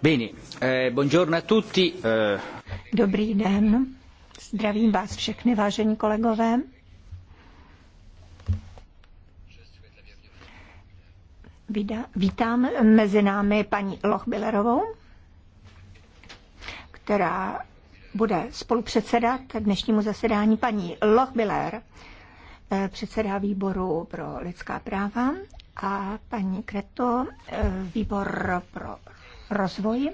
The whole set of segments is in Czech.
Eh, eh. Dobrý den, zdravím vás všechny, vážení kolegové. Vítám mezi námi paní Lochbillerovou, která bude spolupředsedat dnešnímu zasedání. Paní Lochbiller eh, předsedá výboru pro lidská práva a paní Kreto výbor pro rozvoj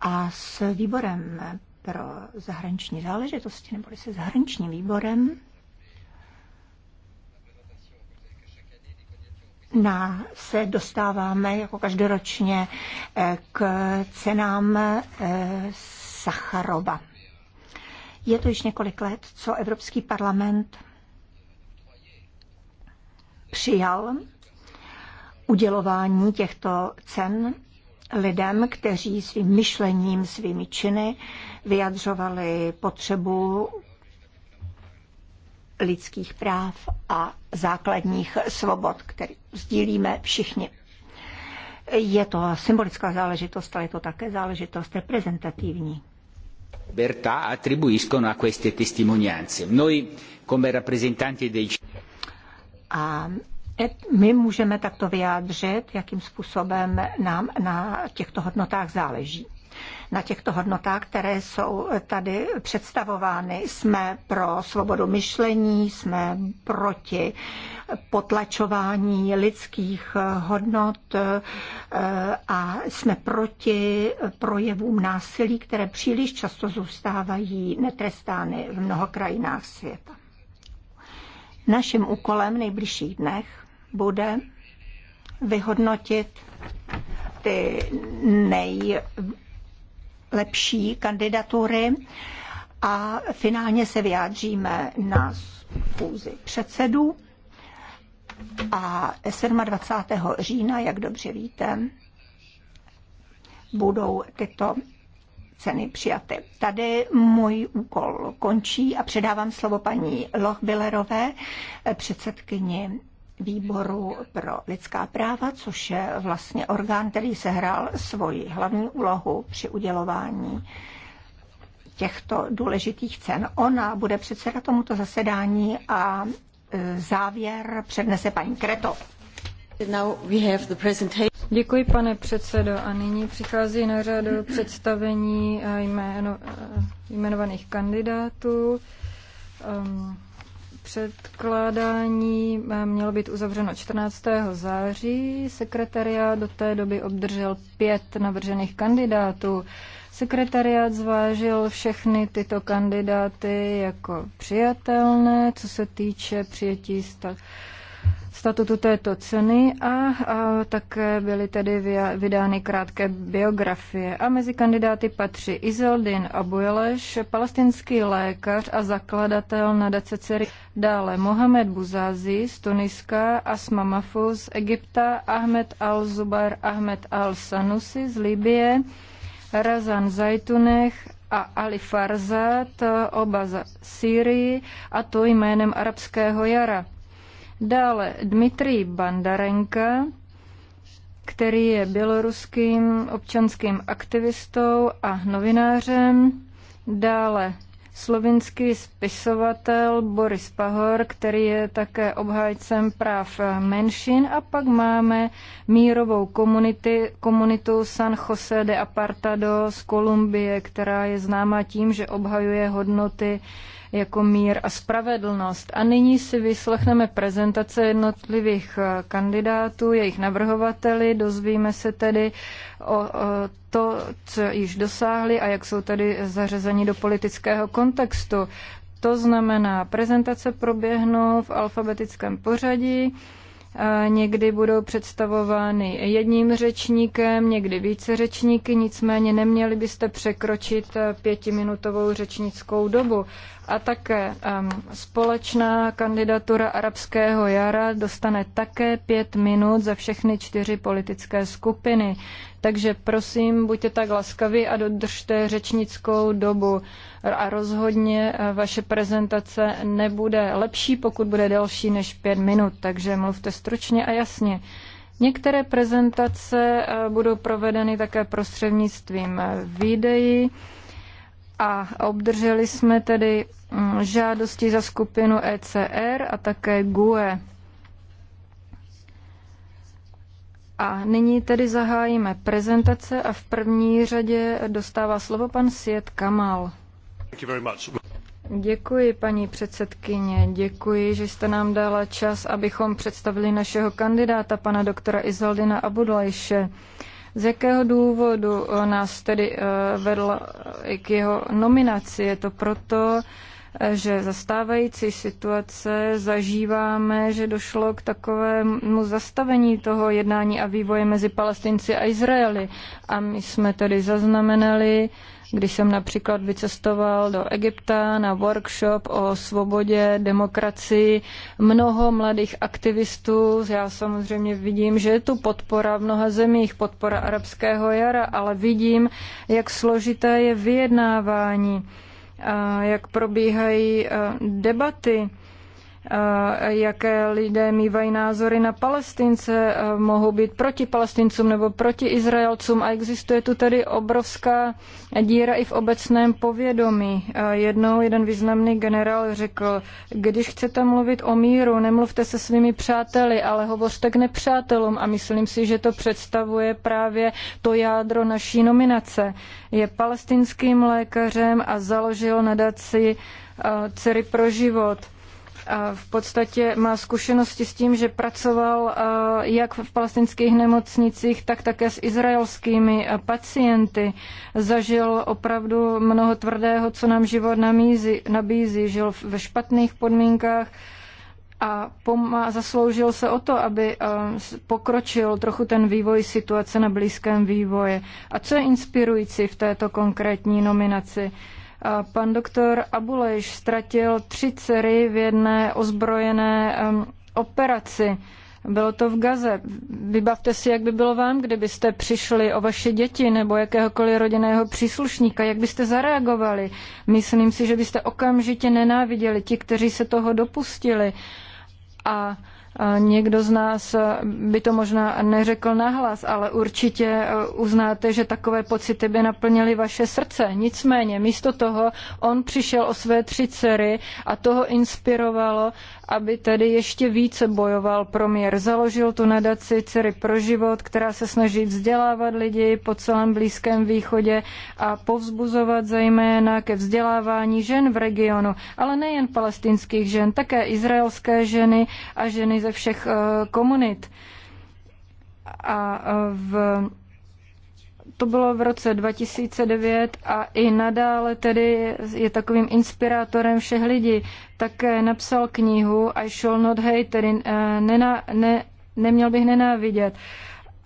a s výborem pro zahraniční záležitosti, neboli se zahraničním výborem na, se dostáváme jako každoročně eh, k cenám eh, Sacharova. Je to již několik let, co Evropský parlament přijal udělování těchto cen lidem, kteří svým myšlením, svými činy vyjadřovali potřebu lidských práv a základních svobod, které sdílíme všichni. Je to symbolická záležitost, ale je to také záležitost reprezentativní. Bertà attribuiscono a queste testimonianze. Noi come rappresentanti dei... A my můžeme takto vyjádřit, jakým způsobem nám na těchto hodnotách záleží. Na těchto hodnotách, které jsou tady představovány, jsme pro svobodu myšlení, jsme proti potlačování lidských hodnot eh, a jsme proti projevům násilí, které příliš často zůstávají netrestány v mnoha krajinách světa. Naším úkolem v nejbližších dnech bude vyhodnotit ty nejlepší kandidatury a finálně se vyjádříme na schůzi předsedů. A 27. října, jak dobře víte, budou tyto ceny přijaty. Tady můj úkol končí a předávám slovo paní Lochbillerové, předsedkyni výboru pro lidská práva, což je vlastně orgán, který sehrál svoji hlavní úlohu při udělování těchto důležitých cen. Ona bude předseda tomuto zasedání a e, závěr přednese paní Kreto. Děkuji, pane předsedo. A nyní přichází na řadu představení e, jméno, e, jmenovaných kandidátů. Um, předkládání eh, mělo být uzavřeno 14. září. Sekretariát do té doby obdržel pět navržených kandidátů. Sekretariát zvážil všechny tyto kandidáty jako přijatelné, co se týče přijetí stav statutu této ceny a, a také byly tedy vydány krátké biografie. A mezi kandidáty patří Izeldin Abueleš, palestinský lékař a zakladatel nadace dcery, dále Mohamed Buzazi z Tuniska, Asma Mafu z Egypta, Ahmed Al-Zubar Ahmed Al-Sanusi z Libie, Razan Zajtunech a Ali Farzat, oba z Syrii a to jménem arabského jara. Dále Dmitrij Bandarenka, který je běloruským občanským aktivistou a novinářem. Dále slovinský spisovatel Boris Pahor, který je také obhájcem práv menšin. A pak máme mírovou komunity, komunitu San Jose de Apartado z Kolumbie, která je známá tím, že obhajuje hodnoty jako mír a spravedlnost. A nyní si vyslechneme prezentace jednotlivých eh, kandidátů, jejich navrhovateli, dozvíme se tedy o, o to, co již dosáhli a jak jsou tedy zařazeni do politického kontextu. To znamená, prezentace proběhnou v alfabetickém pořadí někdy budou představovány jedním řečníkem, někdy více řečníky, nicméně neměli byste překročit eh, pětiminutovou řečnickou dobu. A také společná kandidatura arabského jara dostane také pět minut za všechny čtyři politické skupiny. Takže prosím, buďte tak laskaví a dodržte řečnickou dobu a rozhodně eh, vaše prezentace nebude lepší, pokud bude delší než pět minut, takže mluvte stručně a jasně. Některé prezentace eh, budou provedeny také prostřednictvím eh, videí a obdrželi jsme tedy mm, žádosti za skupinu ECR a také GUE. A nyní tedy zahájíme prezentace a v první řadě dostává slovo pan Siet Kamal. Děkuji, paní předsedkyně. Děkuji, že jste nám dala čas, abychom představili našeho kandidáta, pana doktora Izaldina Abudlajše. Z jakého důvodu nás tedy eh, vedl k jeho nominaci? Je to proto, eh, že za stávající situace zažíváme, že došlo k takovému zastavení toho jednání a vývoje mezi Palestinci a Izraeli. A my jsme tedy zaznamenali, když jsem například vycestoval do Egypta na workshop o svobodě, demokracii, mnoho mladých aktivistů, já samozřejmě vidím, že je tu podpora v mnoha zemích, podpora arabského jara, ale vidím, jak složité je vyjednávání, jak probíhají eh, debaty jaké lidé mývají názory na Palestince, mohou být proti Palestincům nebo proti Izraelcům a existuje tu tedy obrovská díra i v obecném povědomí. Jednou jeden významný generál řekl, když chcete mluvit o míru, nemluvte se svými přáteli, ale hovořte k nepřátelům a myslím si, že to představuje právě to jádro naší nominace. Je palestinským lékařem a založil nadaci Dcery pro život – v podstatě má zkušenosti s tím, že pracoval jak v palestinských nemocnicích, tak také s izraelskými pacienty. Zažil opravdu mnoho tvrdého, co nám život nabízí. Žil ve špatných podmínkách a zasloužil se o to, aby pokročil trochu ten vývoj situace na Blízkém vývoje. A co je inspirující v této konkrétní nominaci? Pan doktor Abuleš ztratil tři dcery v jedné ozbrojené operaci. Bylo to v Gaze. Vybavte si, jak by bylo vám, kdybyste přišli o vaše děti nebo jakéhokoliv rodinného příslušníka, jak byste zareagovali. Myslím si, že byste okamžitě nenáviděli ti, kteří se toho dopustili. A Někdo z nás by to možná neřekl nahlas, ale určitě e, uznáte, že takové pocity by naplnily vaše srdce. Nicméně, místo toho, on přišel o své tři dcery a toho inspirovalo aby tedy ještě více bojoval pro mír. Založil tu nadaci Cery pro život, která se snaží vzdělávat lidi po celém Blízkém východě a povzbuzovat zejména ke vzdělávání žen v regionu, ale nejen palestinských žen, také izraelské ženy a ženy ze všech eh, komunit. A eh, v to bylo v roce 2009 a i nadále tedy je takovým inspirátorem všech lidí. Také napsal knihu I Shall Not Hate, tedy eh, ne, ne, neměl bych nenávidět. Uh,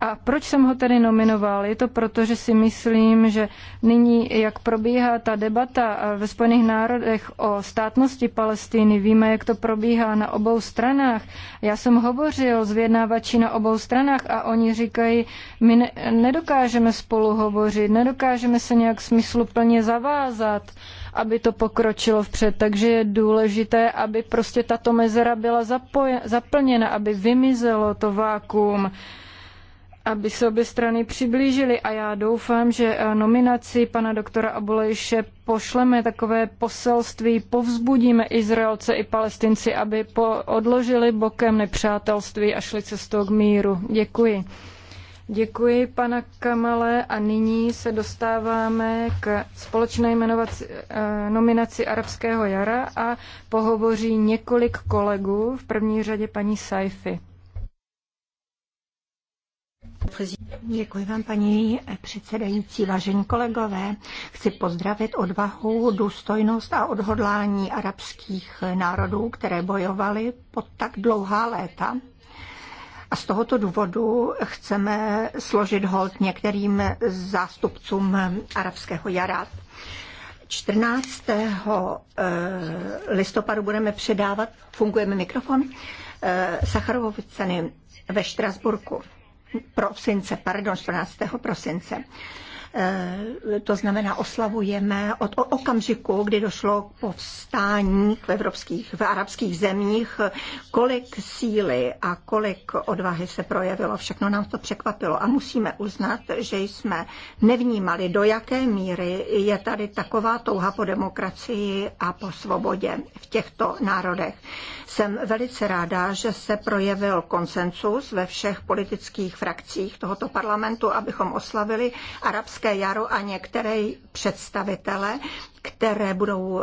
a proč jsem ho tedy nominoval? Je to proto, že si myslím, že nyní, jak probíhá ta debata ve Spojených národech o státnosti Palestiny, víme, jak to probíhá na obou stranách. Já jsem hovořil s vyjednávači na obou stranách a oni říkají, my ne- nedokážeme spolu hovořit, nedokážeme se nějak smysluplně zavázat aby to pokročilo vpřed. Takže je důležité, aby prostě tato mezera byla zaplněna, aby vymizelo to vákuum aby se obě strany přiblížily a já doufám, že nominaci pana doktora Abolejše pošleme takové poselství, povzbudíme Izraelce i Palestinci, aby odložili bokem nepřátelství a šli cestou k míru. Děkuji. Děkuji, pana Kamale, a nyní se dostáváme k společné jmenovací, eh, nominaci Arabského jara a pohovoří několik kolegů, v první řadě paní Saifi. Děkuji vám, paní předsedající, vážení kolegové. Chci pozdravit odvahu, důstojnost a odhodlání arabských národů, které bojovali po tak dlouhá léta a z tohoto důvodu chceme složit hold některým zástupcům arabského jara. 14. Eh, listopadu budeme předávat, fungujeme mikrofon, eh, Sacharovovy ceny ve Štrasburku prosince, pardon, 14. prosince e, to znamená oslavujeme od okamžiku, kdy došlo k povstání v evropských, v arabských zemích, kolik síly a kolik odvahy se projevilo. Všechno nám to překvapilo a musíme uznat, že jsme nevnímali, do jaké míry je tady taková touha po demokracii a po svobodě v těchto národech. Jsem velice ráda, že se projevil konsensus ve všech politických frakcích tohoto parlamentu, abychom oslavili arabské jaro a některé představitele které budou uh,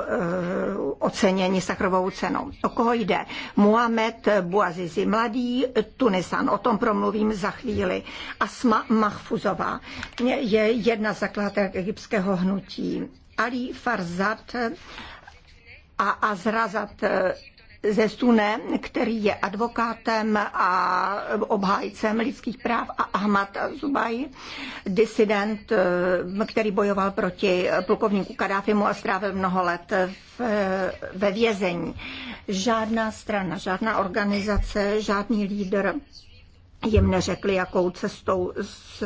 oceněni sakrovou cenou. O koho jde? Muhammed Bouazizi, mladý Tunisan, o tom promluvím za chvíli. Asma Mahfuzová je jedna z zakladatelek egyptského hnutí. Ali Farzad a Azrazat eh, ze Sune, který je advokátem a obhájcem lidských práv a Ahmad Zubaj, disident, eh, který bojoval proti plukovníku Kadáfimu a strávil mnoho let v, eh, ve vězení. Žádná strana, žádná organizace, žádný lídr jim neřekli, jakou cestou z,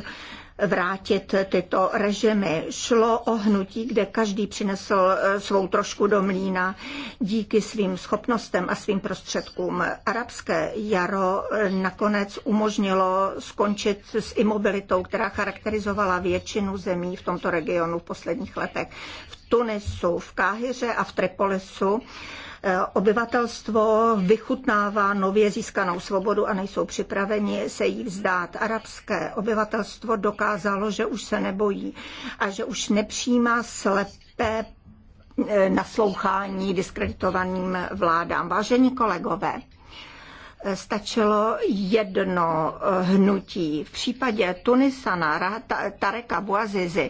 vrátit tyto režimy. Šlo o hnutí, kde každý přinesl eh, svou trošku do mlína díky svým schopnostem a svým prostředkům. Arabské jaro nakonec umožnilo skončit s imobilitou, která charakterizovala většinu zemí v tomto regionu v posledních letech. V Tunisu, v Káhyře a v Tripolisu obyvatelstvo vychutnává nově získanou svobodu a nejsou připraveni se jí vzdát. Arabské obyvatelstvo dokázalo, že už se nebojí a že už nepřijímá slepé e, naslouchání diskreditovaným vládám. Vážení kolegové, stačilo jedno eh, hnutí. V případě Tunisana Tareka Bouazizi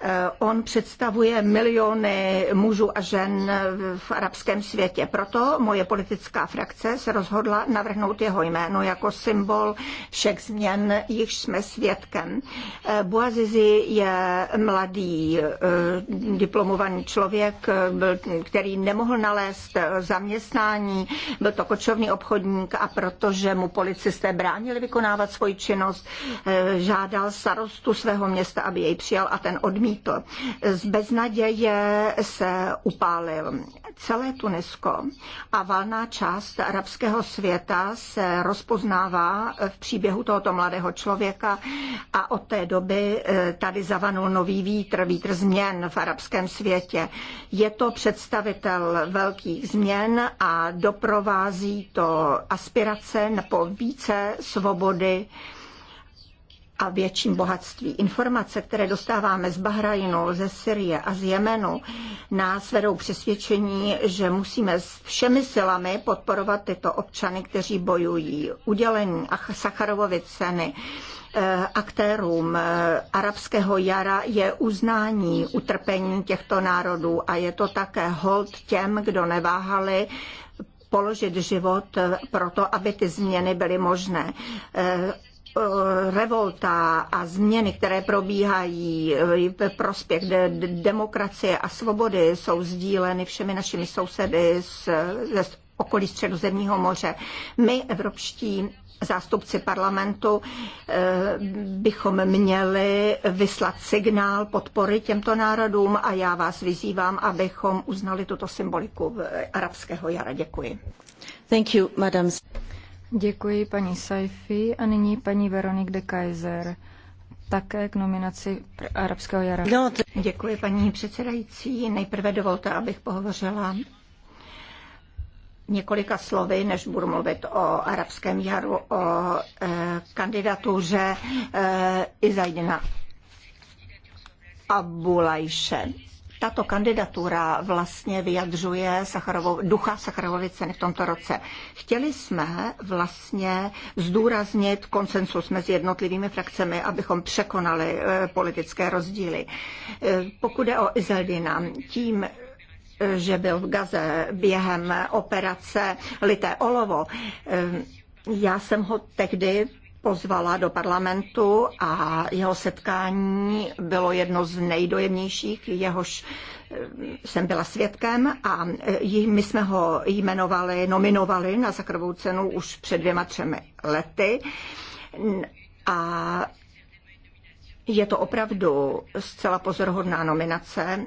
eh, on představuje miliony mužů a žen v arabském světě. Proto moje politická frakce se rozhodla navrhnout jeho jméno jako symbol všech změn, jichž jsme svědkem. Eh, Bouazizi je mladý diplomovaný člověk, který nemohl nalézt zaměstnání, byl to kočovný obchodník a protože mu policisté bránili vykonávat svoji činnost, eh, žádal starostu svého města, aby jej přijal a ten odmítl. Z beznaděje se upálil celé Tunisko a valná část arabského světa se rozpoznává v příběhu tohoto mladého člověka a od té doby eh, tady zavanul nový vítr, vítr změn v arabském světě. Je to představitel velkých změn a doprovází to aspekt aspirace na po více svobody a větším bohatství. Informace, které dostáváme z Bahrajnu, ze Syrie a z Jemenu, nás vedou přesvědčení, že musíme s všemi silami podporovat tyto občany, kteří bojují. Udělení Sacharovovy ceny eh, aktérům eh, arabského jara je uznání utrpení těchto národů a je to také hold těm, kdo neváhali položit život eh, pro to, aby ty změny byly možné eh, revolta a změny, které probíhají eh, ve prospěch demokracie a svobody, jsou sdíleny všemi našimi sousedy z, okolí Středozemního moře. My, evropští zástupci parlamentu eh, bychom měli vyslat signál podpory těmto národům a já vás vyzývám, abychom uznali tuto symboliku arabského jara. Děkuji. Thank you, madam. Děkuji paní Saifi a nyní paní Veronik de Kaiser také k nominaci arabského jara. No, Děkuji paní předsedající. Nejprve dovolte, abych pohovořila několika slovy, než budu mluvit o arabském jaru, o eh, kandidatuře eh, Izajdina Abulajše. Tato kandidatura vlastně vyjadřuje Sacharovou, ducha Sacharovovy ceny v tomto roce. Chtěli jsme vlastně zdůraznit konsensus mezi jednotlivými frakcemi, abychom překonali e, politické rozdíly. E, pokud je o Izeldina, tím že byl v Gaze během operace Lité olovo. Já jsem ho tehdy pozvala do parlamentu a jeho setkání bylo jedno z nejdojemnějších, jehož eh, jsem byla svědkem a eh, my jsme ho jmenovali, nominovali na Sakrovou cenu už před dvěma třemi lety a je to opravdu zcela pozorhodná nominace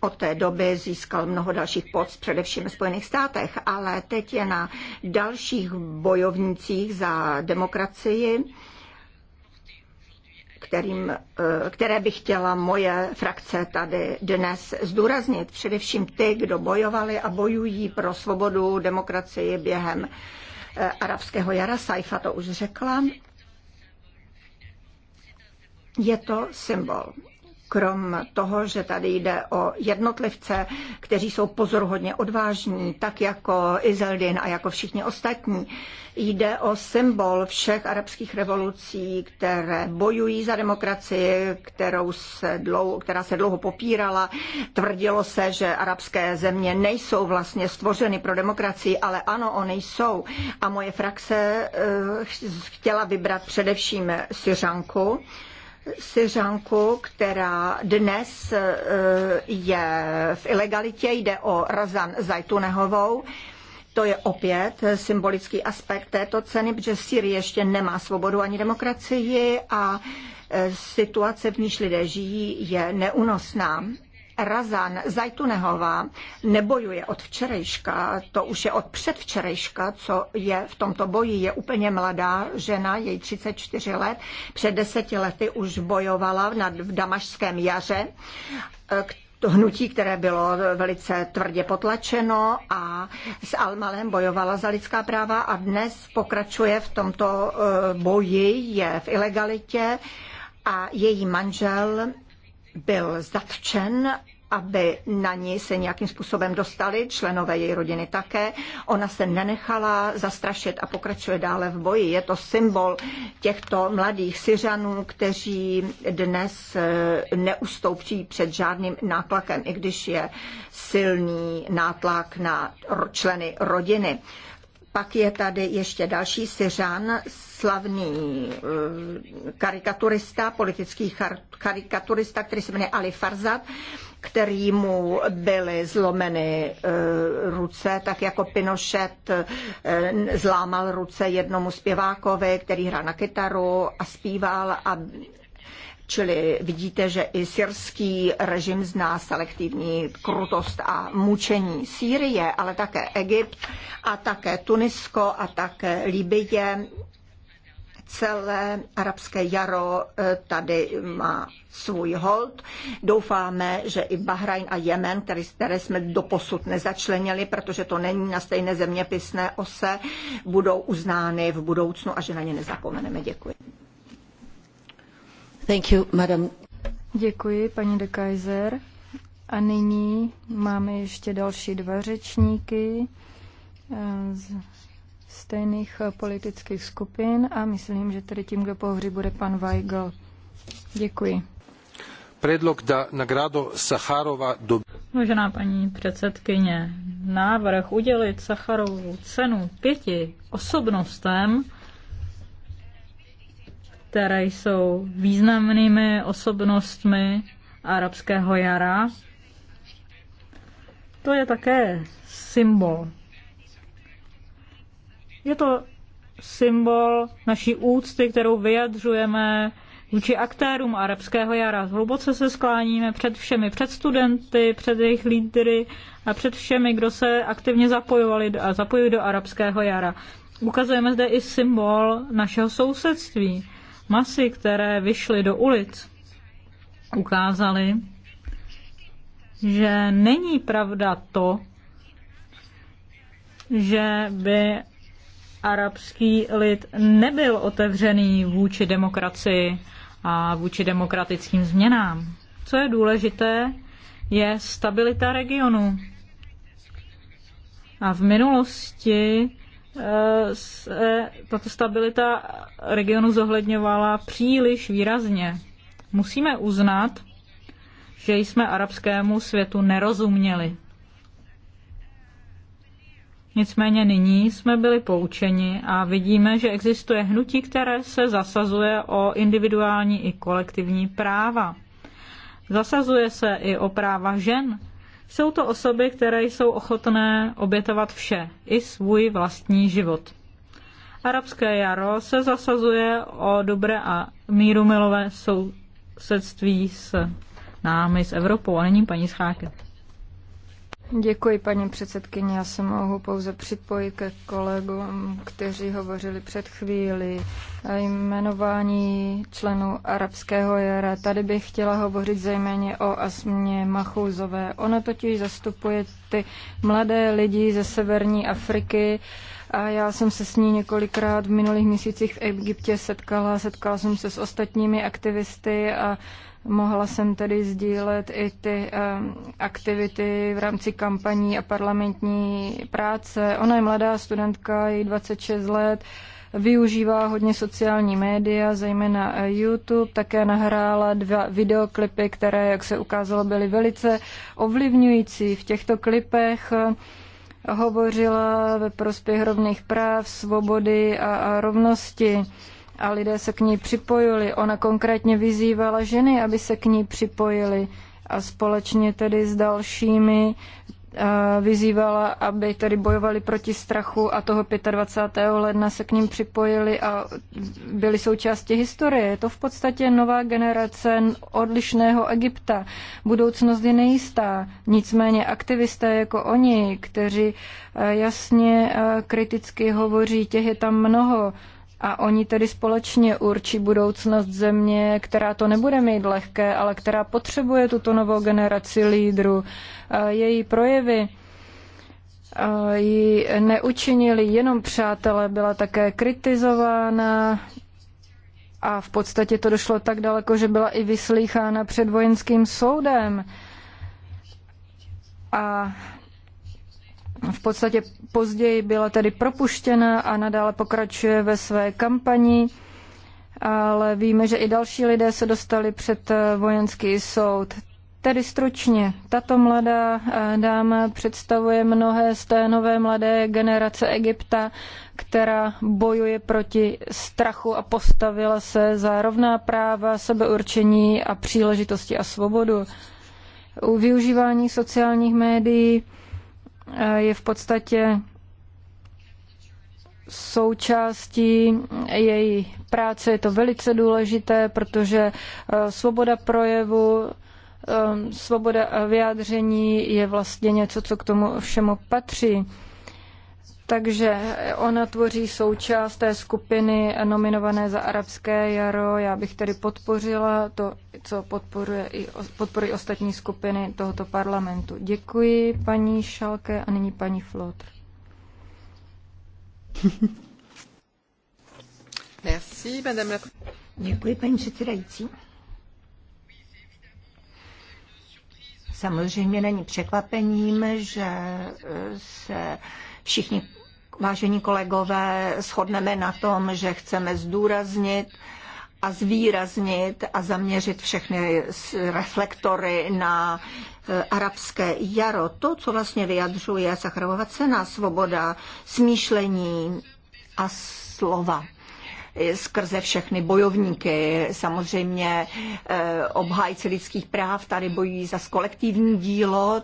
od té doby získal mnoho dalších poc, především v Spojených státech, ale teď je na dalších bojovnících za demokracii, kterým, eh, které by chtěla moje frakce tady dnes zdůraznit. Především ty, kdo bojovali a bojují pro svobodu demokracii během eh, arabského jara. Saifa to už řekla. Je to symbol krom toho, že tady jde o jednotlivce, kteří jsou pozoruhodně odvážní, tak jako Izeldin a jako všichni ostatní. Jde o symbol všech arabských revolucí, které bojují za demokracii, kterou se dlouho, která se dlouho popírala. Tvrdilo se, že arabské země nejsou vlastně stvořeny pro demokracii, ale ano, oni jsou. A moje frakce eh, chtěla vybrat především Syřanku, Syřanku, která dnes eh, je v ilegalitě, jde o Razan Zajtunehovou. To je opět symbolický aspekt této ceny, protože Syrie ještě nemá svobodu ani demokracii a eh, situace, v níž lidé žijí, je neunosná. Razan Zajtunehová nebojuje od včerejška, to už je od předvčerejška, co je v tomto boji. Je úplně mladá žena, její 34 let, před deseti lety už bojovala v Damašském jaře, eh, to hnutí, které bylo velice tvrdě potlačeno a s Almalem bojovala za lidská práva a dnes pokračuje v tomto eh, boji, je v ilegalitě a její manžel byl zatčen aby na ní se nějakým způsobem dostali, členové její rodiny také. Ona se nenechala zastrašit a pokračuje dále v boji. Je to symbol těchto mladých Syřanů, kteří dnes eh, neustoupí před žádným nátlakem, i když je silný nátlak na členy rodiny. Pak je tady ještě další Syřan, slavný eh, karikaturista, politický karikaturista, který se jmenuje Ali Farzad, kterýmu byly zlomeny eh, ruce, tak jako Pinochet eh, zlámal ruce jednomu zpěvákovi, který hrál na kytaru a zpíval a Čili vidíte, že i syrský režim zná selektivní krutost a mučení Sýrie, ale také Egypt a také Tunisko a také Libye. Celé arabské jaro eh, tady má svůj hold. Doufáme, že i Bahrajn a Jemen, které, které jsme doposud nezačlenili, protože to není na stejné zeměpisné ose, budou uznány v budoucnu a že na ně nezapomeneme. Děkuji. Thank you, madam. Děkuji, paní de Kaiser. A nyní máme ještě další dva řečníky eh, z stejných politických skupin a myslím, že tedy tím, kdo pohoří, bude pan Weigl. Děkuji. Predlog da nagrado Sacharova do... Vážená paní předsedkyně, návrh udělit Sacharovu cenu pěti osobnostem které jsou významnými osobnostmi arabského jara. To je také symbol. Je to symbol naší úcty, kterou vyjadřujeme vůči aktérům arabského jara. Hluboce se skláníme před všemi, před studenty, před jejich lídry a před všemi, kdo se aktivně zapojovali a zapojují do arabského jara. Ukazujeme zde i symbol našeho sousedství. Masy, které vyšly do ulic, ukázaly, že není pravda to, že by arabský lid nebyl otevřený vůči demokracii a vůči demokratickým změnám. Co je důležité, je stabilita regionu. A v minulosti se tato stabilita regionu zohledňovala příliš výrazně. Musíme uznat, že jsme arabskému světu nerozuměli. Nicméně nyní jsme byli poučeni a vidíme, že existuje hnutí, které se zasazuje o individuální i kolektivní práva. Zasazuje se i o práva žen, jsou to osoby, které jsou ochotné obětovat vše, i svůj vlastní život. Arabské jaro se zasazuje o dobré a míru milové sousedství s námi, s Evropou. A není paní Scháket. Děkuji, paní předsedkyně. Já se mohu pouze připojit ke kolegům, kteří hovořili před chvíli. Jmenování členů arabského jara. Tady bych chtěla hovořit zejména o Asmě Machouzové. Ona totiž zastupuje ty mladé lidi ze severní Afriky, a já jsem se s ní několikrát v minulých měsících v Egyptě setkala, setkala jsem se s ostatními aktivisty a Mohla jsem tedy sdílet i ty ehm, aktivity v rámci kampaní a parlamentní práce. Ona je mladá studentka, je 26 let, využívá hodně sociální média, zejména eh, YouTube, také nahrála dva videoklipy, které, jak se ukázalo, byly velice ovlivňující. V těchto klipech eh, hovořila ve prospěch rovných práv, svobody a, a rovnosti a lidé se k ní připojili. Ona konkrétně vyzývala ženy, aby se k ní připojili a společně tedy s dalšími eh, vyzývala, aby tedy bojovali proti strachu a toho 25. ledna se k ním připojili a byli součástí historie. Je to v podstatě nová generace odlišného Egypta. Budoucnost je nejistá. Nicméně aktivisté jako oni, kteří eh, jasně eh, kriticky hovoří, těch je tam mnoho, a oni tedy společně určí budoucnost země, která to nebude mít lehké, ale která potřebuje tuto novou generaci lídrů. Její projevy ji neučinili jenom přátelé, byla také kritizována a v podstatě to došlo tak daleko, že byla i vyslýchána před vojenským soudem. A v podstatě později byla tedy propuštěna a nadále pokračuje ve své kampani, ale víme, že i další lidé se dostali před eh, vojenský soud. Tedy stručně, tato mladá eh, dáma představuje mnohé z té nové mladé generace Egypta, která bojuje proti strachu a postavila se za rovná práva, sebeurčení a příležitosti a svobodu. U využívání sociálních médií Eh, je v podstatě součástí její práce. Je to velice důležité, protože eh, svoboda projevu, eh, svoboda vyjádření je vlastně něco, co k tomu všemu patří. Takže ona tvoří součást té skupiny nominované za arabské jaro. Já bych tedy podpořila to, co podporuje i, podporují ostatní skupiny tohoto parlamentu. Děkuji paní Šalke a nyní paní Flotr. Děkuji, paní předsedající. Samozřejmě není překvapením, že se všichni Vážení kolegové, shodneme na tom, že chceme zdůraznit a zvýraznit a zaměřit všechny reflektory na e, arabské jaro. To, co vlastně vyjadřuje Sacharovova cena, svoboda smýšlení a slova skrze všechny bojovníky. Samozřejmě eh, obhájci lidských práv tady bojují za kolektivní dílo,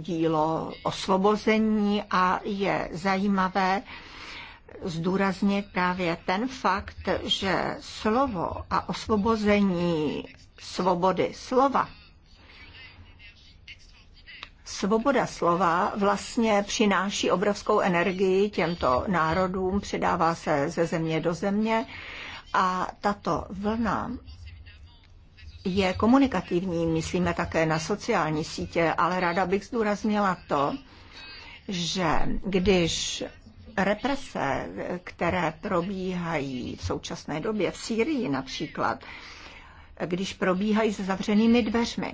dílo osvobození a je zajímavé, zdůraznit právě ten fakt, že slovo a osvobození svobody slova Svoboda slova vlastně přináší obrovskou energii těmto národům, předává se ze země do země a tato vlna je komunikativní, myslíme také na sociální sítě, ale ráda bych zdůraznila to, že když represe, které probíhají v současné době v Sýrii například, když probíhají se zavřenými dveřmi,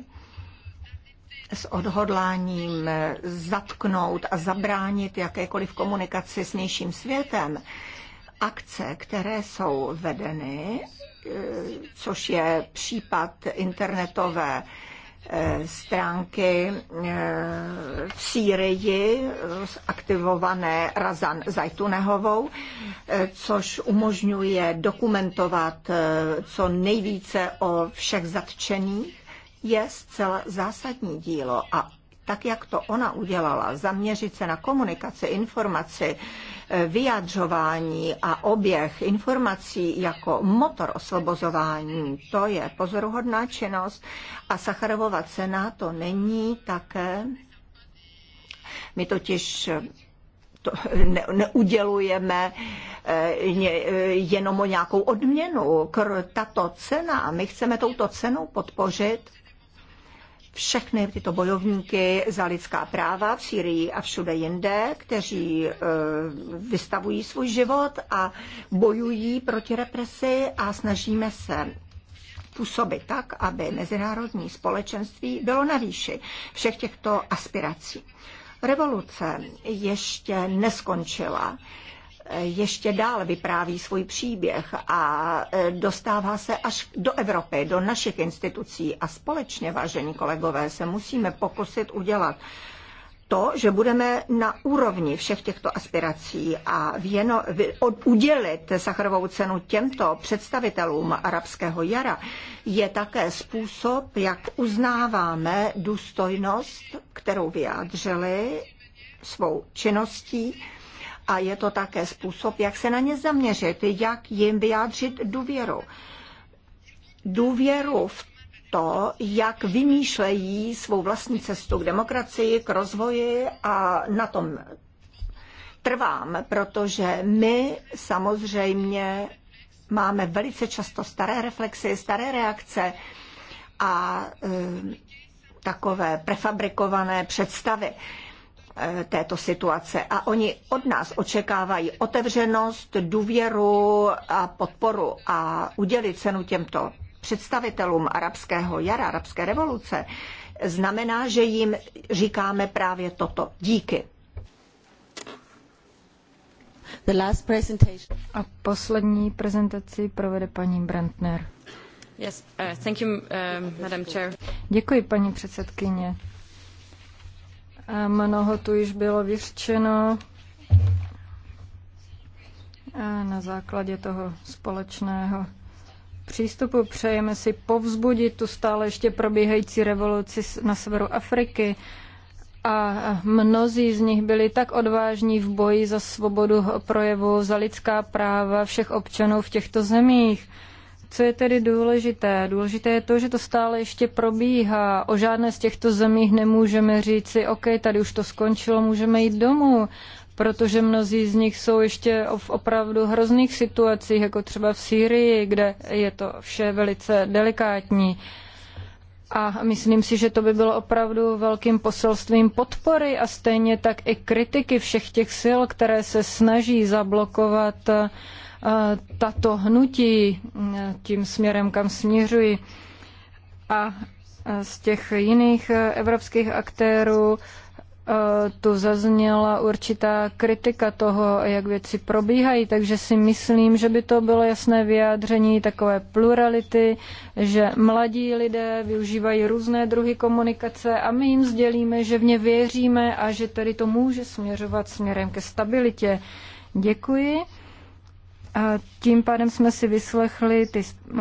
s odhodláním zatknout a zabránit jakékoliv komunikaci s vnějším světem, akce, které jsou vedeny, eh, což je případ internetové eh, stránky eh, v Sýrii aktivované Razan Zajtunehovou, což umožňuje dokumentovat co nejvíce o všech zatčených je zcela zásadní dílo a tak, jak to ona udělala, zaměřit se na komunikaci, informaci, eh, vyjadřování a oběh informací jako motor osvobozování, to je pozoruhodná činnost a Sacharovova cena to není také. My totiž eh, to ne, neudělujeme eh, jenom o nějakou odměnu. Tato cena, my chceme touto cenou podpořit všechny tyto bojovníky za lidská práva v Syrii a všude jinde, kteří eh, vystavují svůj život a bojují proti represi a snažíme se působit tak, aby mezinárodní společenství bylo na výši všech těchto aspirací. Revoluce ještě neskončila ještě dál vypráví svůj příběh a e, dostává se až do Evropy, do našich institucí a společně, vážení kolegové, se musíme pokusit udělat to, že budeme na úrovni všech těchto aspirací a věno, od, udělit Sacharovou cenu těmto představitelům arabského jara, je také způsob, jak uznáváme důstojnost, kterou vyjádřili svou činností a je to také způsob, jak se na ně zaměřit, jak jim vyjádřit důvěru. Důvěru v to, jak vymýšlejí svou vlastní cestu k demokracii, k rozvoji a na tom trvám, protože my samozřejmě máme velice často staré reflexy, staré reakce a e, takové prefabrikované představy. E, Eh, této situace a oni od nás očekávají otevřenost, důvěru a podporu a udělit cenu těmto představitelům arabského jara, arabské revoluce, znamená, že jim říkáme právě toto. Díky. The last presentation. A poslední prezentaci provede paní Brandner. Yes, uh, thank you, uh, Madam Chair. Děkuji, paní předsedkyně. A mnoho tu již bylo vyřčeno a na základě toho společného přístupu. Přejeme si povzbudit tu stále ještě probíhající revoluci na severu Afriky. A mnozí z nich byli tak odvážní v boji za svobodu projevu, za lidská práva všech občanů v těchto zemích. Co je tedy důležité? Důležité je to, že to stále ještě probíhá. O žádné z těchto zemích nemůžeme říci, OK, tady už to skončilo, můžeme jít domů protože mnozí z nich jsou ještě v opravdu hrozných situacích, jako třeba v Sýrii, kde je to vše velice delikátní. A myslím si, že to by bylo opravdu velkým poselstvím podpory a stejně tak i kritiky všech těch sil, které se snaží zablokovat uh, tato hnutí tím směrem, kam směřují. A z těch jiných evropských aktérů eh, tu zazněla určitá kritika toho, jak věci probíhají, takže si myslím, že by to bylo jasné vyjádření takové plurality, že mladí lidé využívají různé druhy komunikace a my jim sdělíme, že v ně věříme a že tedy to může směřovat směrem ke stabilitě. Děkuji. A tím pádem jsme si vyslechli ty eh,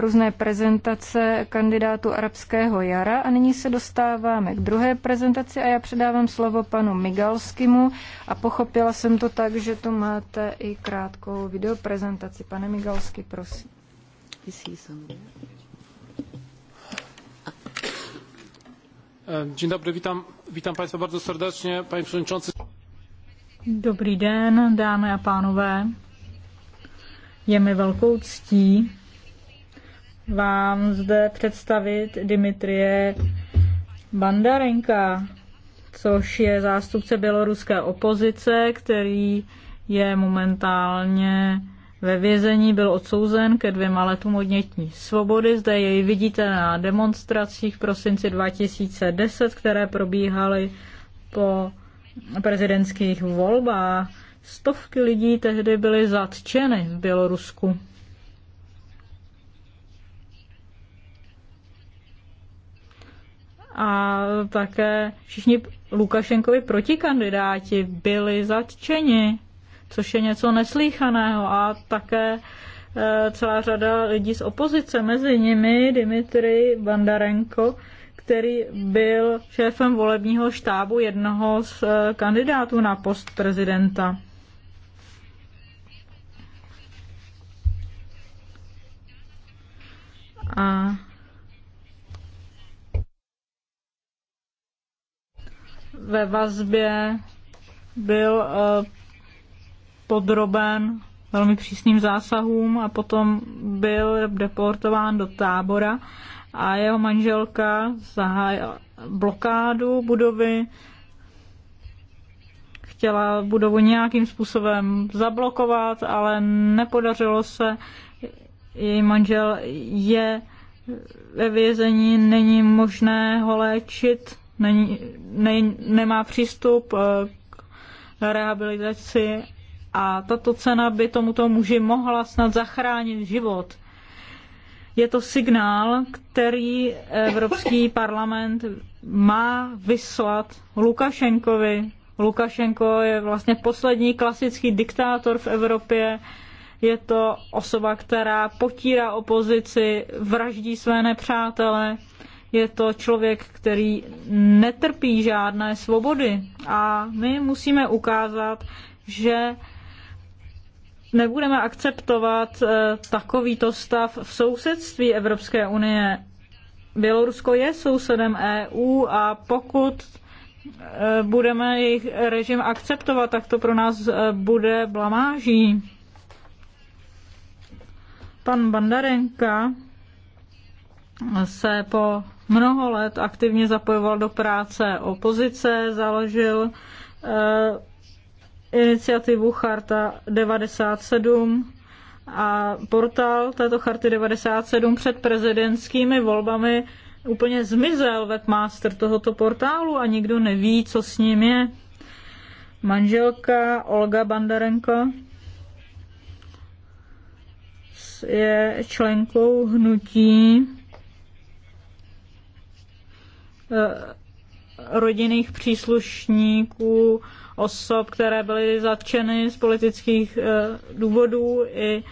různé prezentace kandidátů arabského jara a nyní se dostáváme k druhé prezentaci a já předávám slovo panu Migalskému a pochopila jsem to tak, že tu máte i krátkou videoprezentaci. Pane Migalsky, prosím. E, dzień dobry, witam, witam Państwa bardzo serdecznie, Panie Przewodniczący. Dobrý den, dámy a pánové. Je mi velkou ctí vám zde představit Dimitrie Bandarenka, což je zástupce běloruské opozice, který je momentálně ve vězení, byl odsouzen ke dvěma letům odnětní svobody. Zde jej vidíte na demonstracích v prosinci 2010, které probíhaly po prezidentských volbách. Stovky lidí tehdy byly zatčeny v Bělorusku. A také všichni Lukašenkovi protikandidáti byli zatčeni, což je něco neslíchaného. A také e, celá řada lidí z opozice, mezi nimi Dimitri Bandarenko, který byl šéfem volebního štábu jednoho z e, kandidátů na post prezidenta. A ve vazbě byl eh, podroben velmi přísným zásahům a potom byl deportován do tábora a jeho manželka zahájila blokádu budovy, chtěla budovu nějakým způsobem zablokovat, ale nepodařilo se její manžel je ve vězení, není možné ho léčit, není, ne, nemá přístup eh, k rehabilitaci a tato cena by tomuto muži mohla snad zachránit život. Je to signál, který Evropský parlament má vyslat Lukašenkovi. Lukašenko je vlastně poslední klasický diktátor v Evropě, je to osoba, která potírá opozici, vraždí své nepřátele. Je to člověk, který netrpí žádné svobody. A my musíme ukázat, že nebudeme akceptovat eh, takovýto stav v sousedství Evropské unie. Bělorusko je sousedem EU a pokud eh, budeme jejich režim akceptovat, tak to pro nás eh, bude blamáží. Pan Bandarenka se po mnoho let aktivně zapojoval do práce opozice, založil eh, iniciativu Charta 97 a portál této Charty 97 před prezidentskými volbami úplně zmizel webmaster tohoto portálu a nikdo neví, co s ním je. Manželka Olga Bandarenko je členkou hnutí eh, rodinných příslušníků, osob, které byly zatčeny z politických eh, důvodů. I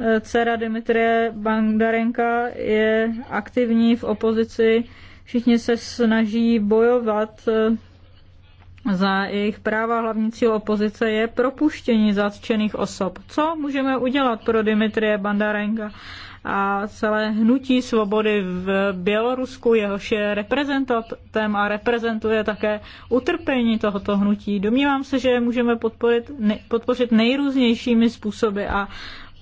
eh, dcera Dimitrie Bandarenka je aktivní v opozici. Všichni se snaží bojovat za jejich práva hlavní cíl opozice je propuštění zatčených osob. Co můžeme udělat pro Dimitrie Bandarenga a celé hnutí svobody v Bělorusku, jehož je reprezentantem a reprezentuje také utrpení tohoto hnutí. Domnívám se, že můžeme podporit, podpořit nejrůznějšími způsoby a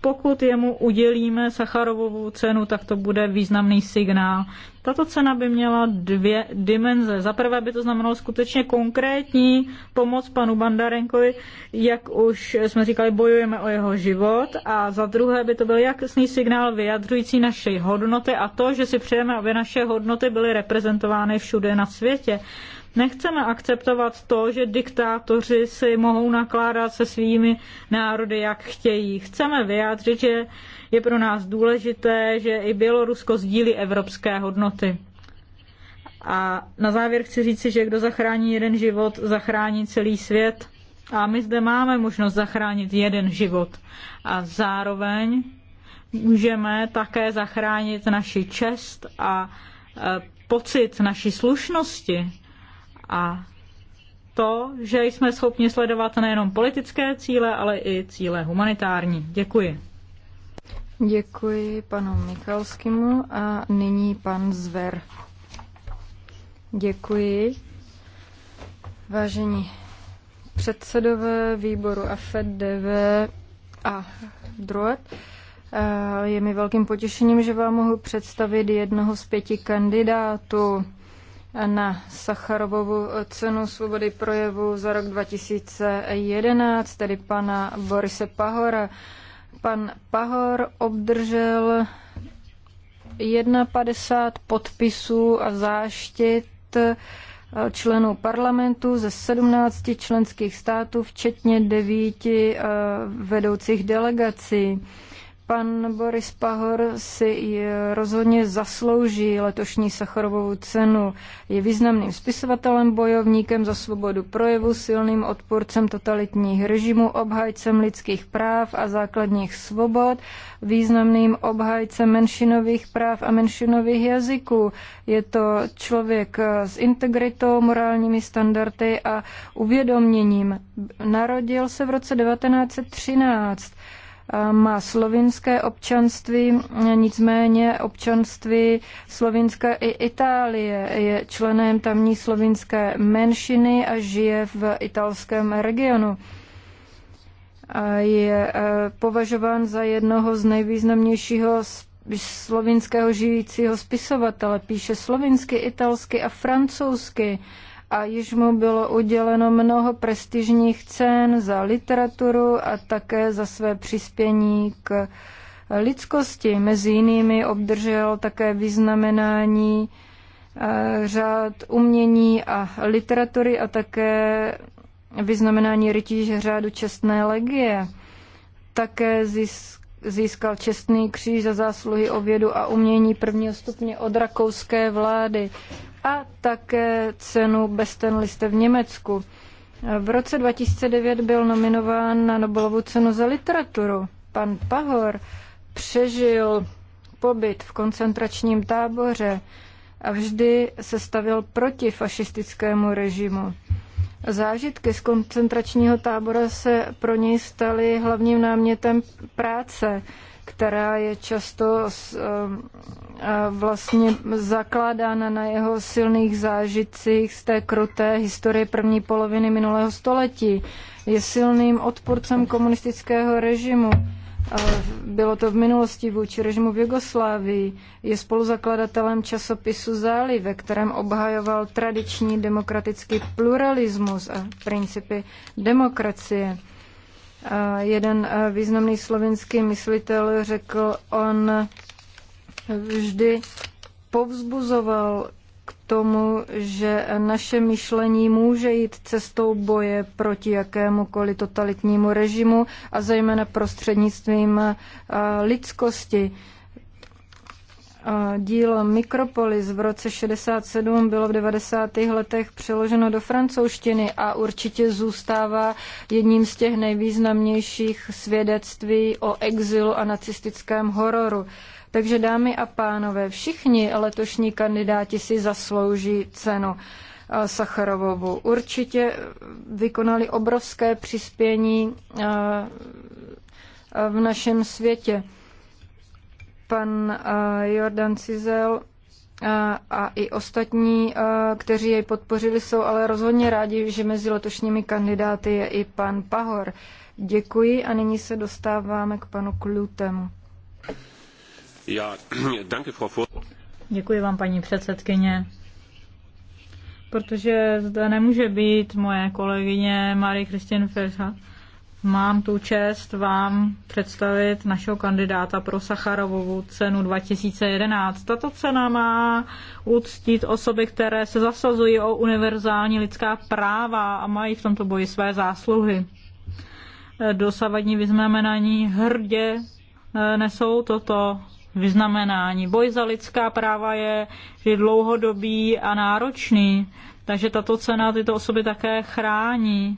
pokud jemu udělíme Sacharovovu cenu, tak to bude významný signál. Tato cena by měla dvě dimenze. Za prvé by to znamenalo skutečně konkrétní pomoc panu Bandarenkovi, jak už jsme říkali, bojujeme o jeho život. A za druhé by to byl jasný signál vyjadřující naše hodnoty a to, že si přejeme, aby naše hodnoty byly reprezentovány všude na světě. Nechceme akceptovat to, že diktátoři si mohou nakládat se svými národy, jak chtějí. Chceme vyjádřit, že je pro nás důležité, že i Bělorusko sdílí evropské hodnoty. A na závěr chci říci, že kdo zachrání jeden život, zachrání celý svět. A my zde máme možnost zachránit jeden život. A zároveň můžeme také zachránit naši čest a e, pocit naší slušnosti. A to, že jsme schopni sledovat nejenom politické cíle, ale i cíle humanitární. Děkuji. Děkuji panu Michalskému a nyní pan Zver. Děkuji. Vážení předsedové výboru AFEDV a DROET, je mi velkým potěšením, že vám mohu představit jednoho z pěti kandidátů na Sacharovovu cenu svobody projevu za rok 2011, tedy pana Borise Pahora. Pan Pahor obdržel 51 podpisů a záštit eh, členů parlamentu ze 17 členských států, včetně devíti eh, vedoucích delegací. Pan Boris Pahor si rozhodně zaslouží letošní Sacharovou cenu. Je významným spisovatelem, bojovníkem za svobodu projevu, silným odporcem totalitních režimů, obhajcem lidských práv a základních svobod, významným obhajcem menšinových práv a menšinových jazyků. Je to člověk s integritou, morálními standardy a uvědoměním. Narodil se v roce 1913 Ehm, má slovinské občanství, nicméně občanství Slovinska i Itálie. Je členem tamní slovinské menšiny a žije v italském regionu je e, považován za jednoho z nejvýznamnějšího slovinského žijícího spisovatele. Píše slovinsky, italsky a francouzsky a již mu bylo uděleno mnoho prestižních cen za literaturu a také za své přispění k lidskosti. Mezi jinými obdržel také vyznamenání eh, řád umění a literatury a také vyznamenání rytíře řádu čestné legie. Také získal získal čestný kříž za zásluhy o vědu a umění prvního stupně od rakouské vlády a také cenu Bestenliste v Německu. V roce 2009 byl nominován na Nobelovu cenu za literaturu. Pan Pahor přežil pobyt v koncentračním táboře a vždy se stavil proti fašistickému režimu. Zážitky z koncentračního tábora se pro něj staly hlavním námětem práce, která je často um, vlastně zakládána na jeho silných zážitcích z té kruté historie první poloviny minulého století. Je silným odpůrcem komunistického režimu bylo to v minulosti vůči režimu v Jugoslávii. Je spoluzakladatelem časopisu Záli, ve kterém obhajoval tradiční demokratický pluralismus a principy demokracie. Jeden významný slovinský myslitel řekl, on vždy povzbuzoval tomu, že naše myšlení může jít cestou boje proti jakémukoliv totalitnímu režimu a zejména prostřednictvím eh, lidskosti. Eh, Dílo Mikropolis v roce 67 bylo v 90. letech přeloženo do francouzštiny a určitě zůstává jedním z těch nejvýznamnějších svědectví o exilu a nacistickém hororu. Takže dámy a pánové, všichni letošní kandidáti si zaslouží cenu. Eh, Sacharovovu. Určitě vykonali obrovské přispění eh, v našem světě. Pan eh, Jordan Cizel a i ostatní, kteří jej podpořili, jsou ale rozhodně rádi, že mezi letošními kandidáty je i pan Pahor. Děkuji a nyní se dostáváme k panu Klutemu. Děkuji vám, paní předsedkyně. Protože zde nemůže být moje kolegyně Marie Christine Ferha. Mám tu čest vám představit našeho kandidáta pro Sacharovovu cenu 2011. Tato cena má uctít osoby, které se zasazují o univerzální lidská práva a mají v tomto boji své zásluhy. Dosavadní vyznamenání hrdě eh, nesou toto vyznamenání. Boj za lidská práva je, je dlouhodobý a náročný, takže tato cena tyto osoby také chrání.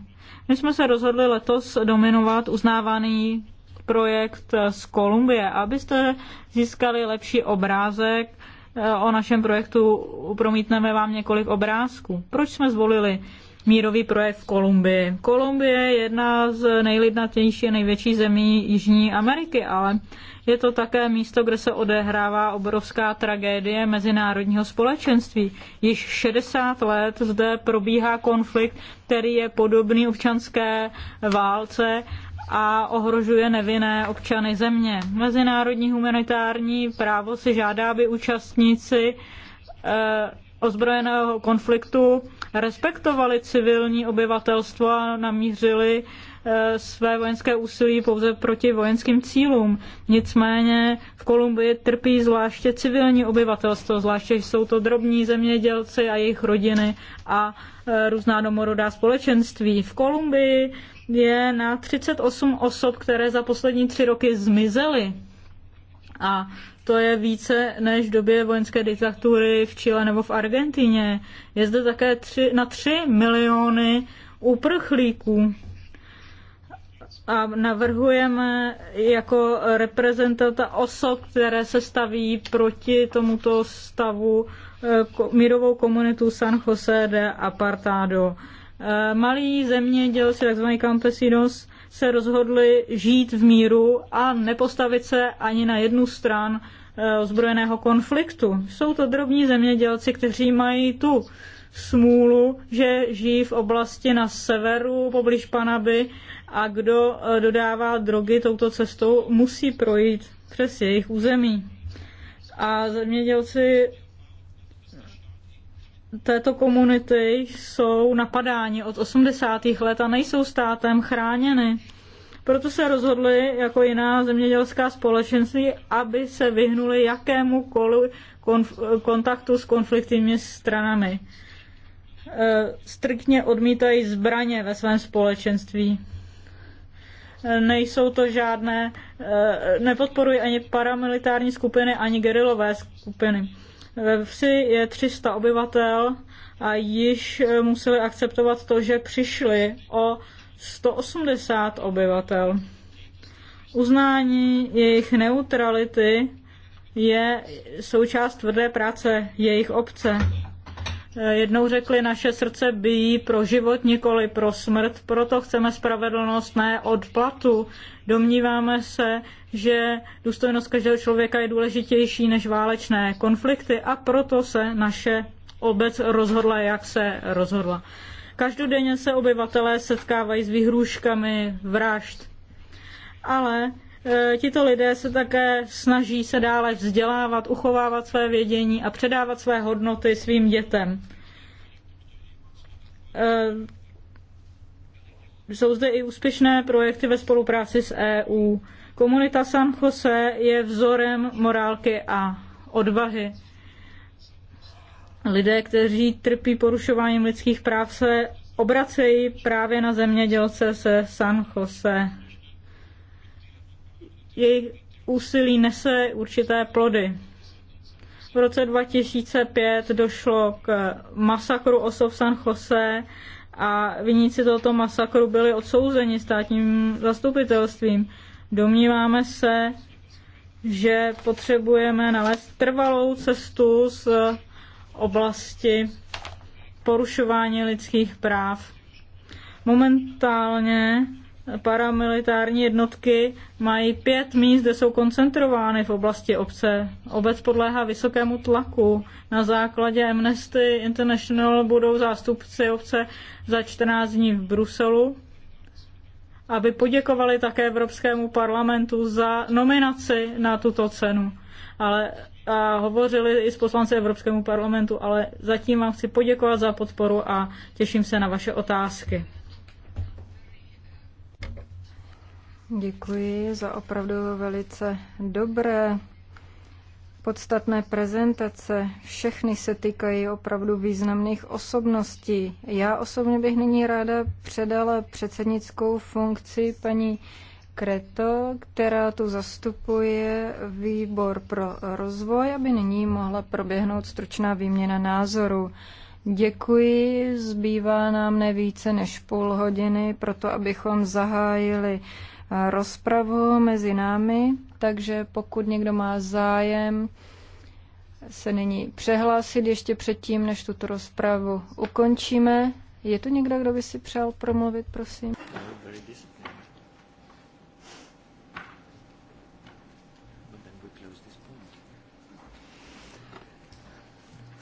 My jsme se rozhodli letos dominovat uznávaný projekt z Kolumbie, abyste získali lepší obrázek eh, o našem projektu. Promítneme vám několik obrázků. Proč jsme zvolili mírový projekt v Kolumbii. Kolumbie je jedna z nejlidnatějších a největší zemí Jižní Ameriky, ale je to také místo, kde se odehrává obrovská tragédie mezinárodního společenství. Již 60 let zde probíhá konflikt, který je podobný občanské válce a ohrožuje nevinné občany země. Mezinárodní humanitární právo si žádá, aby účastníci eh, ozbrojeného konfliktu respektovali civilní obyvatelstvo a namířili eh, své vojenské úsilí pouze proti vojenským cílům. Nicméně v Kolumbii trpí zvláště civilní obyvatelstvo, zvláště jsou to drobní zemědělci a jejich rodiny a eh, různá domorodá společenství. V Kolumbii je na 38 osob, které za poslední tři roky zmizely. A to je více než v době vojenské diktatury v Chile nebo v Argentíně. Je zde také tři, na 3 miliony uprchlíků. A navrhujeme jako reprezentanta osob, které se staví proti tomuto stavu eh, mírovou komunitu San José de Apartado. Eh, malí zemědělci, takzvaný campesinos, se rozhodli žít v míru a nepostavit se ani na jednu stran eh, ozbrojeného konfliktu. Jsou to drobní zemědělci, kteří mají tu smůlu, že žijí v oblasti na severu poblíž Panaby a kdo eh, dodává drogy touto cestou, musí projít přes jejich území. A zemědělci této komunity jsou napadáni od 80. let a nejsou státem chráněny. Proto se rozhodli, jako jiná zemědělská společenství, aby se vyhnuli jakémukoliv konf- kontaktu s konfliktními stranami. E, striktně odmítají zbraně ve svém společenství. E, nejsou to žádné, e, nepodporují ani paramilitární skupiny, ani gerilové skupiny. Ve vsi je 300 obyvatel a již eh, museli akceptovat to, že přišli o 180 obyvatel. Uznání jejich neutrality je součást tvrdé práce jejich obce. Eh, jednou řekli, naše srdce bíjí pro život, nikoli pro smrt, proto chceme spravedlnost, ne odplatu. Domníváme se, že důstojnost každého člověka je důležitější než válečné konflikty a proto se naše obec rozhodla, jak se rozhodla. Každodenně se obyvatelé setkávají s vyhrůžkami vražd, ale e, tito lidé se také snaží se dále vzdělávat, uchovávat své vědění a předávat své hodnoty svým dětem. E, jsou zde i úspěšné projekty ve spolupráci s EU. Komunita San Jose je vzorem morálky a odvahy. Lidé, kteří trpí porušováním lidských práv, se obracejí právě na zemědělce se San Jose. Jejich úsilí nese určité plody. V roce 2005 došlo k masakru osob San Jose a viníci tohoto masakru byli odsouzeni státním zastupitelstvím. Domníváme se, že potřebujeme nalézt trvalou cestu z oblasti porušování lidských práv. Momentálně paramilitární jednotky mají pět míst, kde jsou koncentrovány v oblasti obce. Obec podléhá vysokému tlaku. Na základě Amnesty International budou zástupci obce za 14 dní v Bruselu aby poděkovali také Evropskému parlamentu za nominaci na tuto cenu. Ale a hovořili i s poslanci Evropskému parlamentu, ale zatím vám chci poděkovat za podporu a těším se na vaše otázky. Děkuji za opravdu velice dobré podstatné prezentace. Všechny se týkají opravdu významných osobností. Já osobně bych nyní ráda předala předsednickou funkci paní Kreto, která tu zastupuje výbor pro rozvoj, aby nyní mohla proběhnout stručná výměna názorů. Děkuji, zbývá nám nevíce než půl hodiny, proto abychom zahájili rozpravu mezi námi, takže pokud někdo má zájem se nyní přehlásit ještě předtím, než tuto rozpravu ukončíme. Je tu někdo, kdo by si přál promluvit, prosím?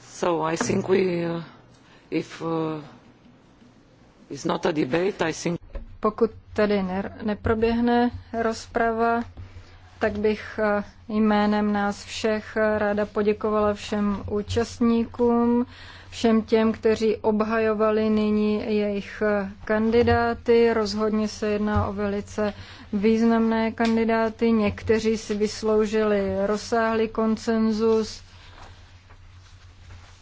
So I think we, uh, if uh, it's not a debate, I think... Pokud tedy ne- neproběhne rozprava, tak bych eh, jménem nás všech eh, ráda poděkovala všem účastníkům, všem těm, kteří obhajovali nyní jejich eh, kandidáty. Rozhodně se jedná o velice významné kandidáty. Někteří si vysloužili rozsáhlý konsenzus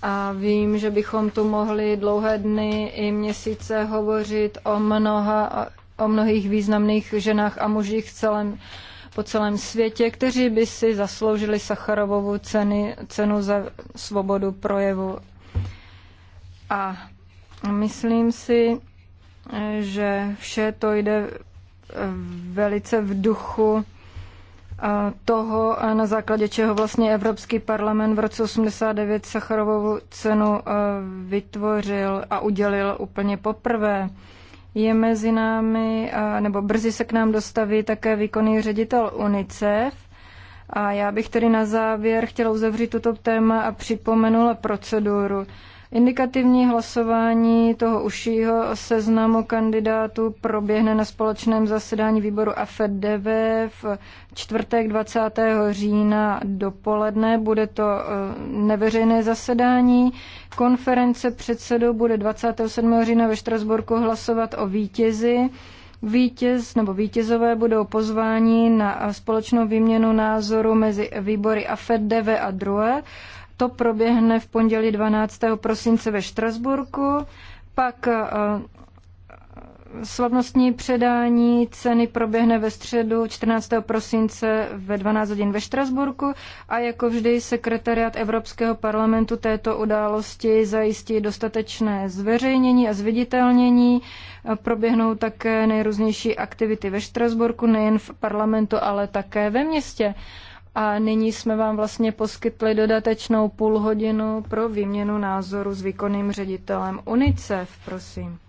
a vím, že bychom tu mohli dlouhé dny i měsíce hovořit o mnoha o mnohých významných ženách a mužích v celém, po celém světě, kteří by si zasloužili Sacharovovu ceny, cenu za svobodu projevu. A myslím si, že vše to jde velice v duchu toho, na základě čeho vlastně Evropský parlament v roce 89 Sacharovovu cenu vytvořil a udělil úplně poprvé je mezi námi, nebo brzy se k nám dostaví také výkonný ředitel UNICEF. A já bych tedy na závěr chtěla uzavřít toto téma a připomenula proceduru. Indikativní hlasování toho užšího seznamu kandidátů proběhne na společném zasedání výboru AFEDV v čtvrtek 20. října dopoledne. Bude to eh, neveřejné zasedání. Konference předsedů bude 27. října ve Štrasburku hlasovat o vítězi. Vítěz nebo vítězové budou pozváni na společnou výměnu názoru mezi výbory AFEDV a DRUE to proběhne v pondělí 12. prosince ve Štrasburku. Pak eh, slavnostní předání ceny proběhne ve středu 14. prosince ve 12 hodin ve Štrasburku a jako vždy sekretariat Evropského parlamentu této události zajistí dostatečné zveřejnění a zviditelnění. Proběhnou také nejrůznější aktivity ve Štrasburku, nejen v parlamentu, ale také ve městě a nyní jsme vám vlastně poskytli dodatečnou půlhodinu pro výměnu názoru s výkonným ředitelem UNICEF, prosím.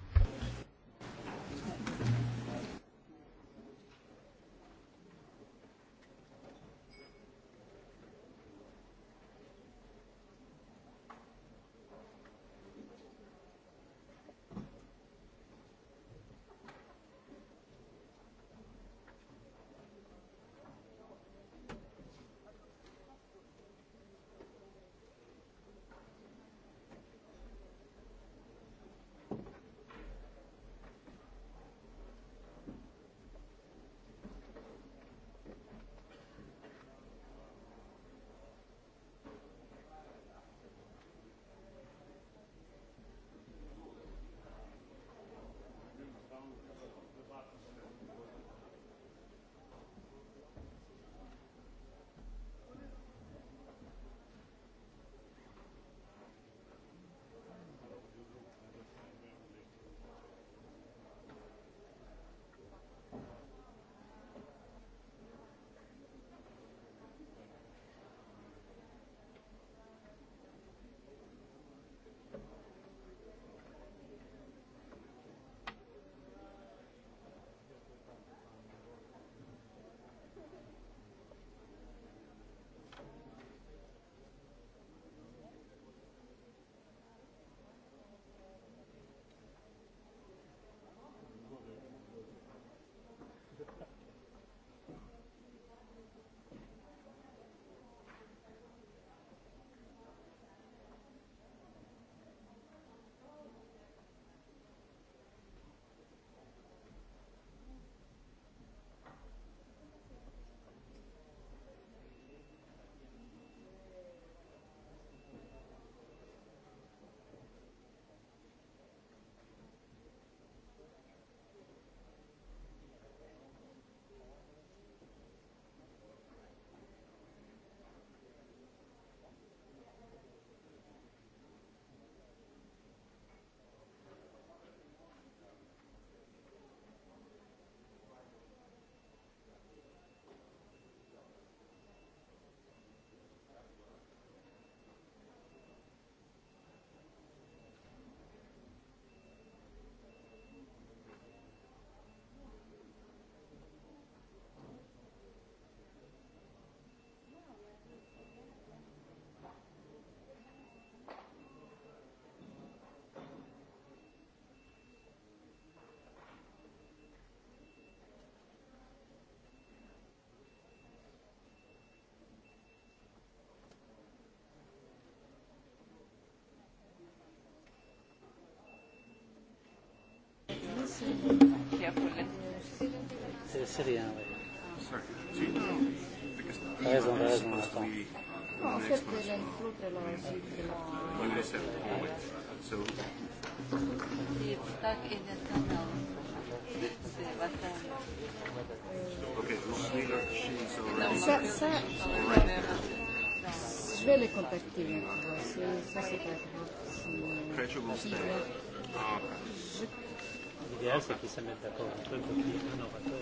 Syria, oui. T'as raison, t'as raison, attends. En fait, l'autre, elle a aussi vraiment... Tak i netanel. Okay, ça, ça, je vais les contacter. Ça, c'est pas grave. Je L'idéal, c'est qu'ils se mettent d'accord entre eux pour qu'il y ait un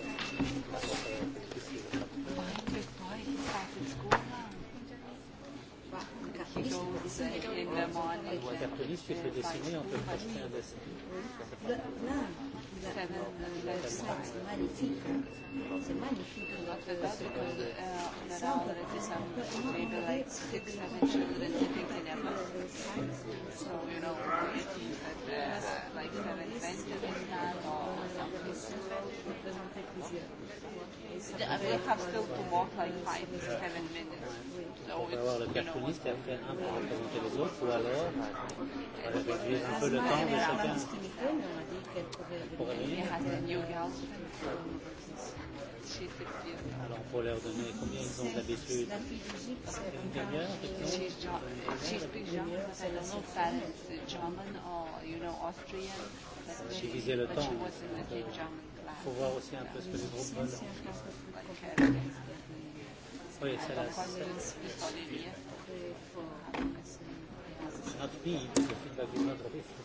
tu fais dessiner, on peut projeter un dessin site magnifico, c'est magnifique on va faire ça because uh, there are already some maybe like six, seven children living in a So you know it means that there's like an adventure in town or something. I will have still to walk like five, seven minutes. So it's, you know, what's les To ou alors, on va réduire un peu le temps de chacun. Alors, pour leur donner combien ils ont d'habitude Une demi-heure J'ai visé le temps. Il euh, faut voir aussi un peu ce que les groupes veulent. Uh, oui, c'est la. Not me, the feedback is not a difference.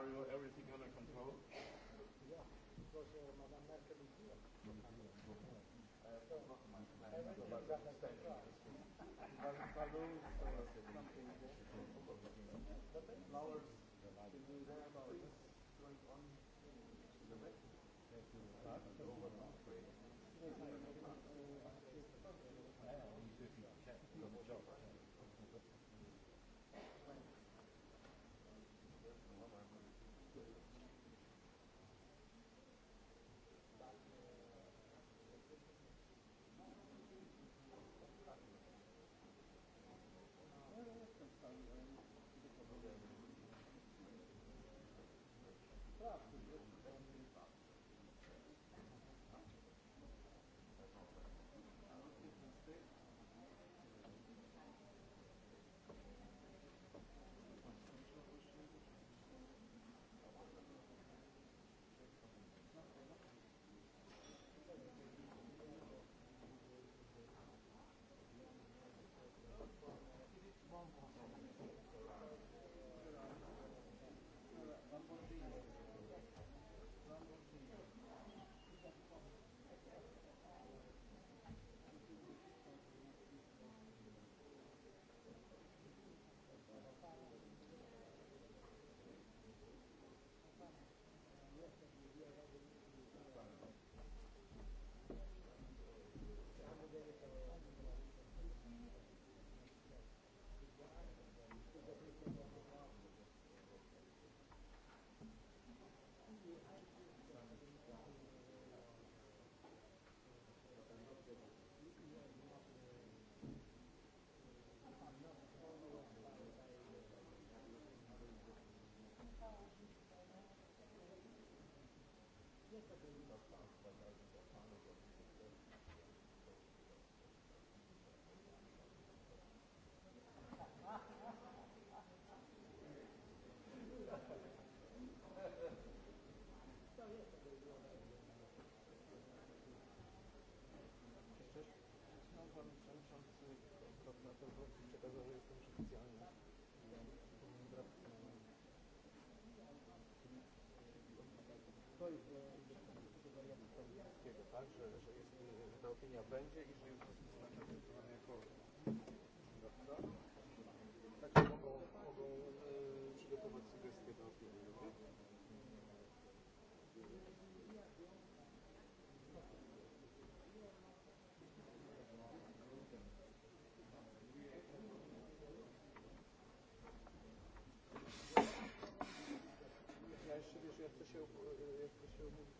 scenario, everything under control? Yeah, because uh, Madame Merkel is here. Mm -hmm. Uh, so, połączenia będzie, jeżeli uzyskamy jako tak mogą, mogą e, przygotować sugestie do opinii. Ja jeszcze wiesz, jak to się, jak to się mówi.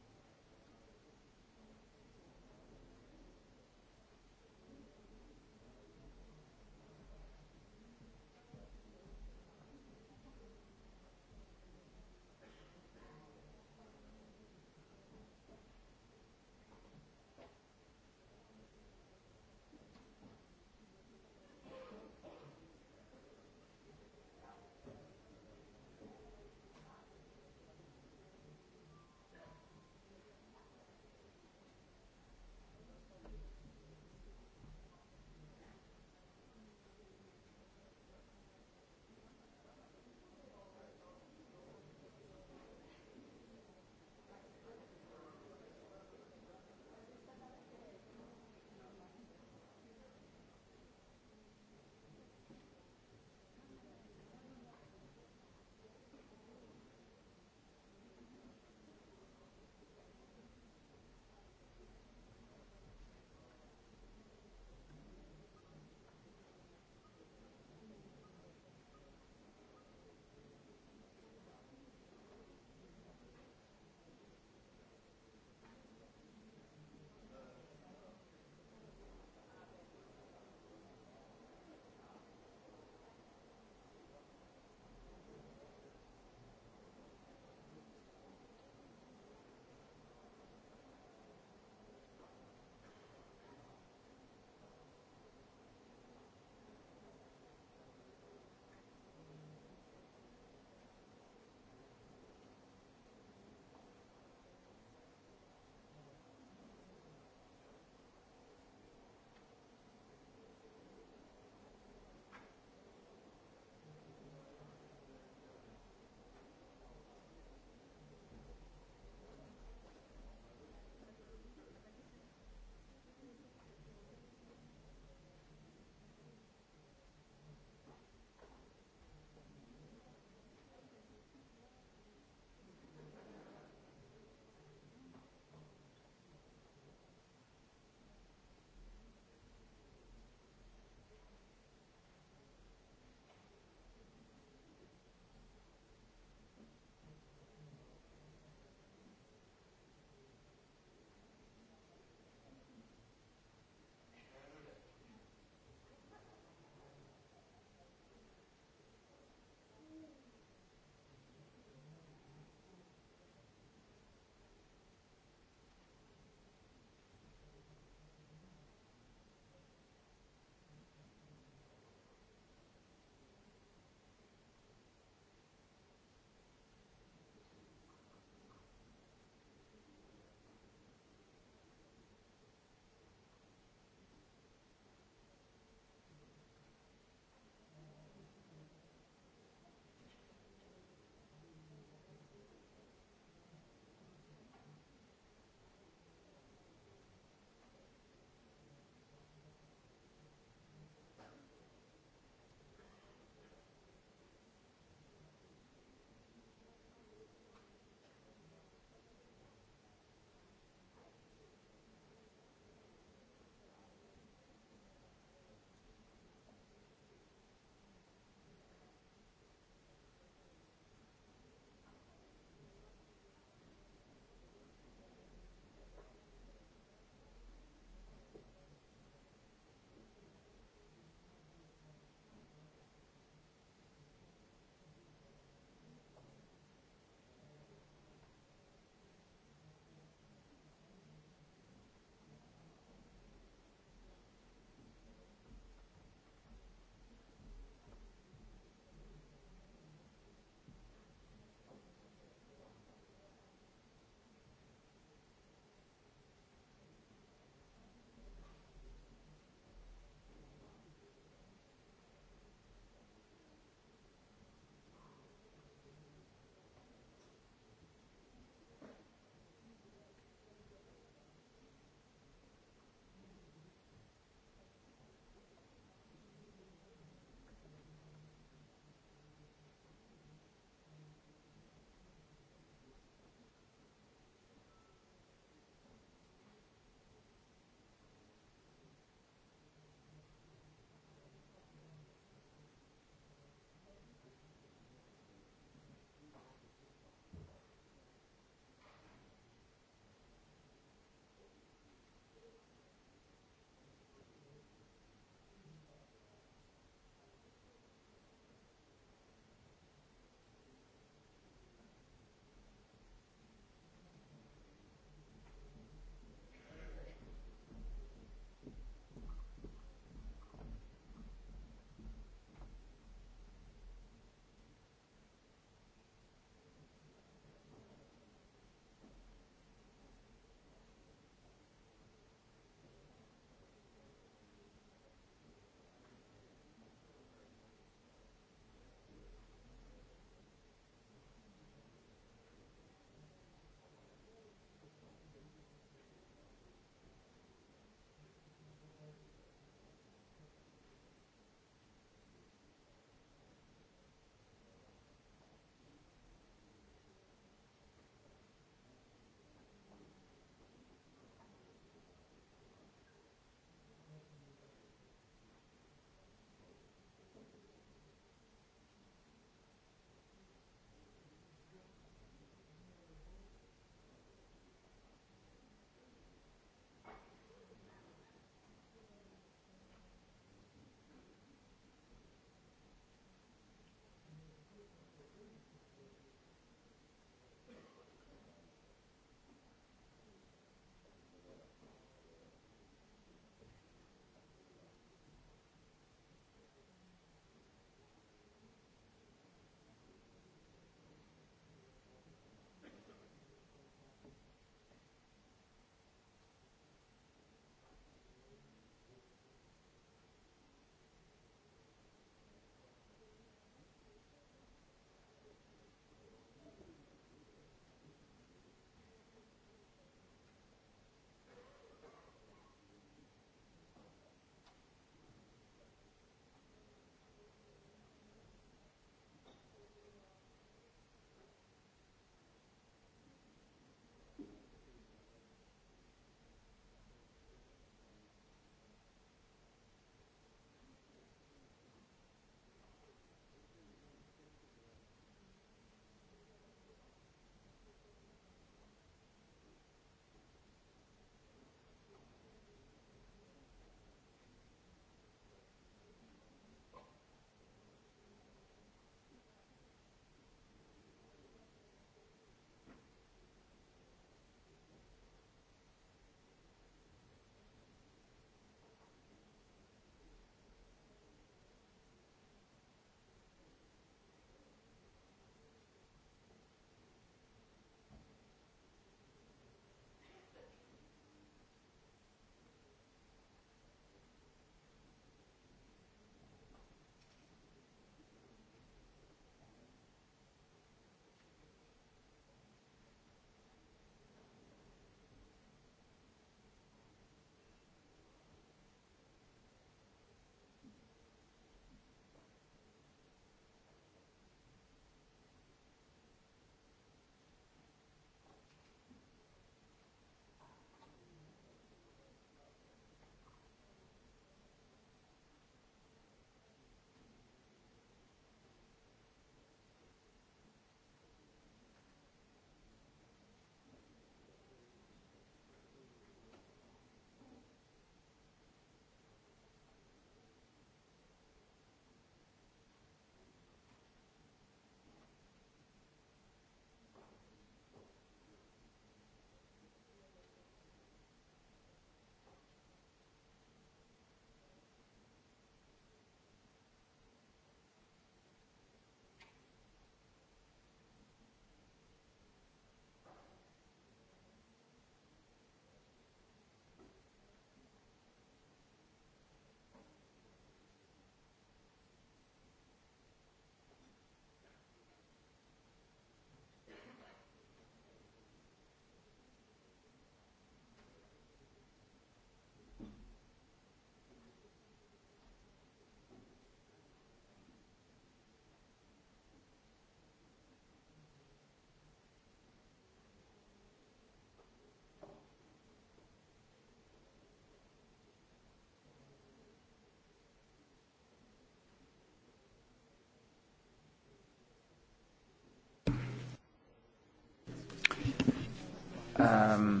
Um,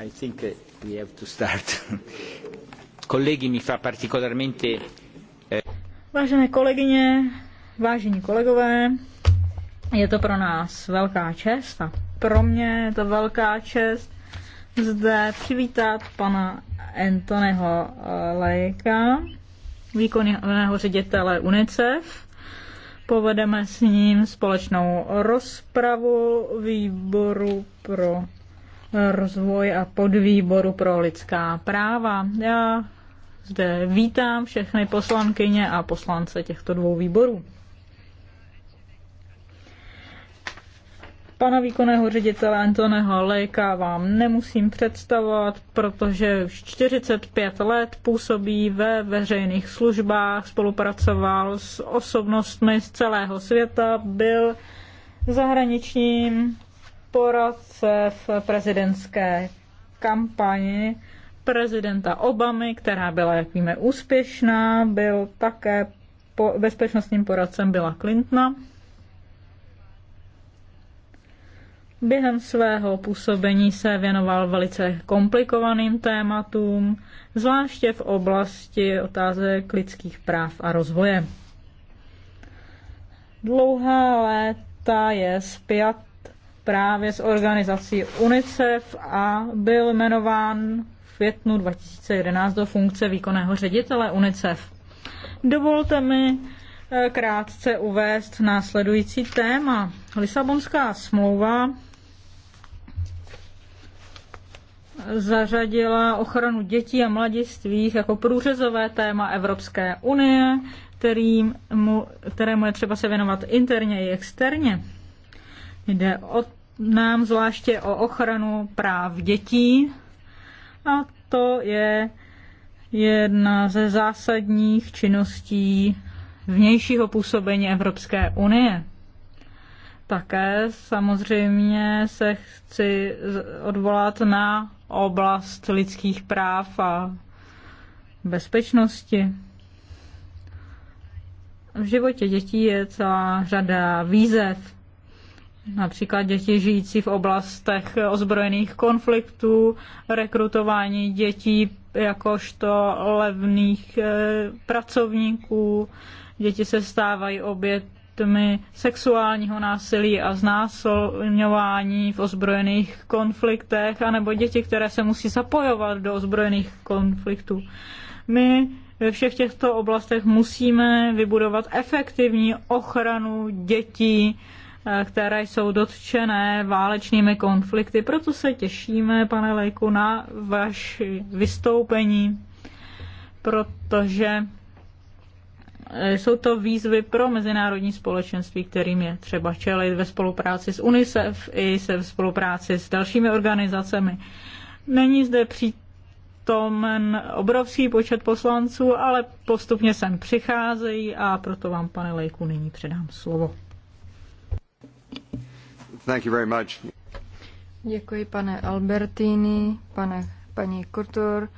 I think we have to start. Kolegy mi fa particolarmente... Eh, Vážené kolegyně, vážení kolegové, je to pro nás velká čest a pro mě je to velká čest zde přivítat pana Antonyho eh, Lejka, výkonného ředitele UNICEF. Povedeme s ním společnou rozpravu výboru pro rozvoj a podvýboru pro lidská práva. Já zde vítám všechny poslankyně a poslance těchto dvou výborů. Pana výkonného ředitele Antoneho Lejka vám nemusím představovat, protože už 45 let působí ve veřejných službách, spolupracoval s osobnostmi z celého světa, byl zahraničním poradce v prezidentské kampani prezidenta Obamy, která byla, jak víme, úspěšná, byl také po, bezpečnostním poradcem byla Clintona. Během svého působení se věnoval velice komplikovaným tématům, zvláště v oblasti otázek lidských práv a rozvoje. Dlouhá léta je spjat právě s organizací UNICEF a byl jmenován v květnu 2011 do funkce výkonného ředitele UNICEF. Dovolte mi eh, krátce uvést následující téma. Lisabonská smlouva zařadila ochranu dětí a mladistvých jako průřezové téma Evropské unie, kterému, kterému je třeba se věnovat interně i externě. Jde o nám zvláště o ochranu práv dětí a to je jedna ze zásadních činností vnějšího působení Evropské unie. Také samozřejmě se chci odvolat na oblast lidských práv a bezpečnosti. V životě dětí je celá řada výzev, například děti žijící v oblastech ozbrojených konfliktů, rekrutování dětí jakožto levných eh, pracovníků, děti se stávají obětmi sexuálního násilí a znásilňování v ozbrojených konfliktech, anebo děti, které se musí zapojovat do ozbrojených konfliktů. My ve všech těchto oblastech musíme vybudovat efektivní ochranu dětí, které jsou dotčené válečnými konflikty. Proto se těšíme, pane Lejku, na vaši vystoupení, protože e, jsou to výzvy pro mezinárodní společenství, kterým je třeba čelit ve spolupráci s UNICEF i se v spolupráci s dalšími organizacemi. Není zde přítomen obrovský počet poslanců, ale postupně sem přicházejí a proto vám, pane Lejku, nyní předám slovo. Děkuji pane Albertini, pane, paní Kurtur.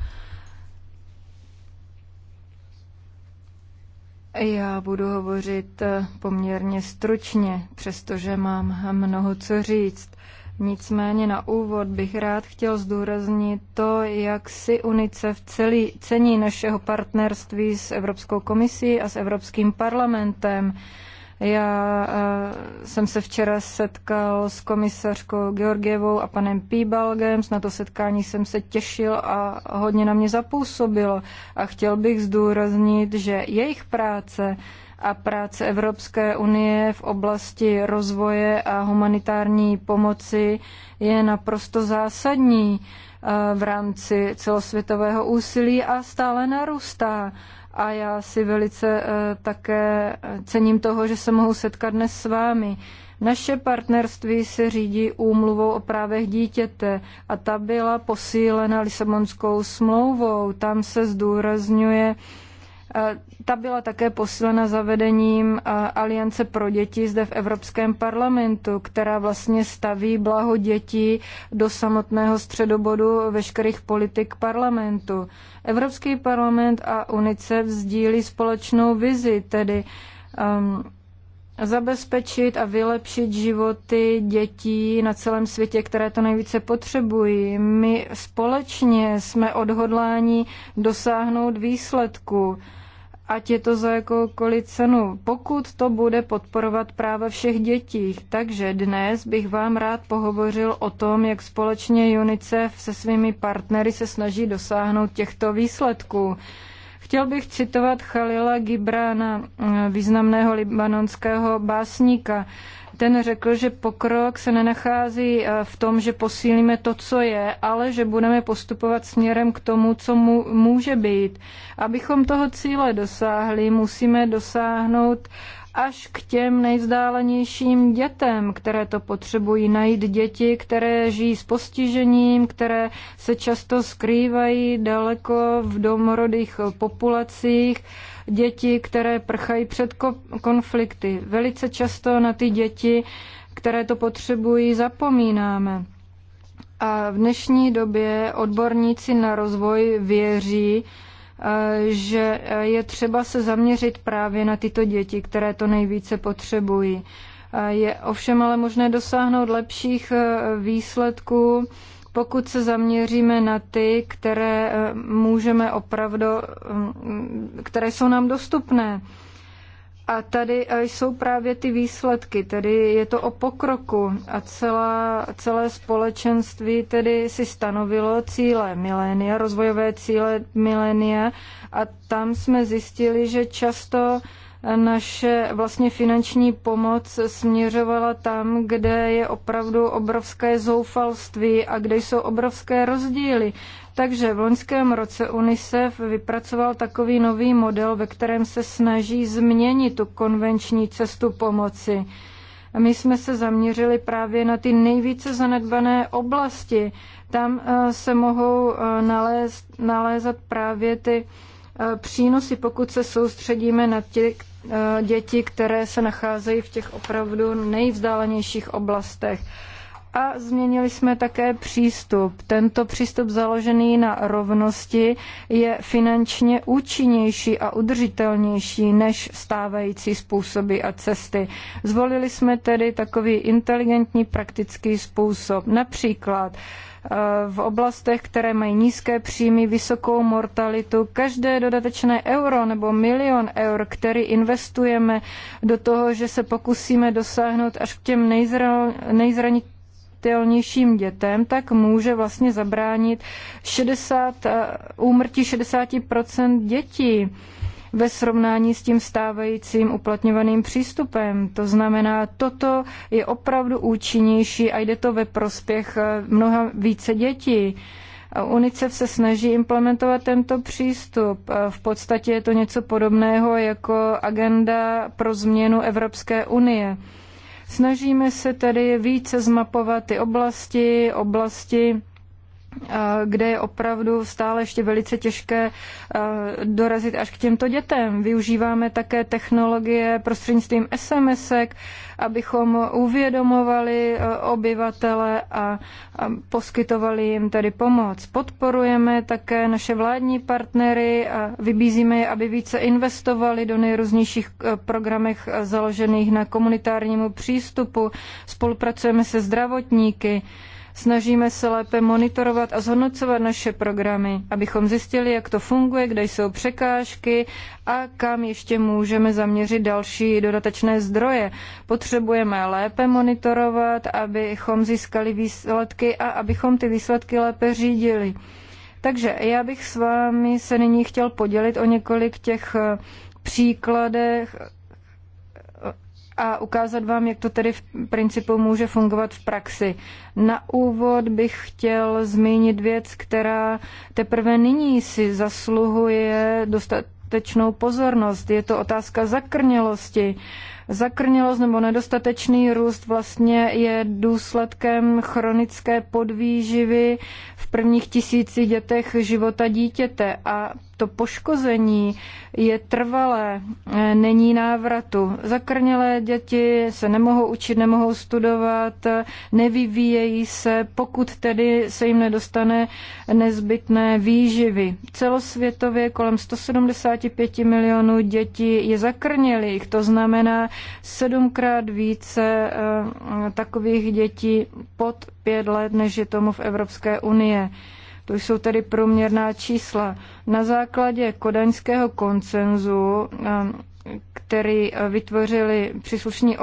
Já budu hovořit poměrně stručně, přestože mám mnoho co říct. Nicméně na úvod bych rád chtěl zdůraznit to, jak si UNICEF celý, cení našeho partnerství s Evropskou komisí a s Evropským parlamentem. Já eh, jsem se včera setkal s komisařkou Georgievou a panem Píbalgem, na to setkání jsem se těšil a hodně na mě zapůsobilo. A chtěl bych zdůraznit, že jejich práce a práce Evropské unie v oblasti rozvoje a humanitární pomoci je naprosto zásadní eh, v rámci celosvětového úsilí a stále narůstá a já si velice eh, také cením toho, že se mohu setkat dnes s vámi. Naše partnerství se řídí úmluvou o právech dítěte a ta byla posílena Lisabonskou smlouvou. Tam se zdůrazňuje, Eh, ta byla také posílena zavedením eh, Aliance pro děti zde v Evropském parlamentu, která vlastně staví blaho dětí do samotného středobodu veškerých politik parlamentu. Evropský parlament a UNICEF sdílí společnou vizi, tedy um, zabezpečit a vylepšit životy dětí na celém světě, které to nejvíce potřebují. My společně jsme odhodláni dosáhnout výsledku ať je to za jakoukoliv cenu, pokud to bude podporovat práva všech dětí. Takže dnes bych vám rád pohovořil o tom, jak společně UNICEF se svými partnery se snaží dosáhnout těchto výsledků. Chtěl bych citovat Khalila Gibrana, významného libanonského básníka ten řekl, že pokrok se nenachází eh, v tom, že posílíme to, co je, ale že budeme postupovat směrem k tomu, co může být. Abychom toho cíle dosáhli, musíme dosáhnout až k těm nejzdálenějším dětem, které to potřebují najít děti, které žijí s postižením, které se často skrývají daleko v domorodých populacích děti, které prchají před konflikty. Velice často na ty děti, které to potřebují, zapomínáme. A v dnešní době odborníci na rozvoj věří, eh, že eh, je třeba se zaměřit právě na tyto děti, které to nejvíce potřebují. Eh, je ovšem ale možné dosáhnout lepších výsledků pokud se zaměříme na ty, které eh, můžeme opravdu, hm, které jsou nám dostupné, a tady eh, jsou právě ty výsledky, tedy je to o pokroku a celá, celé společenství tedy si stanovilo cíle milénia, rozvojové cíle milénia a tam jsme zjistili, že často naše vlastně finanční pomoc směřovala tam, kde je opravdu obrovské zoufalství a kde jsou obrovské rozdíly. Takže v loňském roce UNICEF vypracoval takový nový model, ve kterém se snaží změnit tu konvenční cestu pomoci. My jsme se zaměřili právě na ty nejvíce zanedbané oblasti. Tam eh, se mohou eh, nalézt, nalézat právě ty eh, přínosy, pokud se soustředíme na ty. Eh, děti, které se nacházejí v těch opravdu nejvzdálenějších oblastech. A změnili jsme také přístup. Tento přístup založený na rovnosti je finančně účinnější a udržitelnější než stávající způsoby a cesty. Zvolili jsme tedy takový inteligentní praktický způsob. Například uh, v oblastech, které mají nízké příjmy, vysokou mortalitu. Každé dodatečné euro nebo milion eur, který investujeme do toho, že se pokusíme dosáhnout až k těm nejzranitelnějším dětem, tak může vlastně zabránit 60, úmrtí 60 dětí ve srovnání s tím stávajícím uplatňovaným přístupem. To znamená, toto je opravdu účinnější a jde to ve prospěch eh, mnoha více dětí. UNICEF se snaží implementovat tento přístup. Eh, v podstatě je to něco podobného jako agenda pro změnu Evropské unie. Snažíme se tedy více zmapovat ty oblasti, oblasti, kde je opravdu stále ještě velice těžké dorazit až k těmto dětem. Využíváme také technologie prostřednictvím SMSek, abychom uvědomovali obyvatele a poskytovali jim tedy pomoc. Podporujeme také naše vládní partnery a vybízíme je, aby více investovali do nejrůznějších programech založených na komunitárnímu přístupu. Spolupracujeme se zdravotníky, Snažíme se lépe monitorovat a zhodnocovat naše programy, abychom zjistili, jak to funguje, kde jsou překážky a kam ještě můžeme zaměřit další dodatečné zdroje. Potřebujeme lépe monitorovat, abychom získali výsledky a abychom ty výsledky lépe řídili. Takže já bych s vámi se nyní chtěl podělit o několik těch eh, příkladech a ukázat vám, jak to tedy v principu může fungovat v praxi. Na úvod bych chtěl zmínit věc, která teprve nyní si zasluhuje dostatečnou pozornost. Je to otázka zakrnělosti. Zakrnělost nebo nedostatečný růst vlastně je důsledkem chronické podvýživy v prvních tisíci dětech života dítěte a to poškození je trvalé, e, není návratu. Zakrnělé děti se nemohou učit, nemohou studovat, nevyvíjejí se, pokud tedy se jim nedostane nezbytné výživy. Celosvětově kolem 175 milionů dětí je zakrnělých, to znamená sedmkrát více e, takových dětí pod pět let, než je tomu v Evropské unii. To jsou tedy průměrná čísla. Na základě kodaňského koncenzu ehm, který eh, vytvořili příslušní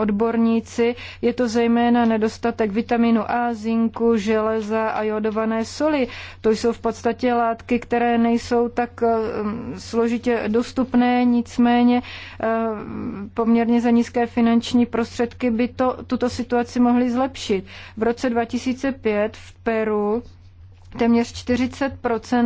odborníci. Je to zejména nedostatek vitamínu A, zinku, železa a jodované soli. To jsou v podstatě látky, které nejsou tak eh, složitě dostupné, nicméně eh, poměrně za nízké finanční prostředky by to, tuto situaci mohly zlepšit. V roce 2005 v Peru Téměř 40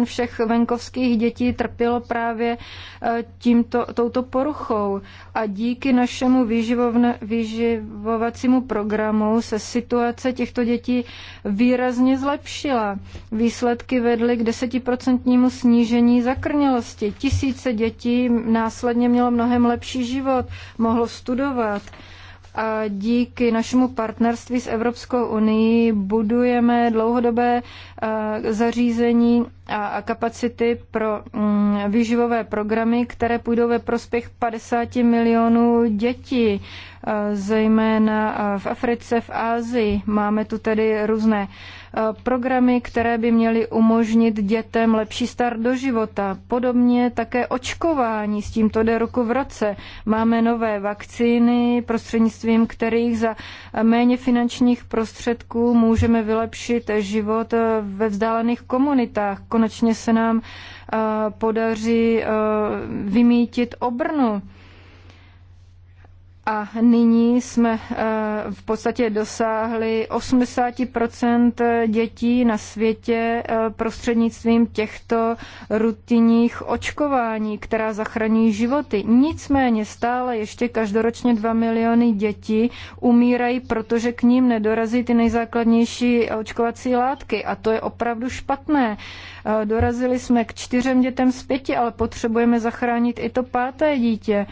všech venkovských dětí trpělo právě e, tímto, touto poruchou. A díky našemu výživovne, výživovacímu programu se situace těchto dětí výrazně zlepšila. Výsledky vedly k desetiprocentnímu snížení zakrnělosti. Tisíce dětí následně mělo mnohem lepší život, mohlo studovat a díky našemu partnerství s Evropskou unii budujeme dlouhodobé eh, zařízení a kapacity pro mm, výživové programy, které půjdou ve prospěch 50 milionů dětí, eh, zejména eh, v Africe, v Ázii. Máme tu tedy různé Eh, programy, které by měly umožnit dětem lepší start do života. Podobně také očkování, s tímto jde ruku v roce. Máme nové vakcíny, prostřednictvím kterých za méně finančních prostředků můžeme vylepšit život eh, ve vzdálených komunitách. Konečně se nám eh, podaří vymítit obrnu a nyní jsme eh, v podstatě dosáhli 80 dětí na světě eh, prostřednictvím těchto rutinních očkování, která zachraňují životy. Nicméně stále ještě každoročně 2 miliony dětí umírají, protože k ním nedorazí ty nejzákladnější očkovací látky. A to je opravdu špatné. Eh, dorazili jsme k čtyřem dětem z pěti, ale potřebujeme zachránit i to páté dítě.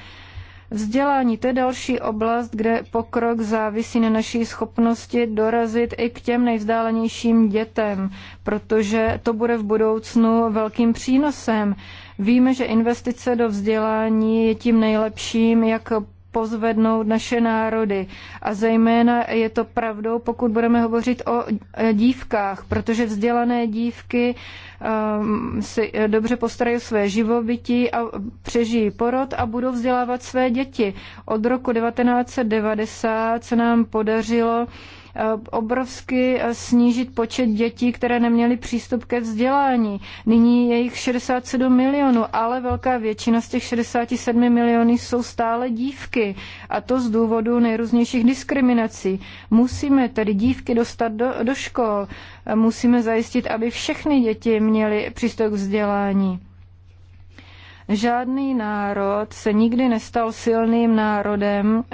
Vzdělání to je další oblast, kde pokrok závisí na naší schopnosti dorazit i k těm nejvzdálenějším dětem, protože to bude v budoucnu velkým přínosem. Víme, že investice do vzdělání je tím nejlepším, jak pozvednout naše národy. A zejména je to pravdou, pokud budeme hovořit o dívkách, protože vzdělané dívky um, si eh, dobře postarají své živobytí a přežijí porod a budou vzdělávat své děti. Od roku 1990 se nám podařilo uh, Eh, obrovsky eh, snížit počet dětí, které neměly přístup ke vzdělání. Nyní je jich 67 milionů, ale velká většina z těch 67 milionů jsou stále dívky a to z důvodu nejrůznějších diskriminací. Musíme tedy dívky dostat do, do škol, eh, musíme zajistit, aby všechny děti měly přístup k vzdělání. Žádný národ se nikdy nestal silným národem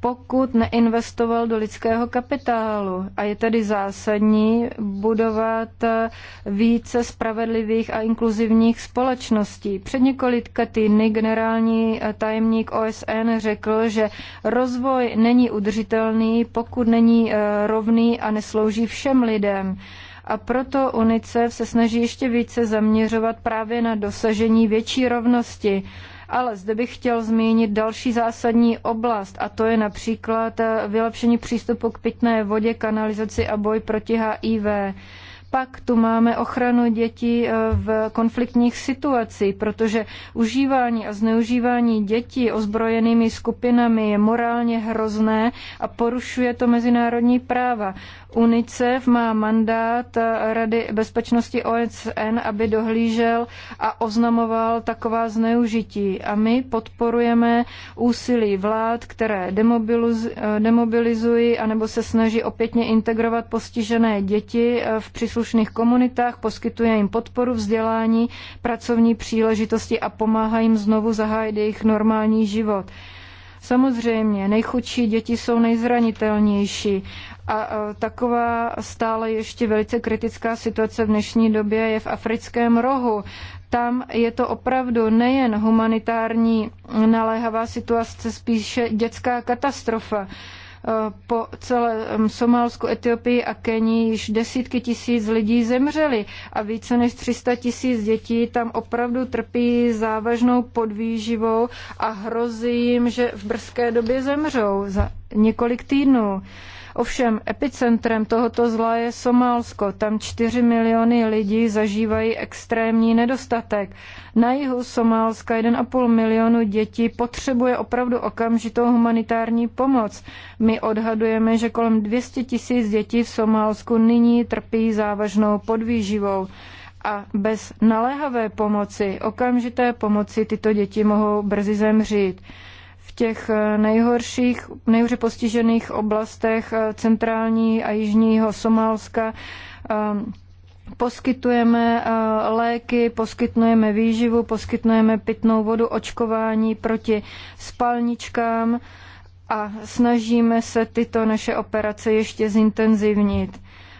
pokud neinvestoval do lidského kapitálu. A je tedy zásadní budovat eh, více spravedlivých a inkluzivních společností. Před několika týdny generální eh, tajemník OSN řekl, že rozvoj není udržitelný, pokud není eh, rovný a neslouží všem lidem a proto UNICEF se snaží ještě více zaměřovat právě na dosažení větší rovnosti. Ale zde bych chtěl zmínit další zásadní oblast a to je například eh, vylepšení přístupu k pitné vodě, kanalizaci a boj proti HIV. Pak tu máme ochranu dětí eh, v konfliktních situacích, protože užívání a zneužívání dětí ozbrojenými skupinami je morálně hrozné a porušuje to mezinárodní práva. UNICEF má mandát Rady bezpečnosti OSN, aby dohlížel a oznamoval taková zneužití. A my podporujeme úsilí vlád, které demobilizují anebo se snaží opětně integrovat postižené děti v příslušných komunitách, poskytuje jim podporu, vzdělání, pracovní příležitosti a pomáhá jim znovu zahájit jejich normální život. Samozřejmě, nejchudší děti jsou nejzranitelnější a taková stále ještě velice kritická situace v dnešní době je v africkém rohu. Tam je to opravdu nejen humanitární naléhavá situace, spíše dětská katastrofa. Eh, po celém Somálsku, Etiopii a Kenii již desítky tisíc lidí zemřeli a více než 300 tisíc dětí tam opravdu trpí závažnou podvýživou a hrozí jim, že v brzké době zemřou za několik týdnů. Ovšem epicentrem tohoto zla je Somálsko. Tam 4 miliony lidí zažívají extrémní nedostatek. Na jihu Somálska 1,5 milionu dětí potřebuje opravdu okamžitou humanitární pomoc. My odhadujeme, že kolem 200 tisíc dětí v Somálsku nyní trpí závažnou podvýživou a bez naléhavé pomoci, okamžité pomoci tyto děti mohou brzy zemřít těch eh, nejhorších, nejhorší postižených oblastech eh, centrální a jižního Somálska eh, poskytujeme léky, poskytujeme výživu, poskytujeme pitnou vodu, očkování proti spalničkám a snažíme se tyto naše operace ještě zintenzivnit.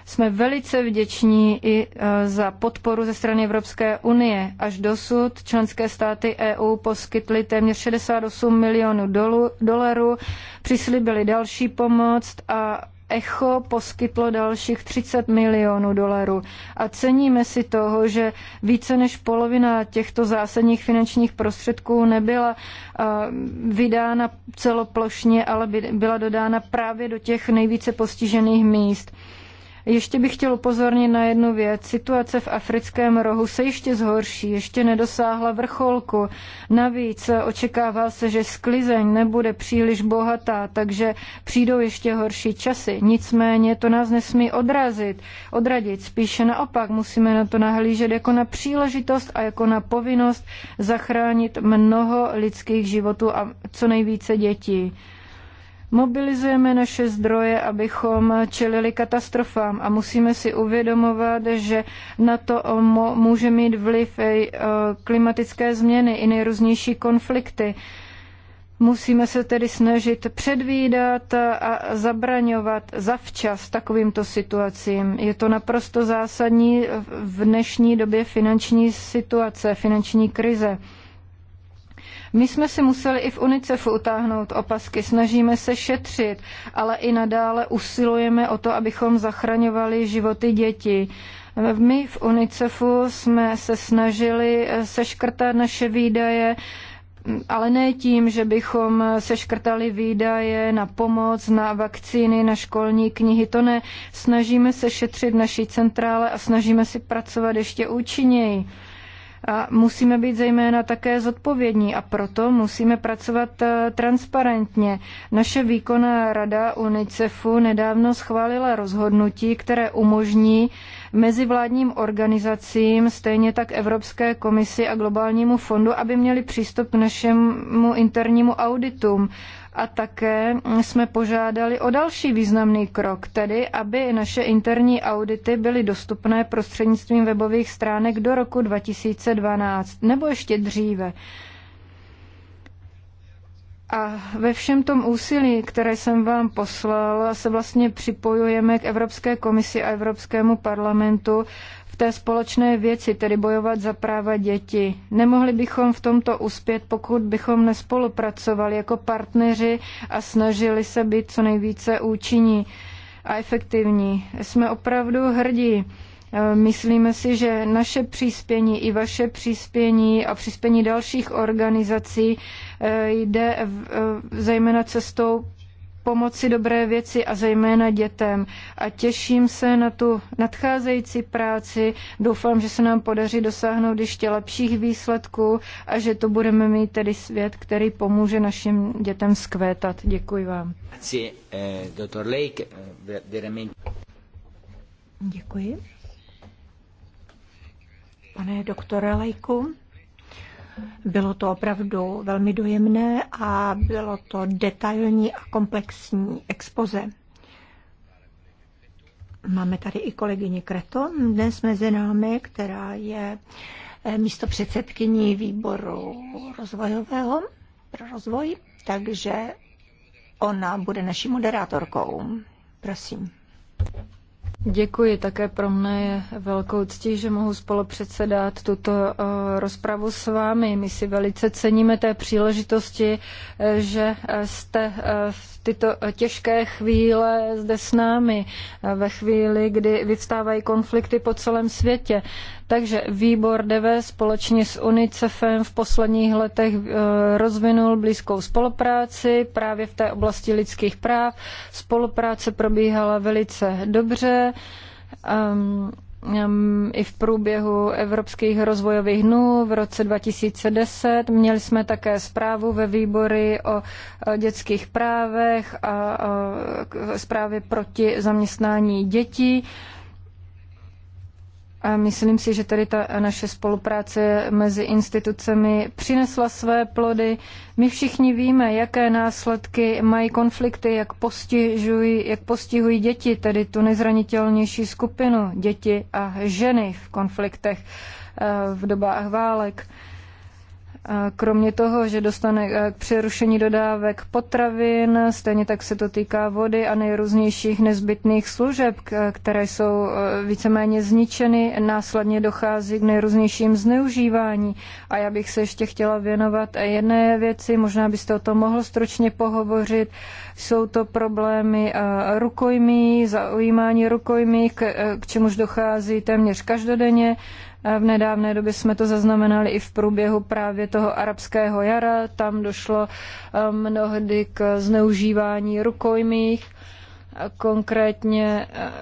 Jsme velice vděční i e, za podporu ze strany Evropské unie. Až dosud členské státy EU poskytly téměř 68 milionů dolarů, přislíbili další pomoc a Echo poskytlo dalších 30 milionů dolarů a ceníme si toho, že více než polovina těchto zásadních finančních prostředků nebyla e, vydána celoplošně, ale byla dodána právě do těch nejvíce postižených míst. Ještě bych chtěl upozornit na jednu věc. Situace v africkém rohu se ještě zhorší, ještě nedosáhla vrcholku. Navíc očekává se, že sklizeň nebude příliš bohatá, takže přijdou ještě horší časy. Nicméně to nás nesmí odrazit, odradit. Spíše naopak musíme na to nahlížet jako na příležitost a jako na povinnost zachránit mnoho lidských životů a co nejvíce dětí. Mobilizujeme naše zdroje, abychom čelili katastrofám a musíme si uvědomovat, že na to může mít vliv i eh, klimatické změny, i nejrůznější konflikty. Musíme se tedy snažit předvídat a zabraňovat zavčas takovýmto situacím. Je to naprosto zásadní v dnešní době finanční situace, finanční krize. My jsme si museli i v UNICEFu utáhnout opasky, snažíme se šetřit, ale i nadále usilujeme o to, abychom zachraňovali životy dětí. My v UNICEFu jsme se snažili eh, seškrtat naše výdaje, ale ne tím, že bychom seškrtali výdaje na pomoc, na vakcíny, na školní knihy, to ne. Snažíme se šetřit naší centrále a snažíme si pracovat ještě účinněji. A musíme být zejména také zodpovědní a proto musíme pracovat eh, transparentně. Naše výkonná rada UNICEFu nedávno schválila rozhodnutí, které umožní mezivládním organizacím, stejně tak Evropské komisi a Globálnímu fondu, aby měli přístup k našemu internímu auditu a také jsme požádali o další významný krok, tedy aby naše interní audity byly dostupné prostřednictvím webových stránek do roku 2012 nebo ještě dříve. A ve všem tom úsilí, které jsem vám poslal, se vlastně připojujeme k Evropské komisi a Evropskému parlamentu té společné věci, tedy bojovat za práva dětí. Nemohli bychom v tomto uspět, pokud bychom nespolupracovali jako partneři a snažili se být co nejvíce účinní a efektivní. Jsme opravdu hrdí. Myslíme si, že naše příspění i vaše příspění a příspění dalších organizací eh, jde eh, zejména cestou pomoci dobré věci a zejména dětem. A těším se na tu nadcházející práci. Doufám, že se nám podaří dosáhnout ještě lepších výsledků a že to budeme mít tedy svět, který pomůže našim dětem zkvétat. Děkuji vám. Eh, eh, Děkuji. Pane doktore Lejku, bylo to opravdu velmi dojemné a bylo to detailní a komplexní expoze. Máme tady i kolegyni Kreto dnes mezi námi, která je eh, místo předsedkyní výboru rozvojového pro rozvoj, takže ona bude naší moderátorkou. Prosím. Děkuji, také pro mne je velkou ctí, že mohu spolupředsedat tuto eh, rozpravu s vámi. My si velice ceníme té příležitosti, eh, že eh, jste v tyto těžké chvíle zde s námi, ve chvíli, kdy vyvstávají konflikty po celém světě. Takže výbor DV společně s UNICEFem v posledních letech eh, rozvinul blízkou spolupráci právě v té oblasti lidských práv. Spolupráce probíhala velice dobře. Um, i v průběhu Evropských rozvojových dnů v roce 2010. Měli jsme také zprávu ve výbory o eh, dětských právech a eh, zprávy proti zaměstnání dětí. A myslím si, že tady ta naše spolupráce mezi institucemi přinesla své plody. My všichni víme, jaké následky mají konflikty, jak postihují, jak postihují děti, tedy tu nejzranitelnější skupinu, děti a ženy v konfliktech eh, v dobách válek. Kromě toho, že dostane eh, k přerušení dodávek potravin, stejně tak se to týká vody a nejrůznějších nezbytných služeb, které jsou eh, víceméně zničeny, následně dochází k nejrůznějším zneužívání. A já bych se ještě chtěla věnovat jedné věci, možná byste o tom mohl stručně pohovořit. Jsou to problémy eh, rukojmí, zaujímání rukojmí, k, k čemuž dochází téměř každodenně. V nedávné době jsme to zaznamenali i v průběhu právě toho arabského jara. Tam došlo eh, mnohdy k zneužívání rukojmích, konkrétně eh,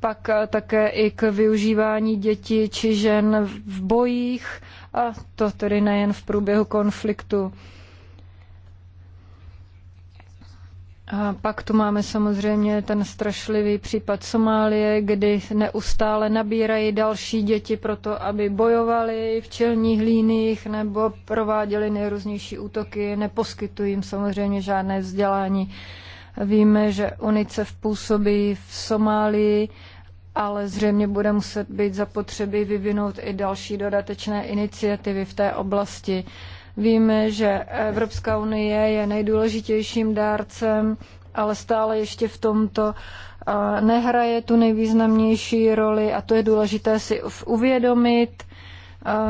pak eh, také i k využívání dětí či žen v bojích, a to tedy nejen v průběhu konfliktu. A pak tu máme samozřejmě ten strašlivý případ Somálie, kdy neustále nabírají další děti proto, aby bojovali v čelních líních nebo prováděli nejrůznější útoky, neposkytují jim samozřejmě žádné vzdělání. Víme, že UNICEF působí v Somálii, ale zřejmě bude muset být zapotřebí vyvinout i další dodatečné iniciativy v té oblasti. Uh, Víme, že Evropská unie je nejdůležitějším dárcem, ale stále ještě v tomto nehraje tu nejvýznamnější roli a to je důležité si uvědomit.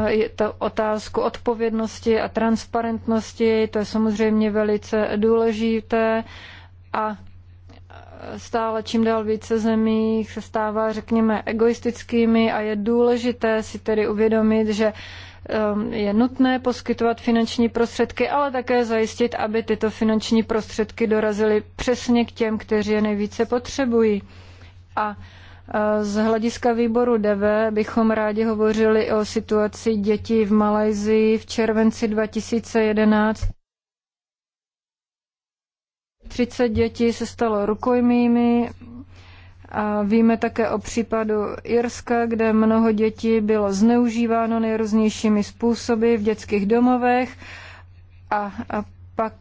Je to otázku odpovědnosti a transparentnosti, to je samozřejmě velice důležité a stále čím dál více zemí se stává, řekněme, egoistickými a je důležité si tedy uvědomit, že Ehm, je nutné poskytovat finanční prostředky, ale také zajistit, aby tyto finanční prostředky dorazily přesně k těm, kteří je nejvíce potřebují. A eh, z hlediska výboru DV bychom rádi hovořili o situaci dětí v Malajsii v červenci 2011. 30 dětí se stalo rukojmými a víme také o případu Irska, kde mnoho dětí bylo zneužíváno nejrůznějšími způsoby v dětských domovech a, a pak,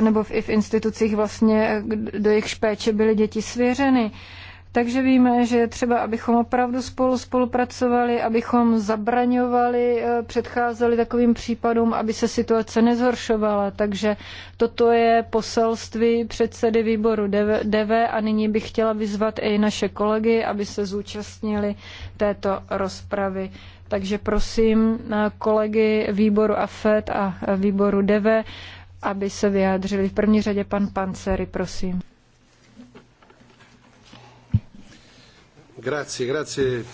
nebo v, i v institucích vlastně, do jejich péče byly děti svěřeny. Uh, takže víme, že je třeba, abychom opravdu spolu spolupracovali, abychom zabraňovali, eh, předcházeli takovým případům, aby se situace nezhoršovala. Takže toto je poselství předsedy výboru DV a nyní bych chtěla vyzvat i naše kolegy, aby se zúčastnili této rozpravy. Takže prosím eh, kolegy výboru AFET a e eh, výboru DV, aby se vyjádřili. V první řadě pan Panceri, prosím. Eh,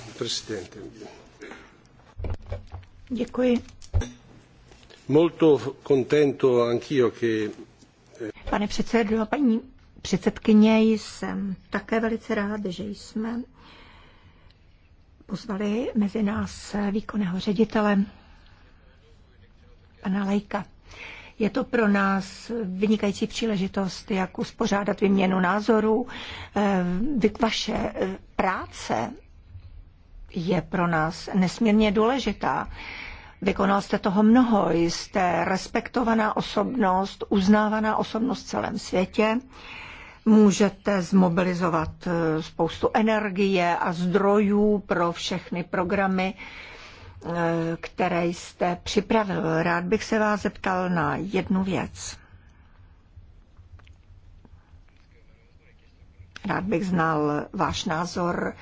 Pane předsedající paní předsedkyně, jsem také velice rád, že jsme pozvali mezi nás výkonného ředitele pana Lejka. Je to pro nás vynikající příležitost, jak uspořádat výměnu názorů. Eh, vaše eh, práce je pro nás nesmírně důležitá. Vykonal jste toho mnoho, jste respektovaná osobnost, uznávaná osobnost v celém světě. Můžete zmobilizovat eh, spoustu energie a zdrojů pro všechny programy, které jste připravil. Rád bych se vás zeptal na jednu věc. Rád bych znal váš názor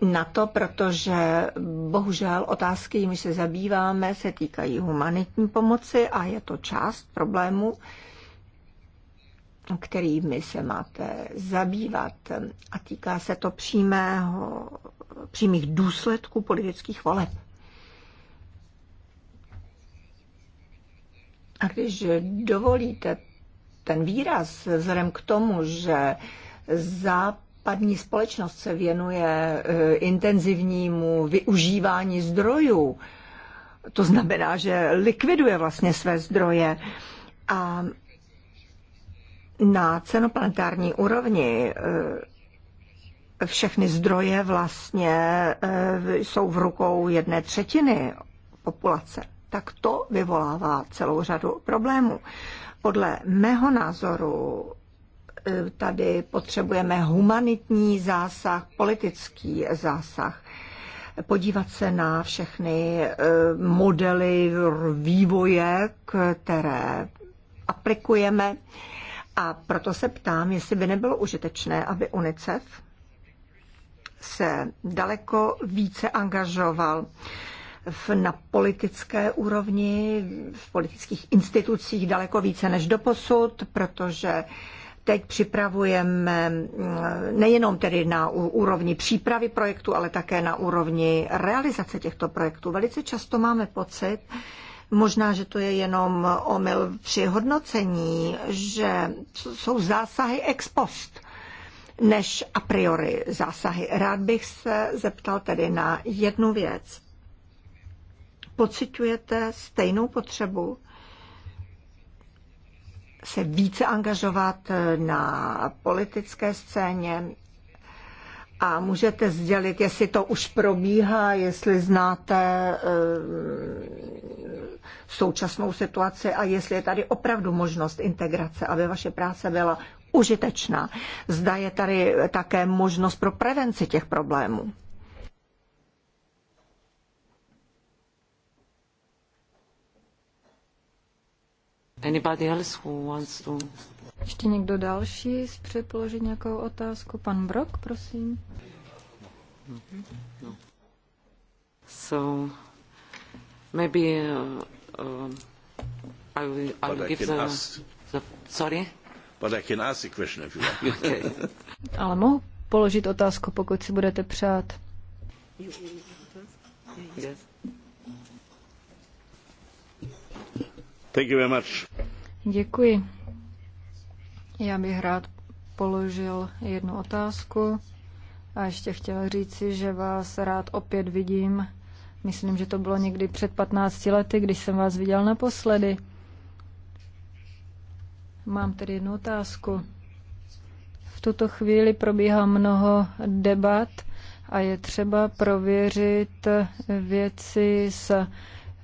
na to, protože bohužel otázky, jimiž se zabýváme, se týkají humanitní pomoci a je to část problému, kterými se máte zabývat. A týká se to přímého, přímých důsledků politických voleb. A když dovolíte ten výraz, vzhledem k tomu, že západní společnost se věnuje eh, intenzivnímu využívání zdrojů, to znamená, že likviduje vlastně své zdroje. A na cenoplanetární úrovni eh, všechny zdroje vlastně eh, jsou v rukou jedné třetiny populace tak to vyvolává celou řadu problémů. Podle mého názoru e, tady potřebujeme humanitní zásah, politický zásah podívat se na všechny e, modely vývoje, které aplikujeme. A proto se ptám, jestli by nebylo užitečné, aby UNICEF se daleko více angažoval v, na politické úrovni, v politických institucích daleko více než doposud, protože teď připravujeme mm, nejenom tedy na úrovni přípravy projektu, ale také na úrovni realizace těchto projektů. Velice často máme pocit, Možná, že to je jenom omyl při hodnocení, že jsou zásahy ex post než a priori zásahy. Rád bych se zeptal tedy na jednu věc pocitujete stejnou potřebu se více angažovat na politické scéně a můžete sdělit, jestli to už probíhá, jestli znáte eh, současnou situaci a jestli je tady opravdu možnost integrace, aby vaše práce byla užitečná. Zda je tady také možnost pro prevenci těch problémů. Anybody else who wants to... Ještě někdo další chce položit nějakou otázku? Pan Brok, prosím. So, maybe uh, uh, I will, I will give the, the... Sorry? But I can ask the question if you want. okay. Ale mohu položit otázku, pokud si budete přát. Yes. Thank you very much. Děkuji. Já bych rád položil jednu otázku a ještě chtěla říci, že vás rád opět vidím. Myslím, že to bylo někdy před 15 lety, když jsem vás viděl naposledy. Mám tedy jednu otázku. V tuto chvíli probíhá mnoho debat a je třeba prověřit věci s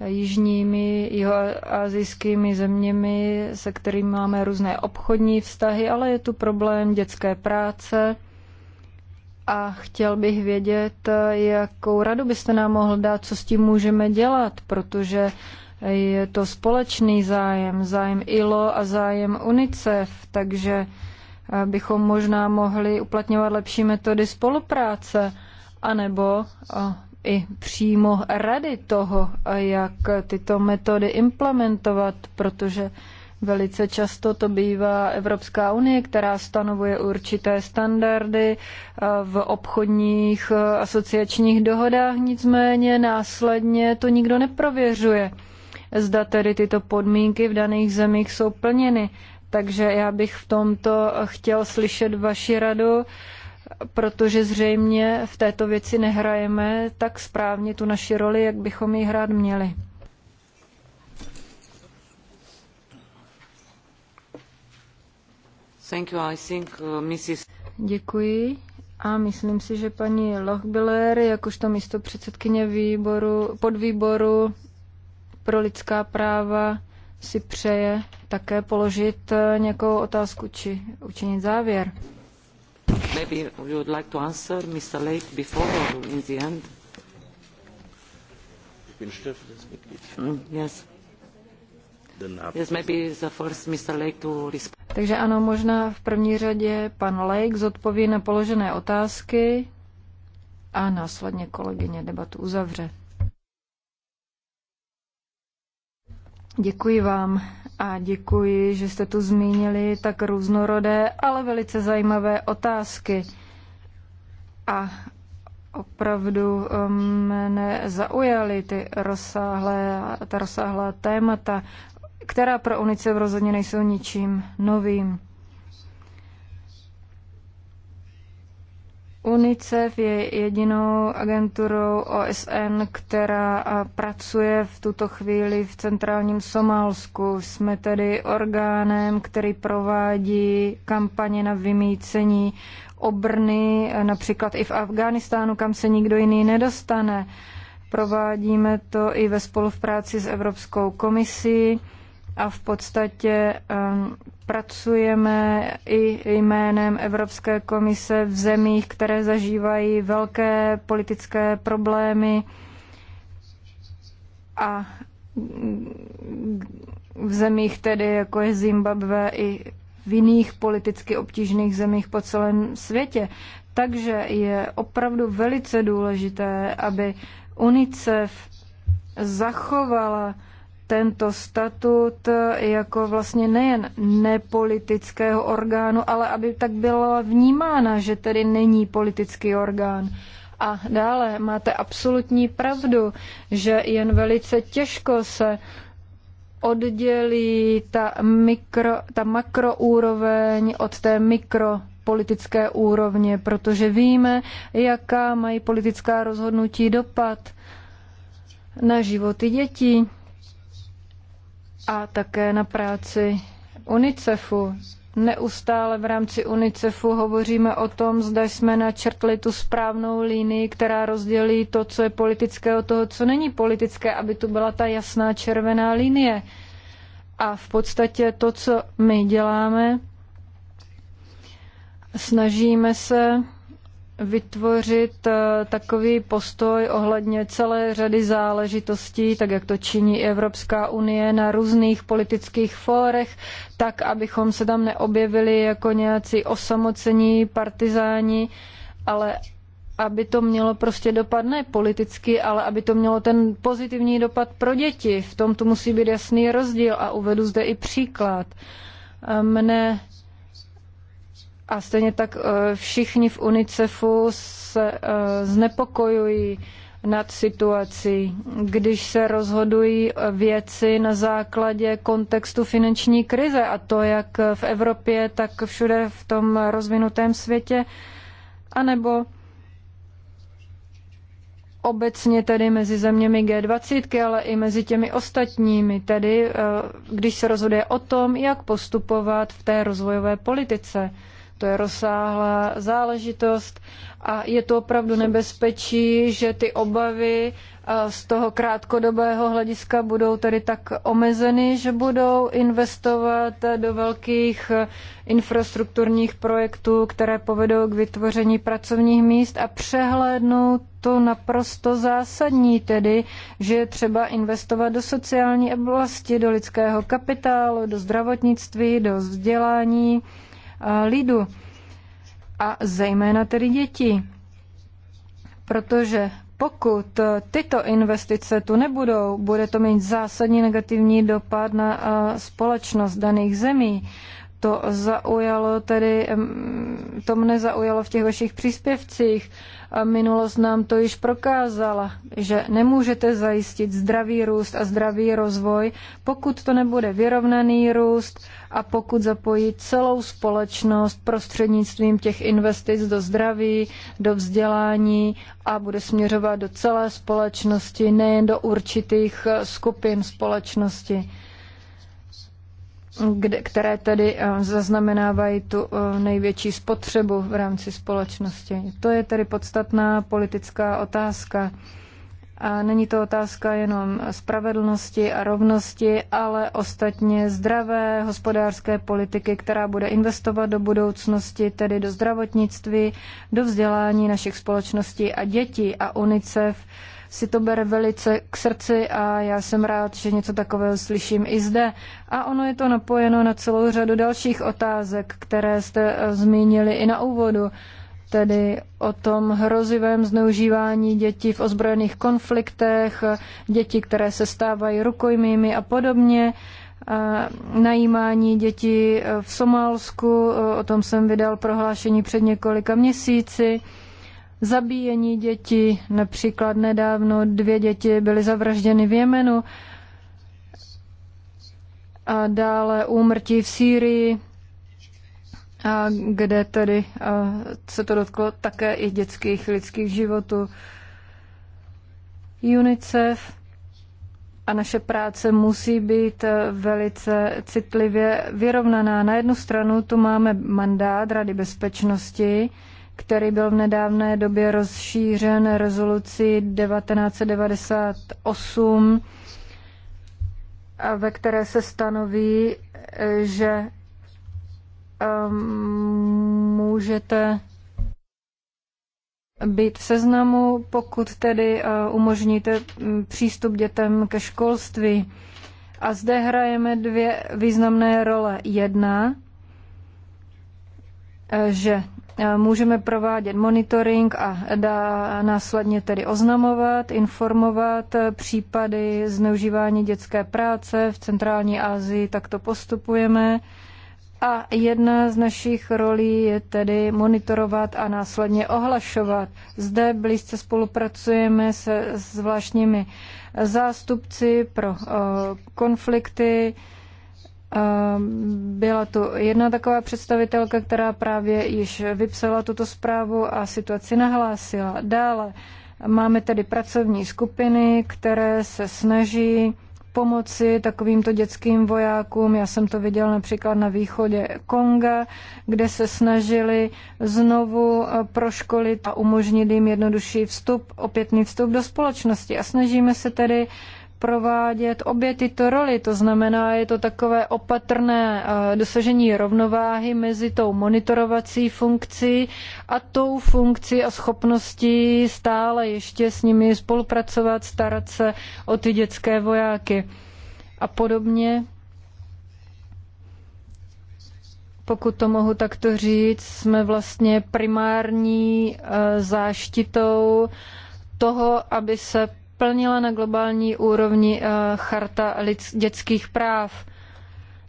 jižními jihoazijskými zeměmi, se kterými máme různé obchodní vztahy, ale je tu problém dětské práce. A chtěl bych vědět, jakou radu byste nám mohl dát, co s tím můžeme dělat, protože je to společný zájem, zájem ILO a zájem UNICEF, takže bychom možná mohli uplatňovat lepší metody spolupráce, anebo i přímo rady toho, jak tyto metody implementovat, protože Velice často to bývá Evropská unie, která stanovuje určité standardy eh, v obchodních eh, asociačních dohodách, nicméně následně to nikdo neprověřuje. Zda tedy tyto podmínky v daných zemích jsou plněny. Takže já bych v tomto chtěl slyšet vaši radu protože zřejmě v této věci nehrajeme tak správně tu naši roli, jak bychom ji hrát měli. Thank you. I think, uh, Mrs. Děkuji. A myslím si, že paní Lochbiller, jakožto místo předsedkyně výboru, podvýboru pro lidská práva, si přeje také položit eh, nějakou otázku či učinit závěr. Maybe you would like to answer, Mr. Lake, before or in the end? Mm, yes. Yes, maybe the first Mr. Lake to respond. Takže ano, možná v první řadě pan Lake zodpoví na položené otázky a následně kolegyně debatu uzavře. Děkuji vám a děkuji, že jste tu zmínili tak různorodé, ale velice zajímavé otázky. A opravdu eh, mne zaujaly ty rozsáhlé, ta rozsáhlá témata, která pro UNICEF rozhodně nejsou ničím novým. UNICEF je jedinou agenturou OSN, která pracuje v tuto chvíli v centrálním Somálsku. Jsme tedy orgánem, který provádí kampaně na vymícení obrny, například i v Afghánistánu, kam se nikdo jiný nedostane. Provádíme to i ve spolupráci s Evropskou komisí a v podstatě um, pracujeme i jménem Evropské komise v zemích, které zažívají velké politické problémy a v zemích tedy, jako je Zimbabwe, i v jiných politicky obtížných zemích po celém světě. Takže je opravdu velice důležité, aby UNICEF zachovala tento statut jako vlastně nejen nepolitického orgánu, ale aby tak byla vnímána, že tedy není politický orgán. A dále máte absolutní pravdu, že jen velice těžko se oddělí ta, mikro, ta makroúroveň od té mikro politické úrovně, protože víme, jaká mají politická rozhodnutí dopad na životy dětí, a také na práci UNICEFu. Neustále v rámci UNICEFu hovoříme o tom, zda jsme načrtli tu správnou línii, která rozdělí to, co je politické od toho, co není politické, aby tu byla ta jasná červená linie. A v podstatě to, co my děláme, snažíme se vytvořit eh, takový postoj ohledně celé řady záležitostí, tak jak to činí Evropská unie na různých politických fórech, tak abychom se tam neobjevili jako nějací osamocení partizáni, ale aby to mělo prostě dopad ne politicky, ale aby to mělo ten pozitivní dopad pro děti. V tom tu musí být jasný rozdíl a uvedu zde i příklad. Eh, mne a stejně tak eh, všichni v UNICEFu se eh, znepokojují nad situací, když se rozhodují věci na základě kontextu finanční krize a to jak v Evropě, tak všude v tom rozvinutém světě, anebo obecně tedy mezi zeměmi G20, ale i mezi těmi ostatními, tedy eh, když se rozhoduje o tom, jak postupovat v té rozvojové politice. To je rozsáhlá záležitost a je to opravdu nebezpečí, že ty obavy eh, z toho krátkodobého hlediska budou tedy tak omezeny, že budou investovat do velkých eh, infrastrukturních projektů, které povedou k vytvoření pracovních míst a přehlédnou to naprosto zásadní, tedy, že je třeba investovat do sociální oblasti, do lidského kapitálu, do zdravotnictví, do vzdělání lidu a zejména tedy dětí. Protože pokud tyto investice tu nebudou, bude to mít zásadní negativní dopad na společnost daných zemí to zaujalo, tedy to mne zaujalo v těch vašich příspěvcích. A minulost nám to již prokázala, že nemůžete zajistit zdravý růst a zdravý rozvoj, pokud to nebude vyrovnaný růst a pokud zapojí celou společnost prostřednictvím těch investic do zdraví, do vzdělání a bude směřovat do celé společnosti, nejen do určitých eh, skupin společnosti kde, které tedy eh, zaznamenávají tu eh, největší spotřebu v rámci společnosti. To je tedy podstatná politická otázka. A není to otázka jenom spravedlnosti a rovnosti, ale ostatně zdravé hospodářské politiky, která bude investovat do budoucnosti, tedy do zdravotnictví, do vzdělání našich společností a dětí a UNICEF si to bere velice k srdci a já jsem rád, že něco takového slyším i zde. A ono je to napojeno na celou řadu dalších otázek, které jste eh, zmínili i na úvodu tedy o tom hrozivém zneužívání dětí v ozbrojených konfliktech, děti, které se stávají rukojmými a podobně, najímání dětí eh, v Somálsku, eh, o tom jsem vydal prohlášení před několika měsíci zabíjení dětí. Například nedávno dvě děti byly zavražděny v Jemenu a dále úmrtí v Sýrii, a kde tedy a se to dotklo také i dětských lidských životů. UNICEF a naše práce musí být velice citlivě vyrovnaná. Na jednu stranu tu máme mandát Rady bezpečnosti, který byl v nedávné době rozšířen rezolucí 1998, ve které se stanoví, že um, můžete být v seznamu, pokud tedy uh, umožníte mm, přístup dětem ke školství. A zde hrajeme dvě významné role. Jedna, uh, že Eh, můžeme provádět monitoring a dá následně tedy oznamovat, informovat eh, případy zneužívání dětské práce v centrální Asii, tak to postupujeme. A jedna z našich rolí je tedy monitorovat a následně ohlašovat. Zde blízce spolupracujeme se zvláštními eh, zástupci pro konflikty, Ehm, byla to jedna taková představitelka, která právě již vypsala tuto zprávu a situaci nahlásila. Dále máme tedy pracovní skupiny, které se snaží pomoci takovýmto dětským vojákům. Já jsem to viděl například na východě Konga, kde se snažili znovu eh, proškolit a umožnit jim jednodušší vstup, opětný vstup do společnosti. A snažíme se tedy provádět obě tyto roli. To znamená, je to takové opatrné eh, dosažení rovnováhy mezi tou monitorovací funkcí a tou funkcí a schopností stále ještě s nimi spolupracovat, starat se o ty dětské vojáky a podobně. Pokud to mohu takto říct, jsme vlastně primární eh, záštitou toho, aby se plnila na globální úrovni eh, charta dětských práv.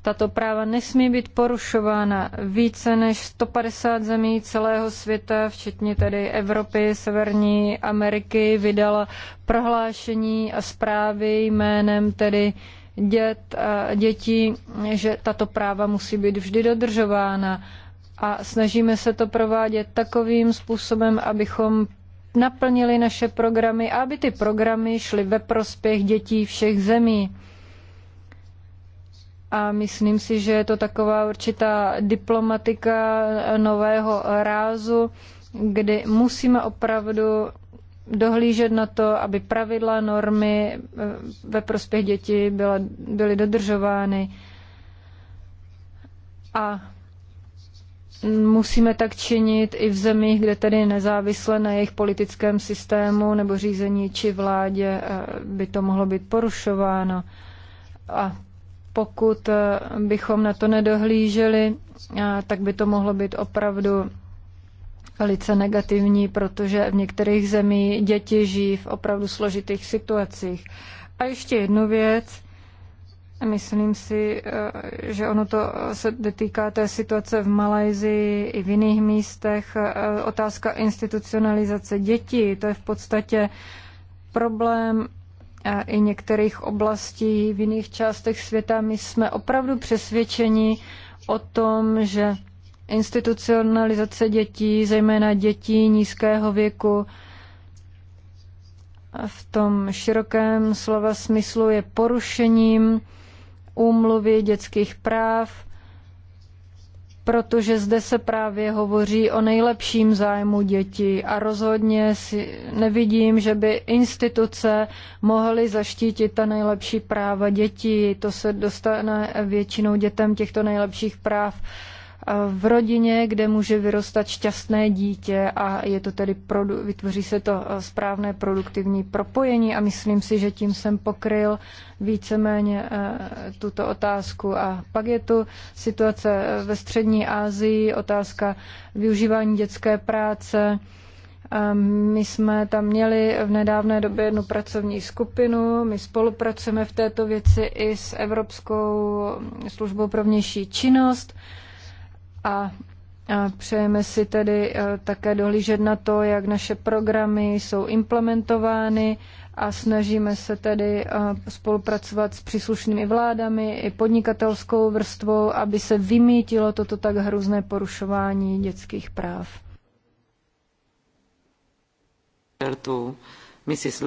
Tato práva nesmí být porušována. Více než 150 zemí celého světa, včetně tedy Evropy, Severní Ameriky, vydala prohlášení a zprávy jménem tedy dět, eh, dětí, že tato práva musí být vždy dodržována. A snažíme se to provádět takovým způsobem, abychom naplnili naše programy a aby ty programy šly ve prospěch dětí všech zemí. A myslím si, že je to taková určitá diplomatika nového rázu, kdy musíme opravdu dohlížet na to, aby pravidla, normy eh, ve prospěch dětí byla, byly dodržovány. A Musíme tak činit i v zemích, kde tedy nezávisle na jejich politickém systému nebo řízení či vládě eh, by to mohlo být porušováno. A pokud eh, bychom na to nedohlíželi, eh, tak by to mohlo být opravdu velice negativní, protože v některých zemích děti žijí v opravdu složitých situacích. A ještě jednu věc, Myslím si, eh, že ono to eh, se dotýká té situace v Malajzii i v jiných místech. Eh, otázka institucionalizace dětí, to je v podstatě problém i některých oblastí v jiných částech světa. My jsme opravdu přesvědčeni o tom, že institucionalizace dětí, zejména dětí nízkého věku, v tom širokém slova smyslu je porušením úmluvy dětských práv, protože zde se právě hovoří o nejlepším zájmu dětí a rozhodně si nevidím, že by instituce mohly zaštítit ta nejlepší práva dětí. To se dostane většinou dětem těchto nejlepších práv v rodině, kde může vyrostat šťastné dítě a je to tedy produ- vytvoří se to eh, správné produktivní propojení a myslím si, že tím jsem pokryl víceméně eh, tuto otázku. A pak je tu situace eh, ve střední Asii, otázka využívání dětské práce, my jsme tam měli v nedávné době jednu pracovní skupinu. My spolupracujeme v této věci i s Evropskou mm, službou pro vnější činnost a Přejeme si tedy e, také dohlížet na to, jak naše programy jsou implementovány a snažíme se tedy e, spolupracovat s příslušnými vládami i podnikatelskou vrstvou, aby se vymítilo toto tak hrozné porušování dětských práv. Mrs.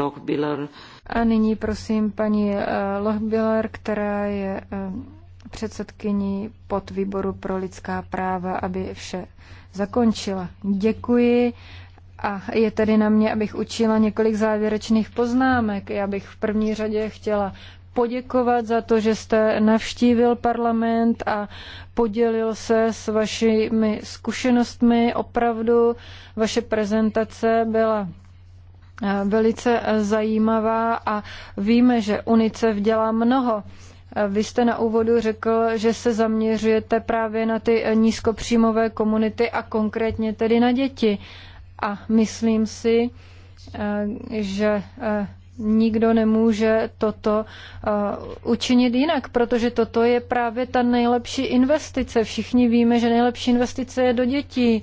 A nyní prosím paní e, Lochbiller, která je předsedkyni pod výboru pro lidská práva, aby vše zakončila. Děkuji. A je tedy na mě, abych učila několik závěrečných poznámek. Já bych v první řadě chtěla poděkovat za to, že jste navštívil parlament a podělil se s vašimi zkušenostmi. Opravdu vaše prezentace byla eh, velice eh, zajímavá a víme, že UNICEF dělá mnoho vy jste na úvodu řekl, že se zaměřujete právě na ty nízkopříjmové komunity a konkrétně tedy na děti. A myslím si, eh, že eh, nikdo nemůže toto eh, učinit jinak, protože toto je právě ta nejlepší investice. Všichni víme, že nejlepší investice je do dětí.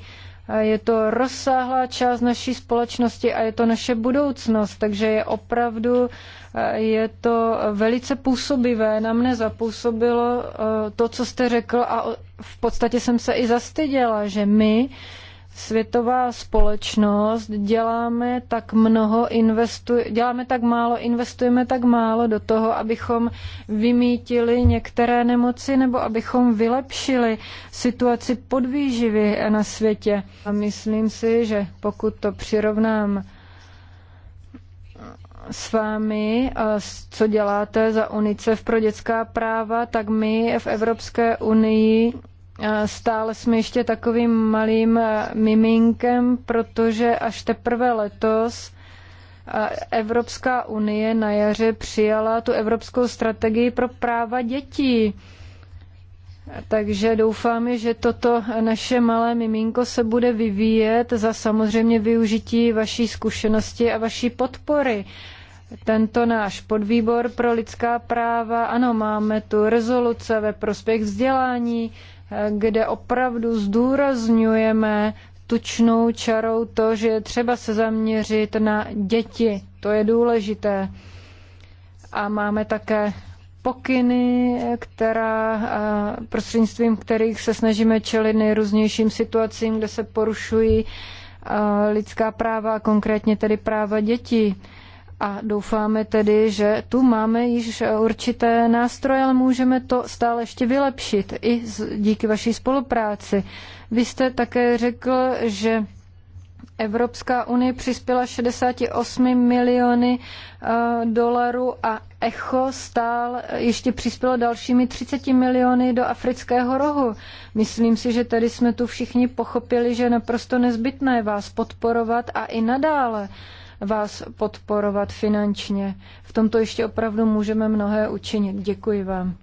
Je to rozsáhlá část naší společnosti a je to naše budoucnost, takže je opravdu, je to velice působivé. Na mne zapůsobilo e, to, co jste řekl a v podstatě jsem se i zastyděla, že my světová společnost, děláme tak mnoho, investu, děláme tak málo, investujeme tak málo do toho, abychom vymítili některé nemoci nebo abychom vylepšili situaci podvýživy na světě. A myslím si, že pokud to přirovnám s vámi, co děláte za UNICEF pro dětská práva, tak my v Evropské unii Stále jsme ještě takovým malým eh, miminkem, protože až teprve letos eh, Evropská unie na jaře přijala tu evropskou strategii pro práva dětí. Takže doufáme, že toto naše malé miminko se bude vyvíjet za samozřejmě využití vaší zkušenosti a vaší podpory. Tento náš podvýbor pro lidská práva, ano, máme tu rezoluce ve prospěch vzdělání, kde opravdu zdůrazňujeme tučnou čarou to, že je třeba se zaměřit na děti. To je důležité. A máme také pokyny, která, prostřednictvím kterých se snažíme čelit nejrůznějším situacím, kde se porušují lidská práva, konkrétně tedy práva dětí. A doufáme tedy, že tu máme již určité nástroje, ale můžeme to stále ještě vylepšit i díky vaší spolupráci. Vy jste také řekl, že Evropská unie přispěla 68 miliony eh, dolarů a Echo stál eh, ještě přispělo dalšími 30 miliony do afrického rohu. Myslím si, že tady jsme tu všichni pochopili, že je naprosto nezbytné vás podporovat a i nadále vás podporovat finančně. V tomto ještě opravdu můžeme mnohé učinit. Děkuji vám.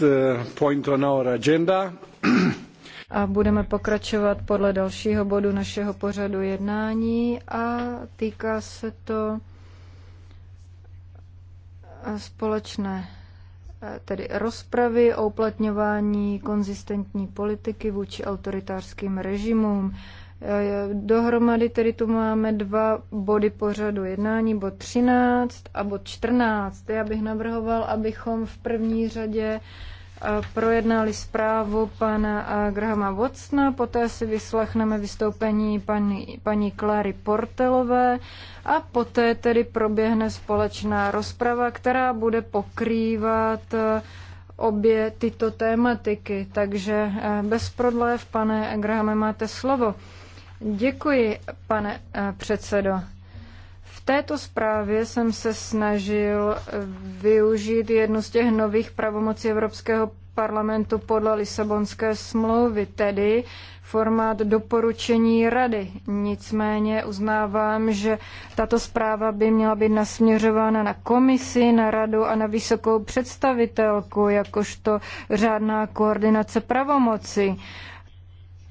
Uh, budeme pokračovat podle dalšího bodu našeho pořadu jednání a týká se to eh, společné eh, tedy rozpravy o uplatňování konzistentní politiky vůči autoritářským režimům. Eh, dohromady tedy tu máme dva body pořadu jednání, bod 13 a bod 14. Já bych navrhoval, abychom v první řadě eh, projednali zprávu pana eh, Grahama Watsona, poté si vyslechneme vystoupení paní, paní Clary Portelové a poté tedy proběhne společná rozprava, která bude pokrývat obě tyto tématiky. Takže bez prodlev, pane Grahame, máte slovo. Děkuji, pane eh, předsedo. V této zprávě jsem se snažil eh, využít jednu z těch nových pravomocí Evropského parlamentu podle Lisabonské smlouvy, tedy formát doporučení rady. Nicméně uznávám, že tato zpráva by měla být nasměřována na komisi, na radu a na vysokou představitelku, jakožto řádná koordinace pravomocí.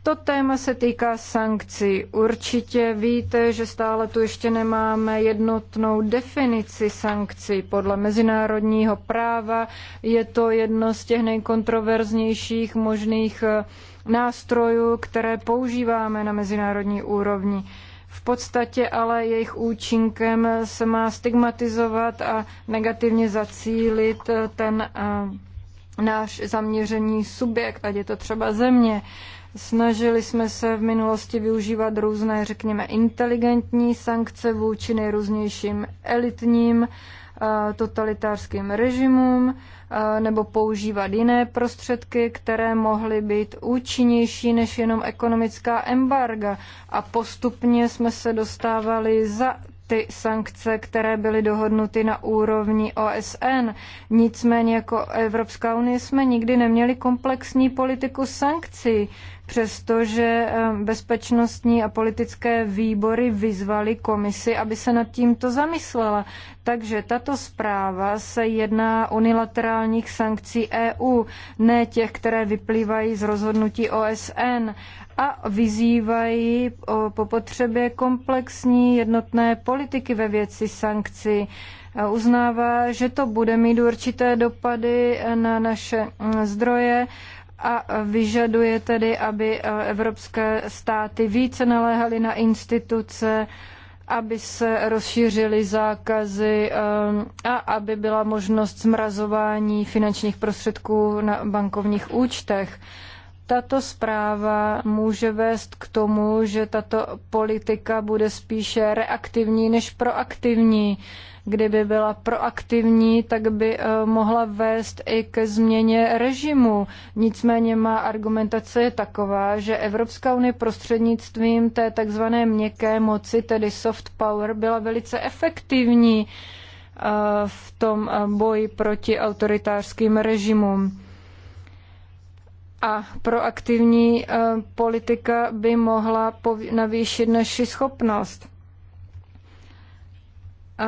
To téma se týká sankcí. Určitě víte, že stále tu ještě nemáme jednotnou definici sankcí. Podle mezinárodního práva je to jedno z těch nejkontroverznějších možných eh, nástrojů, které používáme na mezinárodní úrovni. V podstatě ale jejich účinkem se má stigmatizovat a negativně zacílit eh, ten eh, náš zaměřený subjekt, ať je to třeba země. Snažili jsme se v minulosti využívat různé, řekněme, inteligentní sankce vůči nejrůznějším elitním eh, totalitářským režimům eh, nebo používat jiné prostředky, které mohly být účinnější než jenom ekonomická embarga. A postupně jsme se dostávali za ty sankce, které byly dohodnuty na úrovni OSN. Nicméně jako Evropská unie jsme nikdy neměli komplexní politiku sankcí, přestože eh, bezpečnostní a politické výbory vyzvaly komisi, aby se nad tímto zamyslela. Takže tato zpráva se jedná unilaterálních sankcí EU, ne těch, které vyplývají z rozhodnutí OSN a vyzývají po potřebě komplexní jednotné politiky ve věci sankcí. Uznává, že to bude mít určité dopady na naše mm, zdroje a vyžaduje tedy, aby e, evropské státy více naléhaly na instituce, aby se rozšířily zákazy a aby byla možnost zmrazování finančních prostředků na bankovních účtech. Tato zpráva může vést k tomu, že tato politika bude spíše reaktivní než proaktivní. Kdyby byla proaktivní, tak by eh, mohla vést i ke změně režimu. Nicméně má argumentace je taková, že Evropská unie prostřednictvím té takzvané měkké moci, tedy soft power, byla velice efektivní eh, v tom eh, boji proti autoritářským režimům a proaktivní e, politika by mohla navýšit naši schopnost. A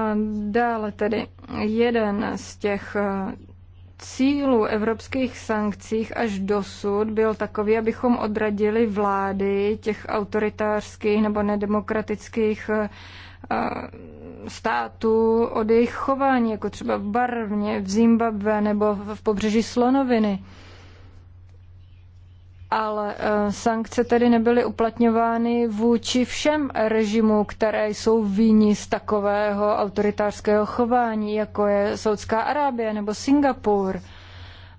dále tedy jeden z těch e, cílů evropských sankcích až dosud byl takový, abychom odradili vlády těch autoritářských nebo nedemokratických e, států od jejich chování, jako třeba v Barvně, v Zimbabwe nebo v pobřeží Slonoviny ale eh, sankce tedy nebyly uplatňovány vůči všem režimům, které jsou vinni z takového autoritářského chování, jako je Saudská Arábie nebo Singapur.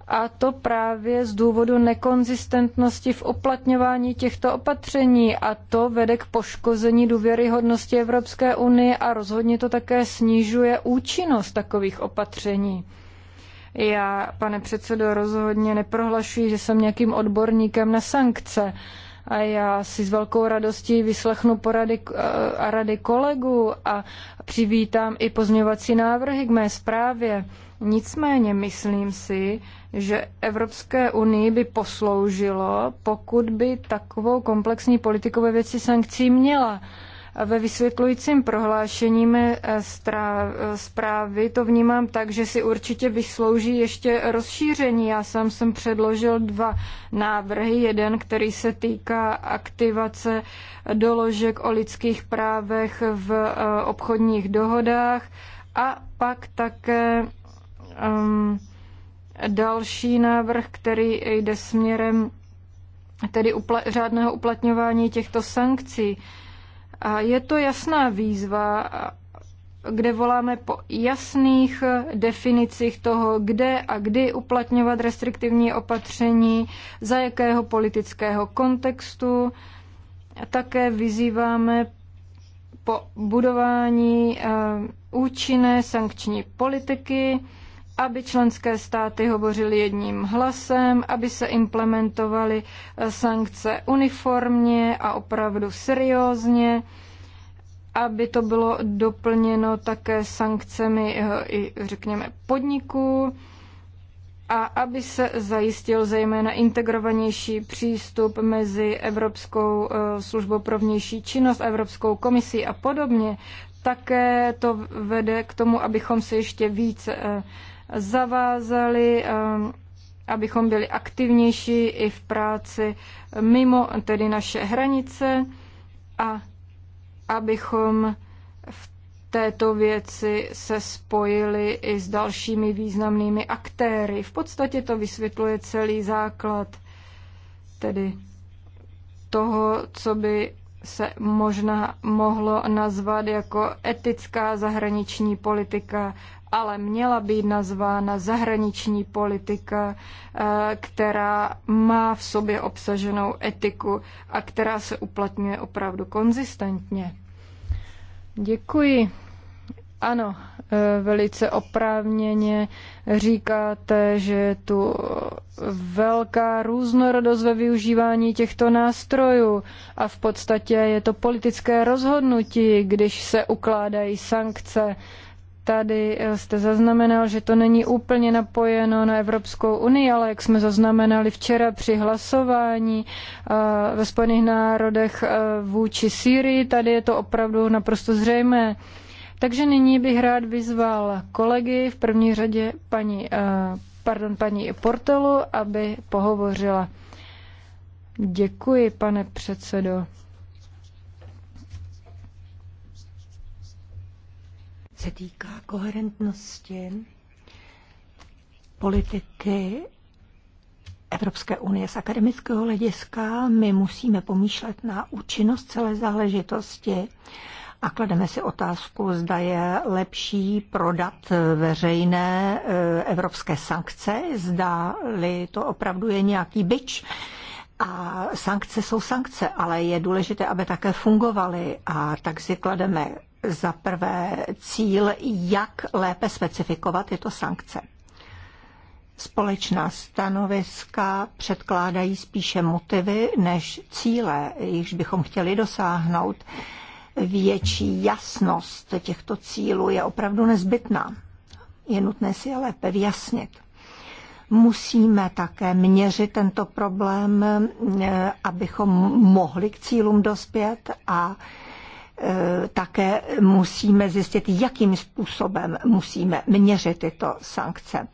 A to právě z důvodu nekonzistentnosti v uplatňování těchto opatření a to vede k poškození důvěryhodnosti Evropské unie a rozhodně to také snižuje účinnost takových opatření. Já, pane předsedo, rozhodně neprohlašuji, že jsem nějakým odborníkem na sankce. A já si s velkou radostí vyslechnu porady eh, a rady kolegů a přivítám i pozměňovací návrhy k mé zprávě. Nicméně myslím si, že Evropské unii by posloužilo, pokud by takovou komplexní politiku ve věci sankcí měla. Ve vysvětlujícím prohlášení mé eh, eh, zprávy to vnímám tak, že si určitě vyslouží ještě rozšíření. Já sám jsem předložil dva návrhy. Jeden, který se týká aktivace doložek o lidských právech v eh, obchodních dohodách a pak také um, další návrh, který jde směrem tedy upla- řádného uplatňování těchto sankcí. Uh, a je to jasná výzva, kde voláme po jasných definicích toho, kde a kdy uplatňovat restriktivní opatření, za jakého politického kontextu. Také vyzýváme po budování eh, účinné sankční politiky, aby členské státy hovořily jedním hlasem, aby se implementovaly eh, sankce uniformně a opravdu seriózně, aby to bylo doplněno také sankcemi eh, i, řekněme, podniků a aby se zajistil zejména integrovanější přístup mezi Evropskou eh, službou pro vnější činnost, Evropskou komisí a podobně, také to vede k tomu, abychom se ještě více zavázali, ehm, abychom byli aktivnější i v práci mimo tedy naše hranice a abychom v této věci se spojili i s dalšími významnými aktéry. V podstatě to vysvětluje celý základ tedy toho, co by se možná mohlo nazvat jako etická zahraniční politika ale měla být nazvána zahraniční politika, eh, která má v sobě obsaženou etiku a která se uplatňuje opravdu konzistentně. Děkuji. Ano, eh, velice oprávněně říkáte, že je tu velká různorodost ve využívání těchto nástrojů a v podstatě je to politické rozhodnutí, když se ukládají sankce tady eh, jste zaznamenal, že to není úplně napojeno na Evropskou unii, ale jak jsme zaznamenali včera při hlasování eh, ve Spojených národech eh, vůči Sýrii, tady je to opravdu naprosto zřejmé. Takže nyní bych rád vyzval kolegy, v první řadě paní, pardon, paní Portelu, aby pohovořila. Děkuji, pane předsedo. se týká koherentnosti politiky Evropské unie z akademického hlediska, my musíme pomýšlet na účinnost celé záležitosti a klademe si otázku, zda je lepší prodat veřejné e, evropské sankce, zda-li to opravdu je nějaký byč. A sankce jsou sankce, ale je důležité, aby také fungovaly. A tak si klademe za prvé cíl, jak lépe specifikovat tyto sankce. Společná stanoviska předkládají spíše motivy než cíle, jichž bychom chtěli dosáhnout. Větší jasnost těchto cílů je opravdu nezbytná. Je nutné si je lépe vyjasnit. Musíme také měřit tento problém, eh, abychom mohli k cílům dospět a Eh, také musíme zjistit, jakým způsobem musíme měřit tyto sankce.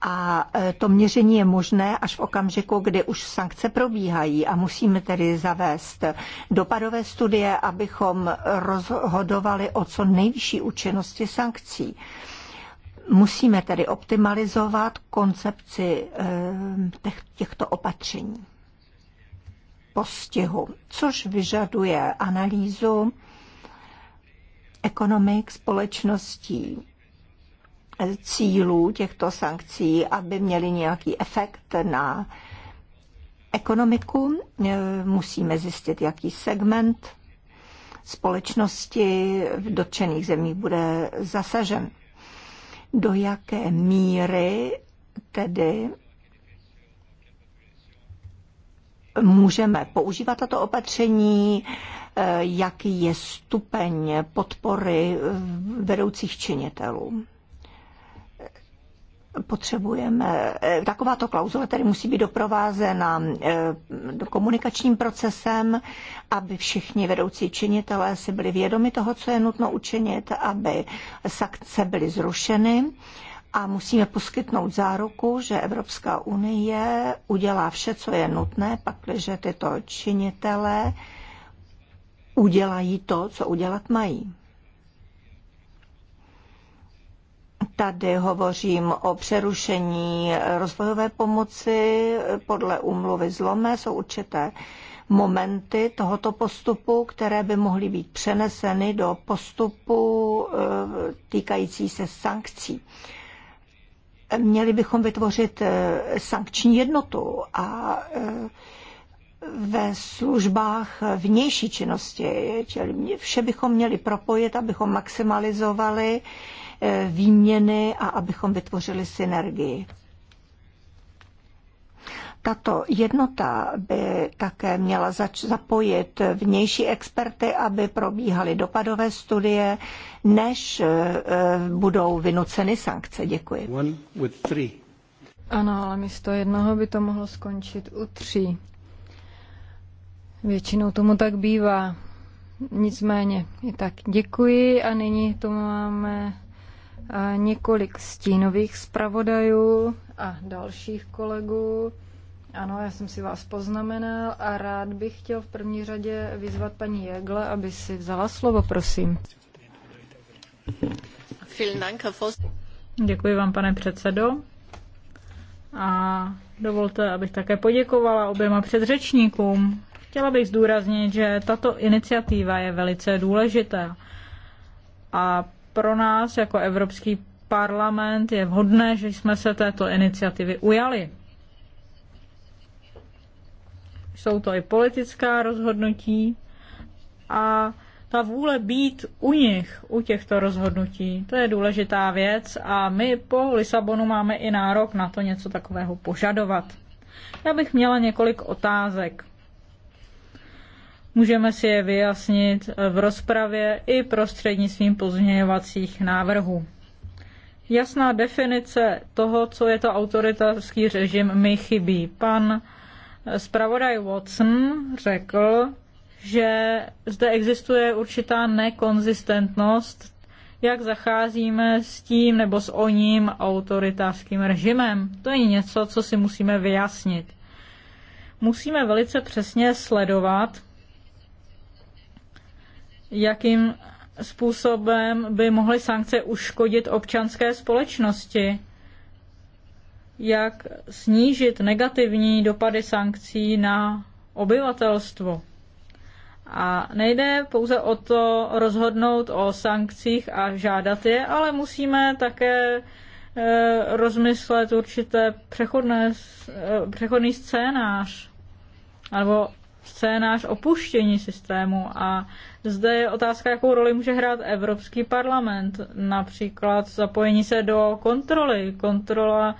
A eh, to měření je možné až v okamžiku, kdy už sankce probíhají a musíme tedy zavést dopadové studie, abychom rozhodovali o co nejvyšší účinnosti sankcí. Musíme tedy optimalizovat koncepci eh, těchto opatření postihu, což vyžaduje analýzu ekonomik společností, eh, cílů těchto sankcí, aby měly nějaký efekt na ekonomiku. Eh, musíme zjistit, jaký segment společnosti v dotčených zemích bude zasažen. Do jaké míry tedy můžeme používat tato opatření, eh, jaký je stupeň podpory vedoucích činitelů. Potřebujeme, eh, takováto klauzule tedy musí být doprovázena eh, komunikačním procesem, aby všichni vedoucí činitelé si byli vědomi toho, co je nutno učinit, aby sankce byly zrušeny a musíme poskytnout záruku, že Evropská unie udělá vše, co je nutné, pakliže tyto činitelé udělají to, co udělat mají. Tady hovořím o přerušení rozvojové pomoci podle úmluvy zlomé. Jsou určité momenty tohoto postupu, které by mohly být přeneseny do postupu e, týkající se sankcí. Měli bychom vytvořit eh, sankční jednotu a eh, ve službách vnější činnosti, čili vše bychom měli propojit, abychom maximalizovali eh, výměny a abychom vytvořili synergii. Tato jednota by také měla zač- zapojit vnější experty, aby probíhaly dopadové studie, než eh, budou vynuceny sankce. Děkuji. Ano, ale místo jednoho by to mohlo skončit u tří. Většinou tomu tak bývá. Nicméně, i tak děkuji a nyní tu máme eh, několik stínových zpravodajů a dalších kolegů. Ano, já jsem si vás poznamenal a rád bych chtěl v první řadě vyzvat paní Jegle, aby si vzala slovo, prosím. Děkuji vám, pane předsedo. A dovolte, abych také poděkovala oběma předřečníkům. Chtěla bych zdůraznit, že tato iniciativa je velice důležitá. A pro nás jako Evropský parlament je vhodné, že jsme se této iniciativy ujali jsou to i politická rozhodnutí a ta vůle být u nich, u těchto rozhodnutí, to je důležitá věc a my po Lisabonu máme i nárok na to něco takového požadovat. Já bych měla několik otázek. Můžeme si je vyjasnit v rozpravě i prostřednictvím pozměňovacích návrhů. Jasná definice toho, co je to autoritářský režim, mi chybí. Pan Spravodaj Watson řekl, že zde existuje určitá nekonzistentnost, jak zacházíme s tím nebo s oním autoritářským režimem. To je něco, co si musíme vyjasnit. Musíme velice přesně sledovat, jakým způsobem by mohly sankce uškodit občanské společnosti jak snížit negativní dopady sankcí na obyvatelstvo. A nejde pouze o to rozhodnout o sankcích a žádat je, ale musíme také e, rozmyslet určité přechodné, e, přechodný scénář nebo scénář opuštění systému. A zde je otázka, jakou roli může hrát Evropský parlament, například zapojení se do kontroly, kontrola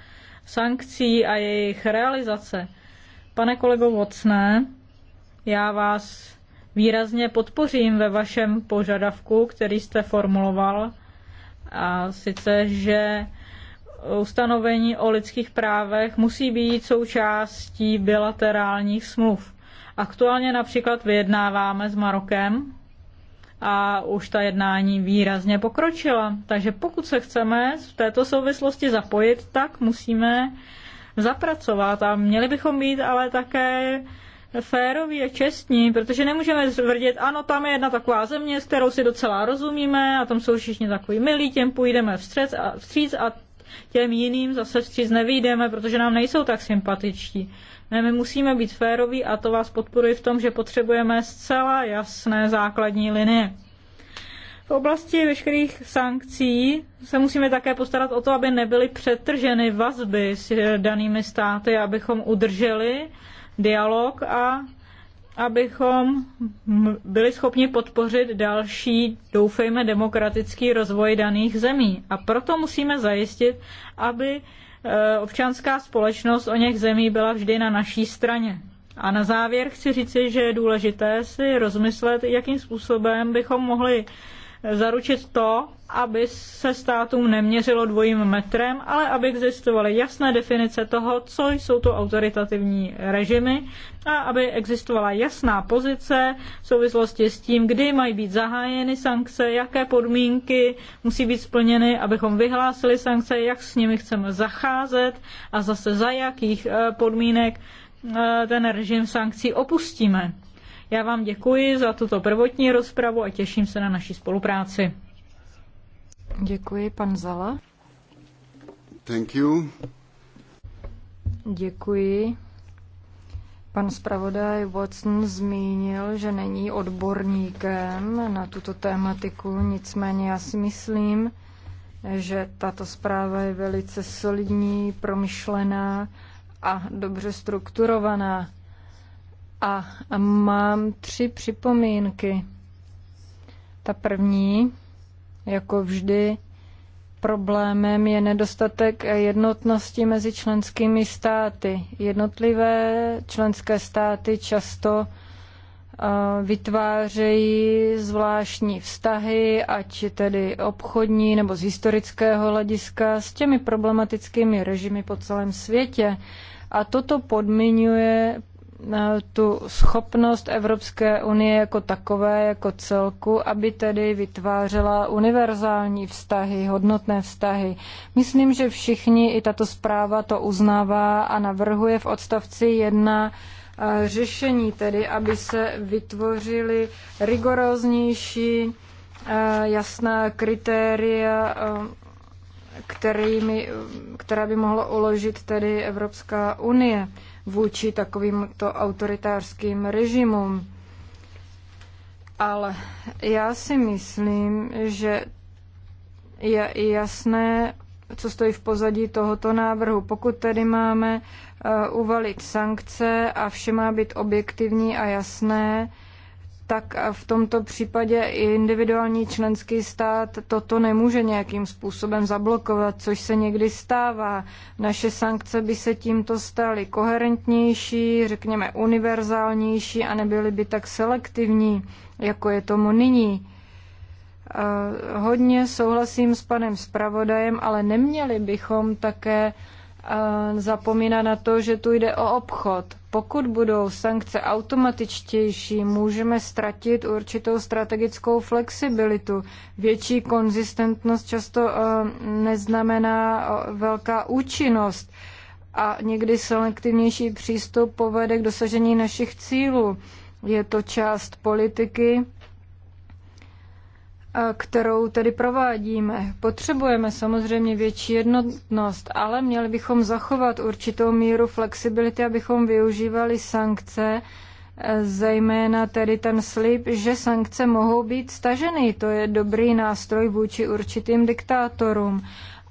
sankcí a jejich realizace. Pane kolego Vocné, já vás výrazně podpořím ve vašem požadavku, který jste formuloval, a sice, že ustanovení o lidských právech musí být součástí bilaterálních smluv. Aktuálně například vyjednáváme s Marokem a už ta jednání výrazně pokročila. Takže pokud se chceme v této souvislosti zapojit, tak musíme zapracovat a měli bychom být ale také féroví a čestní, protože nemůžeme zvrdit. ano, tam je jedna taková země, s kterou si docela rozumíme a tam jsou všichni takový milí, těm půjdeme vstřec a, vstříc a těm jiným zase vstříc nevyjdeme, protože nám nejsou tak sympatičtí. Ne, my musíme být féroví a to vás podporuji v tom, že potřebujeme zcela jasné základní linie. V oblasti veškerých sankcí se musíme také postarat o to, aby nebyly přetrženy vazby s eh, danými státy, abychom udrželi dialog a abychom byli schopni podpořit další, doufejme, demokratický rozvoj daných zemí. A proto musíme zajistit, aby Eh, občanská společnost o něch zemí byla vždy na naší straně. A na závěr chci říci, že je důležité si rozmyslet, jakým způsobem bychom mohli zaručit to, aby se státům neměřilo dvojím metrem, ale aby existovaly jasné definice toho, co jsou to autoritativní režimy a aby existovala jasná pozice v souvislosti s tím, kdy mají být zahájeny sankce, jaké podmínky musí být splněny, abychom vyhlásili sankce, jak s nimi chceme zacházet a zase za jakých eh, podmínek eh, ten režim sankcí opustíme. Já vám děkuji za tuto prvotní rozpravu a těším se na naší spolupráci. Děkuji, pan Zala. Thank you. Děkuji. Pan zpravodaj Watson zmínil, že není odborníkem na tuto tématiku, nicméně já si myslím, že tato zpráva je velice solidní, promyšlená a dobře strukturovaná. A, a mám tři připomínky. Ta první jako vždy, problémem je nedostatek jednotnosti mezi členskými státy. Jednotlivé členské státy často eh, vytvářejí zvláštní vztahy, ať tedy obchodní nebo z historického hlediska, s těmi problematickými režimy po celém světě. A toto podmiňuje tu schopnost Evropské unie jako takové, jako celku, aby tedy vytvářela univerzální vztahy, hodnotné vztahy. Myslím, že všichni i tato zpráva to uznává a navrhuje v odstavci 1 eh, řešení, tedy aby se vytvořily rigoróznější, eh, jasná kritéria, eh, kterými, která by mohla uložit tedy Evropská unie vůči takovýmto autoritářským režimům. Ale já si myslím, že je jasné, co stojí v pozadí tohoto návrhu. Pokud tedy máme eh, uvalit sankce a vše má být objektivní a jasné, tak v tomto případě i individuální členský stát toto nemůže nějakým způsobem zablokovat, což se někdy stává. Naše sankce by se tímto staly koherentnější, řekněme univerzálnější a nebyly by tak selektivní, jako je tomu nyní. Hodně souhlasím s panem zpravodajem, ale neměli bychom také zapomínat na to, že tu jde o obchod pokud budou sankce automatičtější, můžeme ztratit určitou strategickou flexibilitu. Větší konzistentnost často eh, neznamená eh, velká účinnost a někdy selektivnější přístup povede k dosažení našich cílů. Je to část politiky, kterou tedy provádíme. Potřebujeme samozřejmě větší jednotnost, ale měli bychom zachovat určitou míru flexibility, abychom využívali sankce, e, zejména tedy ten slib, že sankce mohou být staženy. To je dobrý nástroj vůči určitým diktátorům.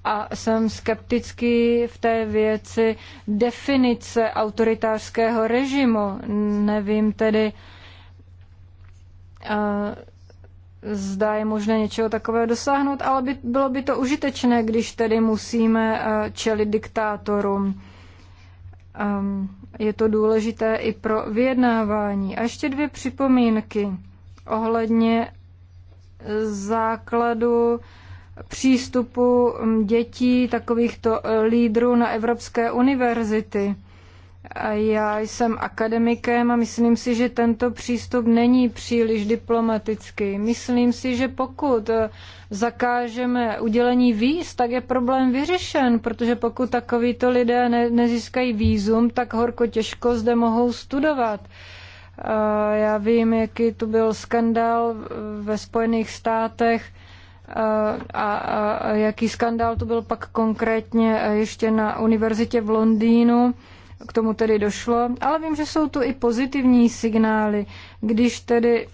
A jsem skeptický v té věci definice autoritářského režimu. Nevím tedy, uh, zda je možné něčeho takového dosáhnout, ale by, bylo by to užitečné, když tedy musíme eh, čelit diktátorům. Ehm, je to důležité i pro vyjednávání. A ještě dvě připomínky ohledně základu přístupu mm, dětí takovýchto eh, lídrů na evropské univerzity. Já jsem akademikem a myslím si, že tento přístup není příliš diplomatický. Myslím si, že pokud eh, zakážeme udělení víz, tak je problém vyřešen, protože pokud takovýto lidé ne, nezískají vízum, tak horko těžko zde mohou studovat. Já vím, jaký tu byl skandál eh, ve Spojených státech eh, a, a jaký skandál to byl pak konkrétně ještě na univerzitě v Londýnu k tomu tedy došlo, ale vím, že jsou tu i pozitivní signály, když tedy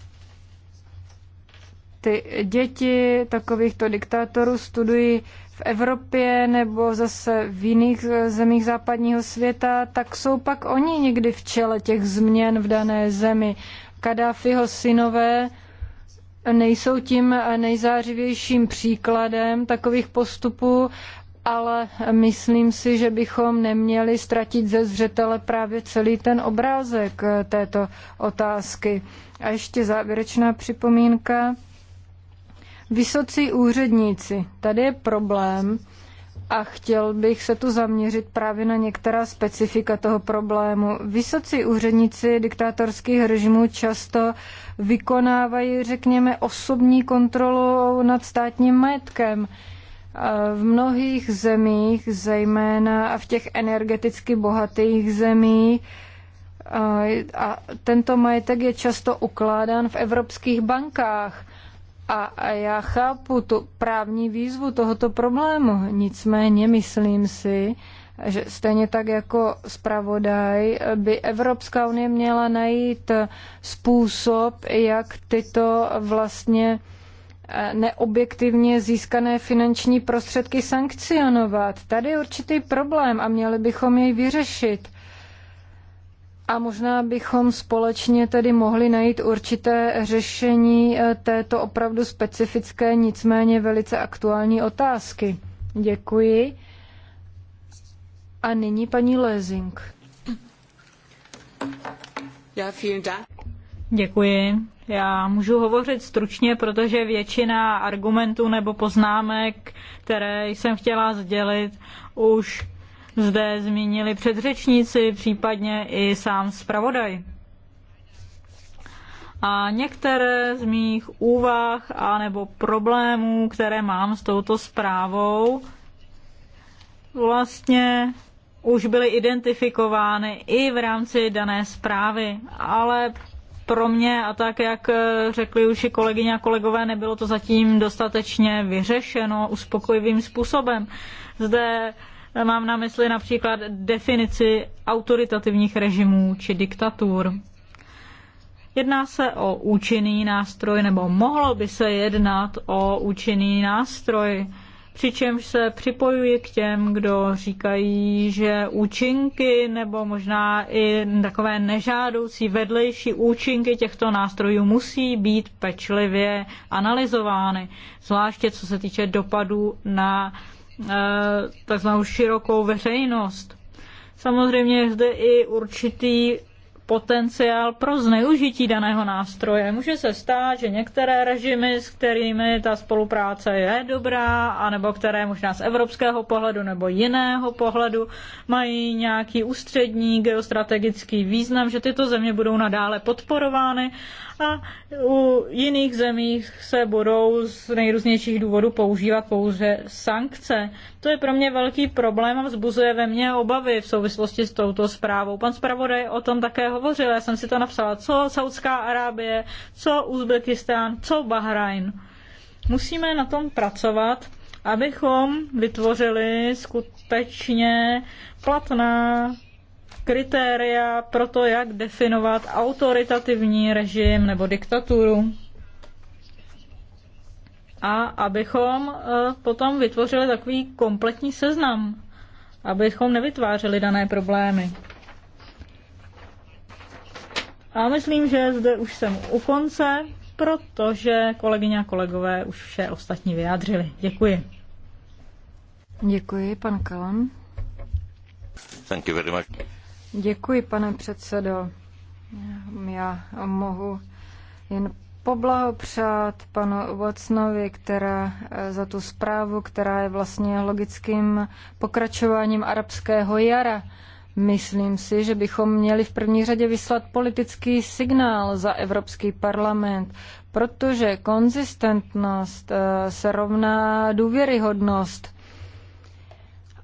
ty děti takovýchto diktátorů studují v Evropě nebo zase v jiných zemích západního světa, tak jsou pak oni někdy v čele těch změn v dané zemi. Kadáfiho synové nejsou tím nejzářivějším příkladem takových postupů, ale myslím si, že bychom neměli ztratit ze zřetele právě celý ten obrázek eh, této otázky. A ještě závěrečná připomínka. Vysocí úředníci. Tady je problém a chtěl bych se tu zaměřit právě na některá specifika toho problému. Vysocí úředníci diktátorských režimů často vykonávají, řekněme, osobní kontrolu nad státním majetkem. V mnohých zemích, zejména v těch energeticky bohatých zemích, a tento majetek je často ukládán v evropských bankách. A já chápu tu právní výzvu tohoto problému, nicméně myslím si, že stejně tak jako zpravodaj by Evropská unie měla najít způsob, jak tyto vlastně neobjektivně získané finanční prostředky sankcionovat. Tady je určitý problém a měli bychom jej vyřešit. A možná bychom společně tedy mohli najít určité řešení eh, této opravdu specifické, nicméně velice aktuální otázky. Děkuji. A nyní paní Lézing. Děkuji. Já můžu hovořit stručně, protože většina argumentů nebo poznámek, které jsem chtěla sdělit, už zde zmínili předřečníci, případně i sám zpravodaj. A některé z mých úvah a nebo problémů, které mám s touto zprávou, vlastně už byly identifikovány i v rámci dané zprávy, ale pro mě a tak, jak eh, řekli už i kolegyně a kolegové, nebylo to zatím dostatečně vyřešeno uspokojivým způsobem. Zde eh, mám na mysli například definici autoritativních režimů či diktatur. Jedná se o účinný nástroj, nebo mohlo by se jednat o účinný nástroj přičemž se připojuji k těm, kdo říkají, že účinky nebo možná i takové nežádoucí vedlejší účinky těchto nástrojů musí být pečlivě analyzovány, zvláště co se týče dopadů na eh, takzvanou širokou veřejnost. Samozřejmě je zde i určitý potenciál pro zneužití daného nástroje. Může se stát, že některé režimy, s kterými ta spolupráce je dobrá, anebo které možná z evropského pohledu nebo jiného pohledu mají nějaký ústřední geostrategický význam, že tyto země budou nadále podporovány a u jiných zemích se budou z nejrůznějších důvodů používat pouze sankce. To je pro mě velký problém a vzbuzuje ve mně obavy v souvislosti s touto zprávou. Pan zpravodaj o tom také hovořil, já jsem si to napsala, co Saudská Arábie, co Uzbekistán, co Bahrajn. Musíme na tom pracovat, abychom vytvořili skutečně platná kritéria pro to, jak definovat autoritativní režim nebo diktaturu. A abychom e, potom vytvořili takový kompletní seznam, abychom nevytvářeli dané problémy. A myslím, že zde už jsem u konce, protože kolegyně a kolegové už vše ostatní vyjádřili. Děkuji. Děkuji, pan Kalan. Thank you very much. Děkuji, pane předsedo. Já mohu jen poblahopřát panu Watsonovi, která za tu zprávu, která je vlastně logickým pokračováním arabského jara. Myslím si, že bychom měli v první řadě vyslat politický signál za Evropský parlament, protože konzistentnost eh, se rovná důvěryhodnost.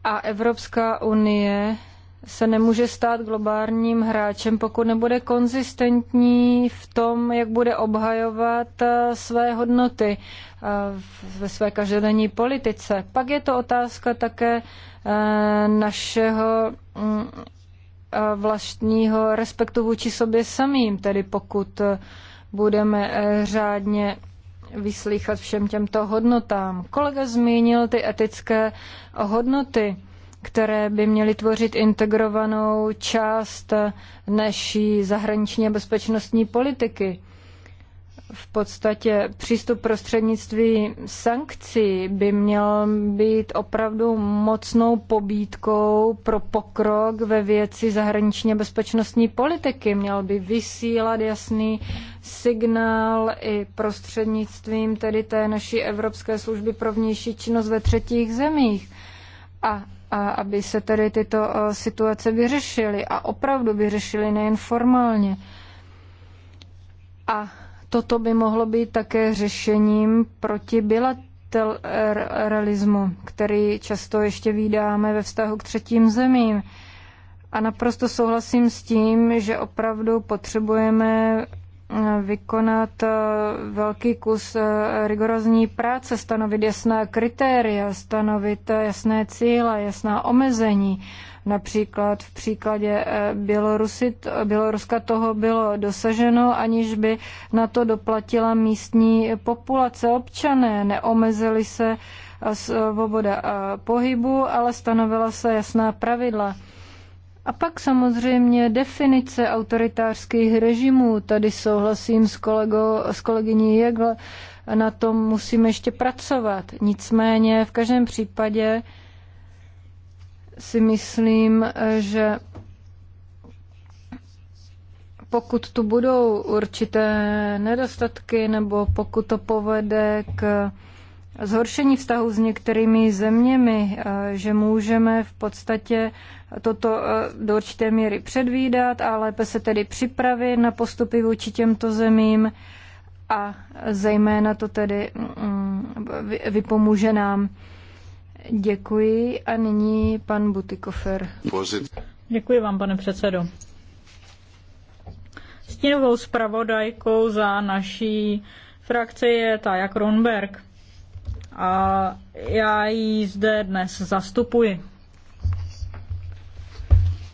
A Evropská unie se nemůže stát globálním hráčem, pokud nebude konzistentní v tom, jak bude obhajovat eh, své hodnoty eh, ve své každodenní politice. Pak je to otázka také eh, našeho mm, vlastního respektu vůči sobě samým, tedy pokud budeme řádně vyslýchat všem těmto hodnotám. Kolega zmínil ty etické hodnoty které by měly tvořit integrovanou část naší zahraniční a bezpečnostní politiky. V podstatě přístup prostřednictví sankcí by měl být opravdu mocnou pobídkou pro pokrok ve věci zahraničně bezpečnostní politiky. Měl by vysílat jasný signál i prostřednictvím tedy té naší Evropské služby pro vnější činnost ve třetích zemích. A a aby se tedy tyto eh, situace vyřešily a opravdu vyřešily nejen formálně. A toto by mohlo být také řešením proti bilateralismu, který často ještě vídáme ve vztahu k třetím zemím. A naprosto souhlasím s tím, že opravdu potřebujeme vykonat eh, velký kus eh, rigorózní práce, stanovit jasná kritéria, stanovit eh, jasné cíle, jasná omezení. Například v příkladě Bělorusit, Běloruska toho bylo dosaženo, aniž by na to doplatila místní populace, občané, neomezili se svoboda pohybu, ale stanovila se jasná pravidla. A pak samozřejmě definice autoritářských režimů. Tady souhlasím s, kolego, s kolegyní Jegl, na tom musíme ještě pracovat. Nicméně v každém případě si myslím, že pokud tu budou určité nedostatky nebo pokud to povede k zhoršení vztahu s některými zeměmi, eh, že můžeme v podstatě toto eh, do určité míry předvídat a lépe se tedy připravit na postupy vůči těmto zemím a zejména to tedy mm, vypomůže nám. Děkuji a nyní pan Butikofer. Děkuji vám, pane předsedo. Stínovou zpravodajkou za naší frakci je Taja Kronberg a já ji zde dnes zastupuji.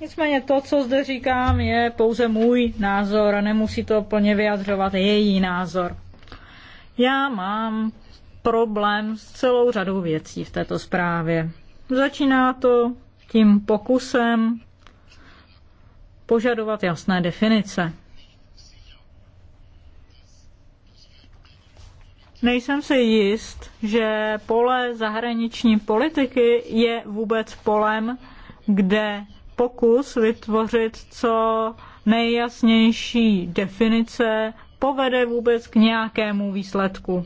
Nicméně to, co zde říkám, je pouze můj názor, a nemusí to plně vyjadřovat její názor. Já mám problém s celou řadou věcí v této zprávě. Začíná to tím pokusem požadovat jasné definice. Nejsem si jist, že pole zahraniční politiky je vůbec polem, kde pokus vytvořit co nejjasnější definice povede vůbec k nějakému výsledku.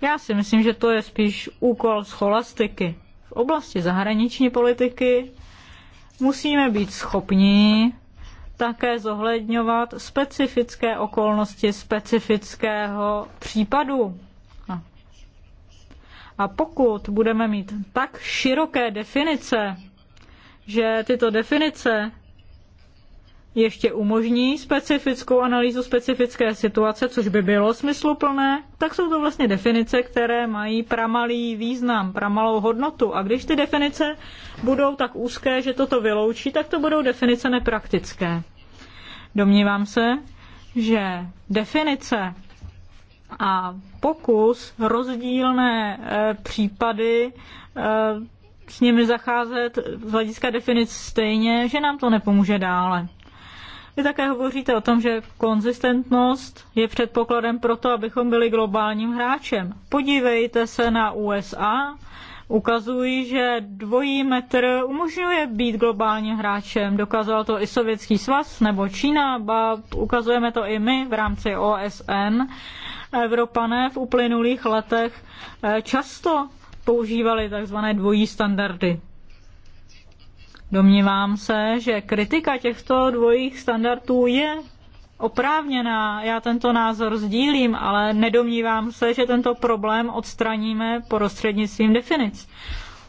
Já si myslím, že to je spíš úkol scholastiky. V oblasti zahraniční politiky musíme být schopni také zohledňovat specifické okolnosti specifického případu. No. A pokud budeme mít tak široké definice, že tyto definice ještě umožní specifickou analýzu specifické situace, což by bylo smysluplné, tak jsou to vlastně definice, které mají pramalý význam, pramalou hodnotu. A když ty definice budou tak úzké, že toto vyloučí, tak to budou definice nepraktické. Domnívám se, že definice a pokus rozdílné e, případy e, s nimi zacházet z hlediska definic stejně, že nám to nepomůže dále. Vy také hovoříte o tom, že konzistentnost je předpokladem pro to, abychom byli globálním hráčem. Podívejte se na USA, ukazují, že dvojí metr umožňuje být globálním hráčem. Dokázal to i Sovětský svaz nebo Čína, ba ukazujeme to i my v rámci OSN. Evropané v uplynulých letech eh, často používali tzv. dvojí standardy. Domnívám se, že kritika těchto dvojích standardů je oprávněná. Já tento názor sdílím, ale nedomnívám se, že tento problém odstraníme prostřednictvím definic.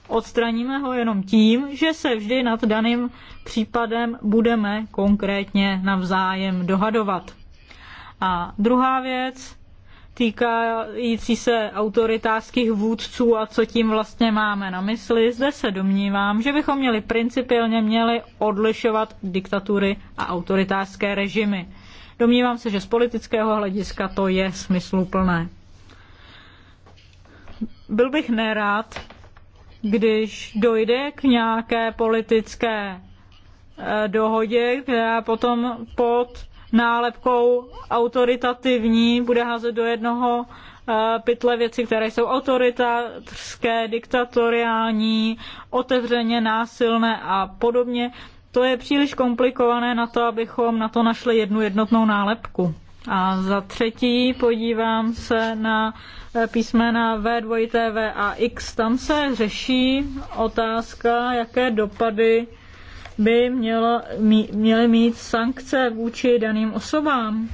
Odstraníme ho jenom tím, že se vždy nad daným případem budeme konkrétně navzájem dohadovat. A druhá věc, týkající se autoritářských vůdců a co tím vlastně máme na mysli. Zde se domnívám, že bychom měli principiálně měli odlišovat diktatury a autoritářské režimy. Domnívám se, že z politického hlediska to je smysluplné. Byl bych nerád, když dojde k nějaké politické eh, dohodě, která potom pod nálepkou autoritativní, bude házet do jednoho eh, pytle věci, které jsou autoritářské, diktatoriální, otevřeně násilné a podobně. To je příliš komplikované na to, abychom na to našli jednu jednotnou nálepku. A za třetí podívám se na eh, písmena V, V a X. Tam se řeší otázka, jaké dopady by mělo, mě, měly mít sankce vůči daným osobám.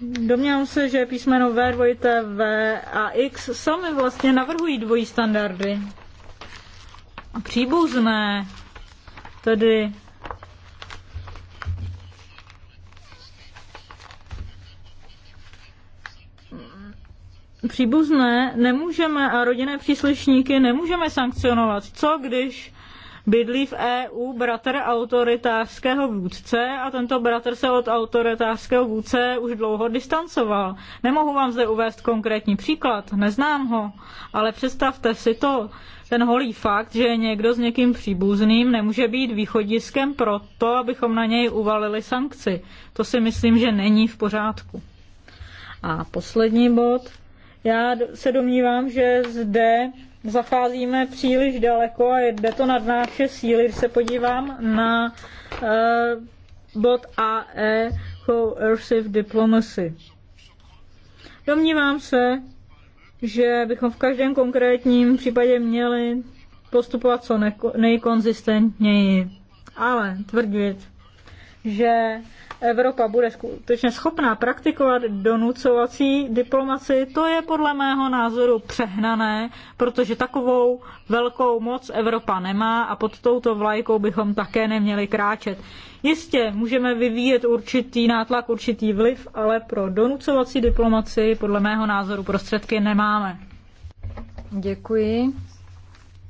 Domnívám se, že písmeno V, dvojité V a X sami vlastně navrhují dvojí standardy. A příbuzné, tedy příbuzné nemůžeme a rodinné příslušníky nemůžeme sankcionovat. Co když Bydlí v EU bratr autoritářského vůdce a tento bratr se od autoritářského vůdce už dlouho distancoval. Nemohu vám zde uvést konkrétní příklad, neznám ho, ale představte si to. Ten holý fakt, že někdo s někým příbuzným, nemůže být východiskem pro to, abychom na něj uvalili sankci. To si myslím, že není v pořádku. A poslední bod. Já se domnívám, že zde zacházíme příliš daleko a jde to nad naše síly. Když se podívám na uh, bod AE Coercive Diplomacy. Domnívám se, že bychom v každém konkrétním případě měli postupovat co nejkonzistentněji. Ale tvrdit, že Evropa bude skutečně schopná praktikovat donucovací diplomaci, to je podle mého názoru přehnané, protože takovou velkou moc Evropa nemá a pod touto vlajkou bychom také neměli kráčet. Jistě můžeme vyvíjet určitý nátlak, určitý vliv, ale pro donucovací diplomaci podle mého názoru prostředky nemáme. Děkuji.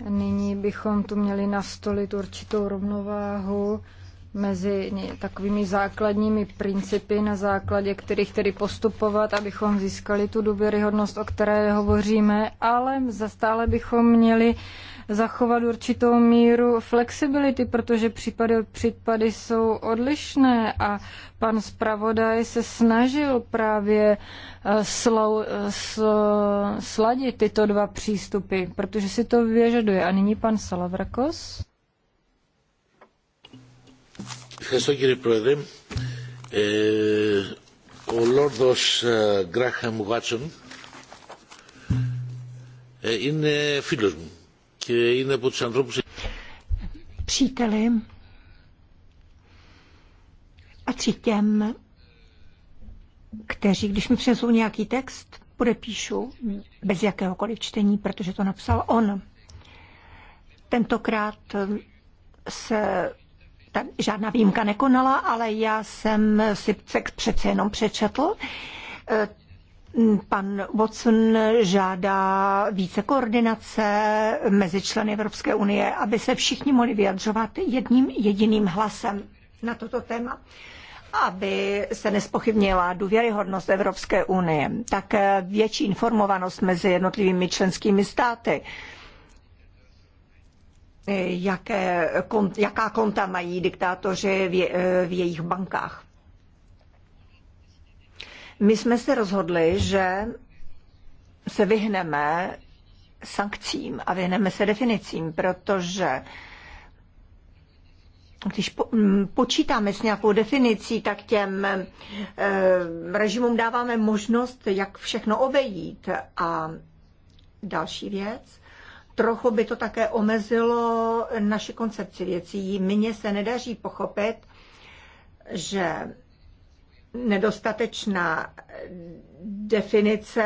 Nyní bychom tu měli nastolit určitou rovnováhu mezi takovými základními principy, na základě kterých tedy postupovat, abychom získali tu důvěryhodnost, o které hovoříme, ale zastále bychom měli zachovat určitou míru flexibility, protože případy od případy jsou odlišné a pan zpravodaj se snažil právě eh, slou, s, sladit tyto dva přístupy, protože si to vyžaduje. A nyní pan Salavrakos. Ευχαριστώ κύριε Πρόεδρε. Ε, ο Λόρδος Γκράχαμ Βάτσον είναι φίλος μου και είναι από τους ανθρώπους... těm, kteří, když mi přinesou nějaký text, podepíšu bez jakéhokoliv čtení, protože to napsal on. Tentokrát se tak žádná výjimka nekonala, ale já jsem si přece jenom přečetl. Pan Watson žádá více koordinace mezi členy Evropské unie, aby se všichni mohli vyjadřovat jedním jediným hlasem na toto téma aby se nespochybnila důvěryhodnost Evropské unie, tak větší informovanost mezi jednotlivými členskými státy. Uh, E, jaké, kont, jaká konta mají diktátoři v, je, e, v jejich bankách. My jsme se rozhodli, že se vyhneme sankcím a vyhneme se definicím, protože když po, počítáme s nějakou definicí, tak těm e, režimům dáváme možnost, jak všechno obejít. A další věc, trochu by to také omezilo naši koncepci věcí. Mně se nedaří pochopit, že nedostatečná definice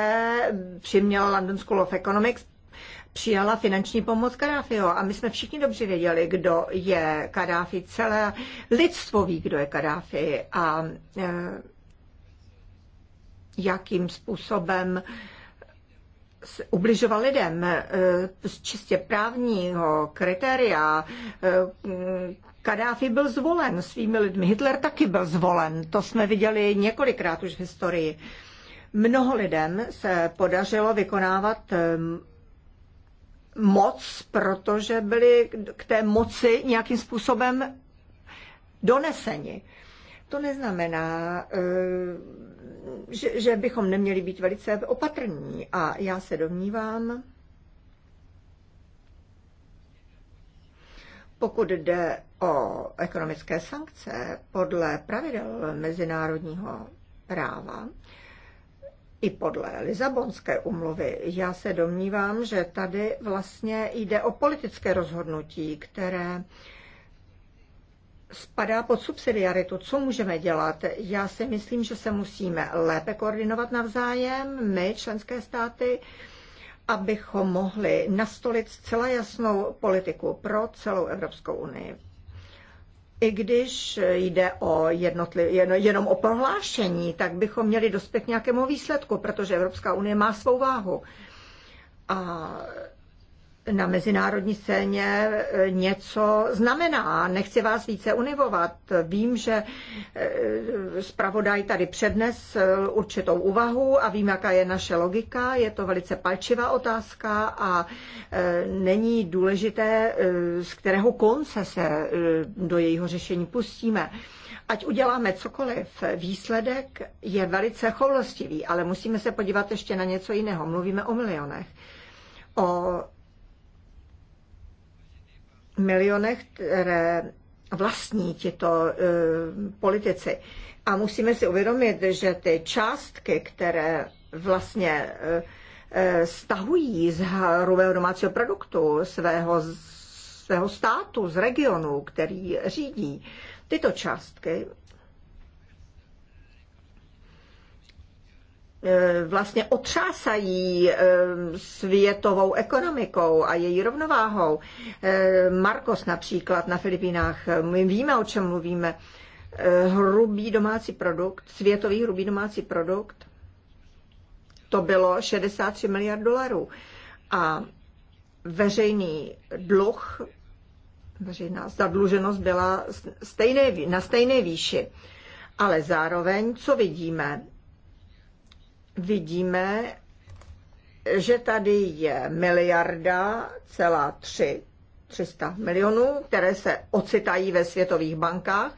přiměla London School of Economics přijala finanční pomoc Kadáfiho. A my jsme všichni dobře věděli, kdo je Kadáfi. Celé lidstvo ví, kdo je Kadáfi a eh, jakým způsobem ubližoval lidem eh, z čistě právního kritéria. Eh, Kadáfi byl zvolen svými lidmi, Hitler taky byl zvolen, to jsme viděli několikrát už v historii. Mnoho lidem se podařilo vykonávat eh, moc, protože byli k té moci nějakým způsobem doneseni. To neznamená, že, že bychom neměli být velice opatrní. A já se domnívám, Pokud jde o ekonomické sankce podle pravidel mezinárodního práva i podle Lisabonské umluvy, já se domnívám, že tady vlastně jde o politické rozhodnutí, které spadá pod subsidiaritu. Co můžeme dělat? Já si myslím, že se musíme lépe koordinovat navzájem, my, členské státy, abychom mohli nastolit zcela jasnou politiku pro celou Evropskou unii. I když jde o jednotliv, jen, jenom o prohlášení, tak bychom měli dospět nějakému výsledku, protože Evropská unie má svou váhu. A na mezinárodní scéně e, něco znamená. Nechci vás více univovat. Vím, že e, zpravodaj tady přednes určitou úvahu a vím, jaká je naše logika. Je to velice palčivá otázka a e, není důležité, z kterého konce se do jejího řešení pustíme. Ať uděláme cokoliv, výsledek je velice choulostivý, ale musíme se podívat ještě na něco jiného. Mluvíme o milionech o milionech, které vlastní tito e, politici. A musíme si uvědomit, že ty částky, které vlastně e, e stahují z hrubého domácího produktu svého, svého státu, z regionu, který řídí, tyto částky E, vlastně otřásají e, světovou ekonomikou a její rovnováhou. E, Marcos například na Filipínách, my víme, o čem mluvíme, hrubý domácí produkt, světový hrubý domácí produkt, to bylo 63 miliard dolarů. A veřejný dluh, veřejná zadluženost byla stejné, na stejné výši. Ale zároveň, co vidíme, vidíme, že tady je miliarda celá tři, 300 milionů, které se ocitají ve světových bankách.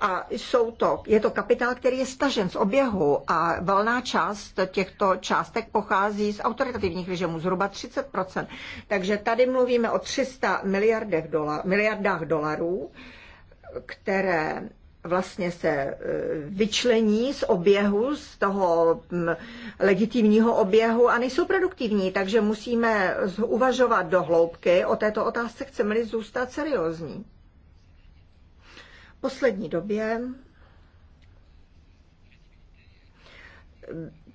A jsou to, je to kapitál, který je stažen z oběhu a valná část těchto částek pochází z autoritativních režimů, zhruba 30%. Takže tady mluvíme o 300 miliardách, dola, miliardách dolarů, které vlastně se e, vyčlení z oběhu, z toho legitimního oběhu a nejsou produktivní, takže musíme uvažovat do hloubky o této otázce, chceme-li zůstat seriózní. poslední době e,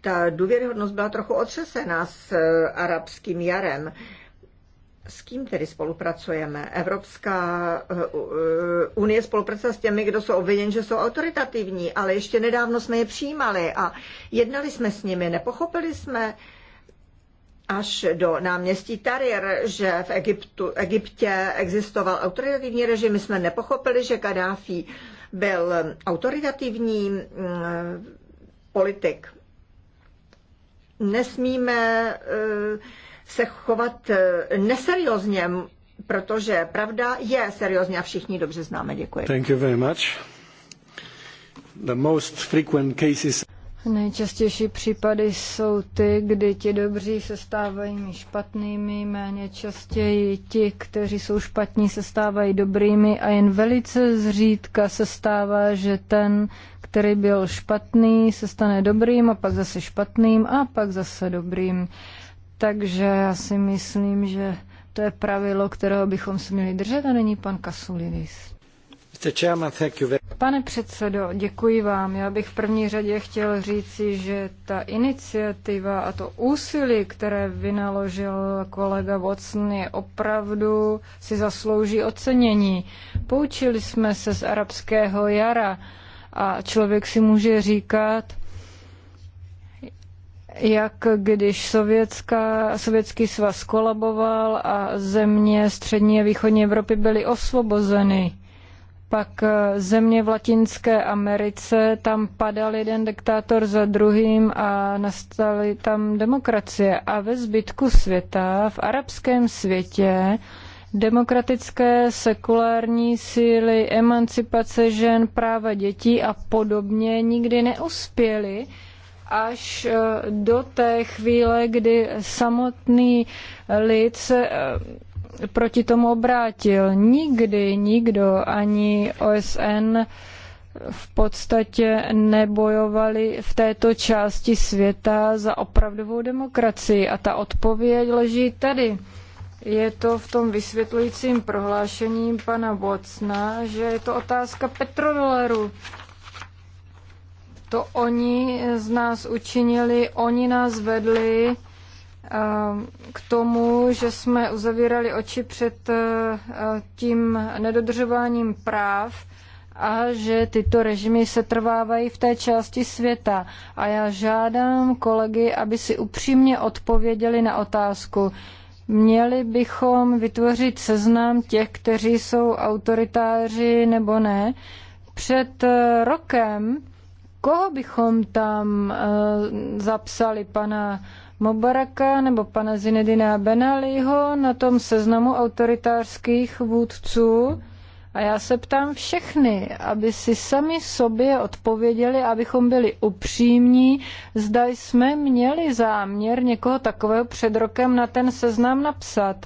ta důvěryhodnost byla trochu otřesena s e, arabským jarem. S kým tedy spolupracujeme? Evropská eh, eh, unie spolupracuje s těmi, kdo jsou obviněni, že jsou autoritativní, ale ještě nedávno jsme je přijímali a jednali jsme s nimi, nepochopili jsme až do náměstí Tahrir, že v Egyptu, Egyptě existoval autoritativní režim. My jsme nepochopili, že Kadáfi byl autoritativní eh, politik. Nesmíme uh, se chovat eh, neseriózně, protože pravda je seriózně a všichni dobře známe. Děkuji. Thank you very much. The most frequent cases... Nejčastější případy jsou ty, kdy ti dobří se stávají špatnými, méně častěji ti, kteří jsou špatní, se stávají dobrými a jen velice zřídka se stává, že ten, který byl špatný, se stane dobrým a pak zase špatným a pak zase dobrým. Takže já si myslím, že to je pravidlo, kterého bychom se měli držet a není pan Kasulidis. Pane předsedo, děkuji vám. Já bych v první řadě chtěl říci, že ta iniciativa a to úsilí, které vynaložil kolega Watson, je opravdu si zaslouží ocenění. Poučili jsme se z arabského jara a člověk si může říkat, jak když Sovětská, Sovětský svaz kolaboval a země střední a východní Evropy byly osvobozeny. Pak eh, země v Latinské Americe, tam padal jeden diktátor za druhým a nastaly tam demokracie. A ve zbytku světa, v arabském světě, demokratické, sekulární síly, emancipace žen, práva dětí a podobně nikdy neuspěly až eh, do té chvíle, kdy samotný lid se eh, proti tomu obrátil. Nikdy nikdo, ani OSN, v podstatě nebojovali v této části světa za opravdovou demokracii. A ta odpověď leží tady. Je to v tom vysvětlujícím prohlášení pana Bocna, že je to otázka petrodolaru to oni z nás učinili, oni nás vedli ehm, k tomu, že jsme uzavírali oči před eh, tím nedodržováním práv a že tyto režimy se trvávají v té části světa. A já žádám kolegy, aby si upřímně odpověděli na otázku, Měli bychom vytvořit seznam těch, kteří jsou autoritáři nebo ne. Před eh, rokem koho bychom tam uh, zapsali, pana Mobaraka nebo pana Zinedina Benaliho na tom seznamu autoritářských vůdců? A já se ptám všechny, aby si sami sobě odpověděli, abychom byli upřímní, zda jsme měli záměr někoho takového před rokem na ten seznam napsat.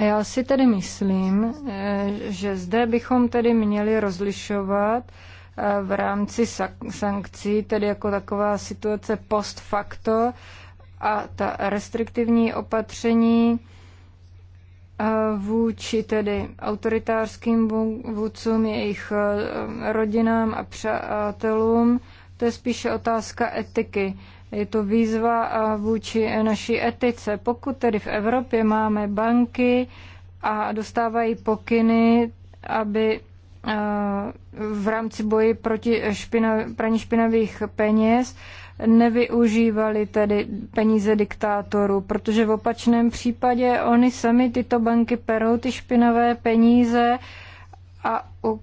A já si tedy myslím, eh, že zde bychom tedy měli rozlišovat eh, v rámci sankcí, tedy jako taková situace post facto a ta restriktivní opatření eh, vůči tedy autoritářským vůdcům, jejich rodinám a přátelům, to je spíše otázka etiky. Je to výzva eh, vůči naší etice. Pokud tedy v Evropě máme banky a dostávají pokyny, aby eh, v rámci boji proti špinav, praní špinavých peněz nevyužívali tedy peníze diktátorů, protože v opačném případě oni sami tyto banky perou ty špinavé peníze a u, uh,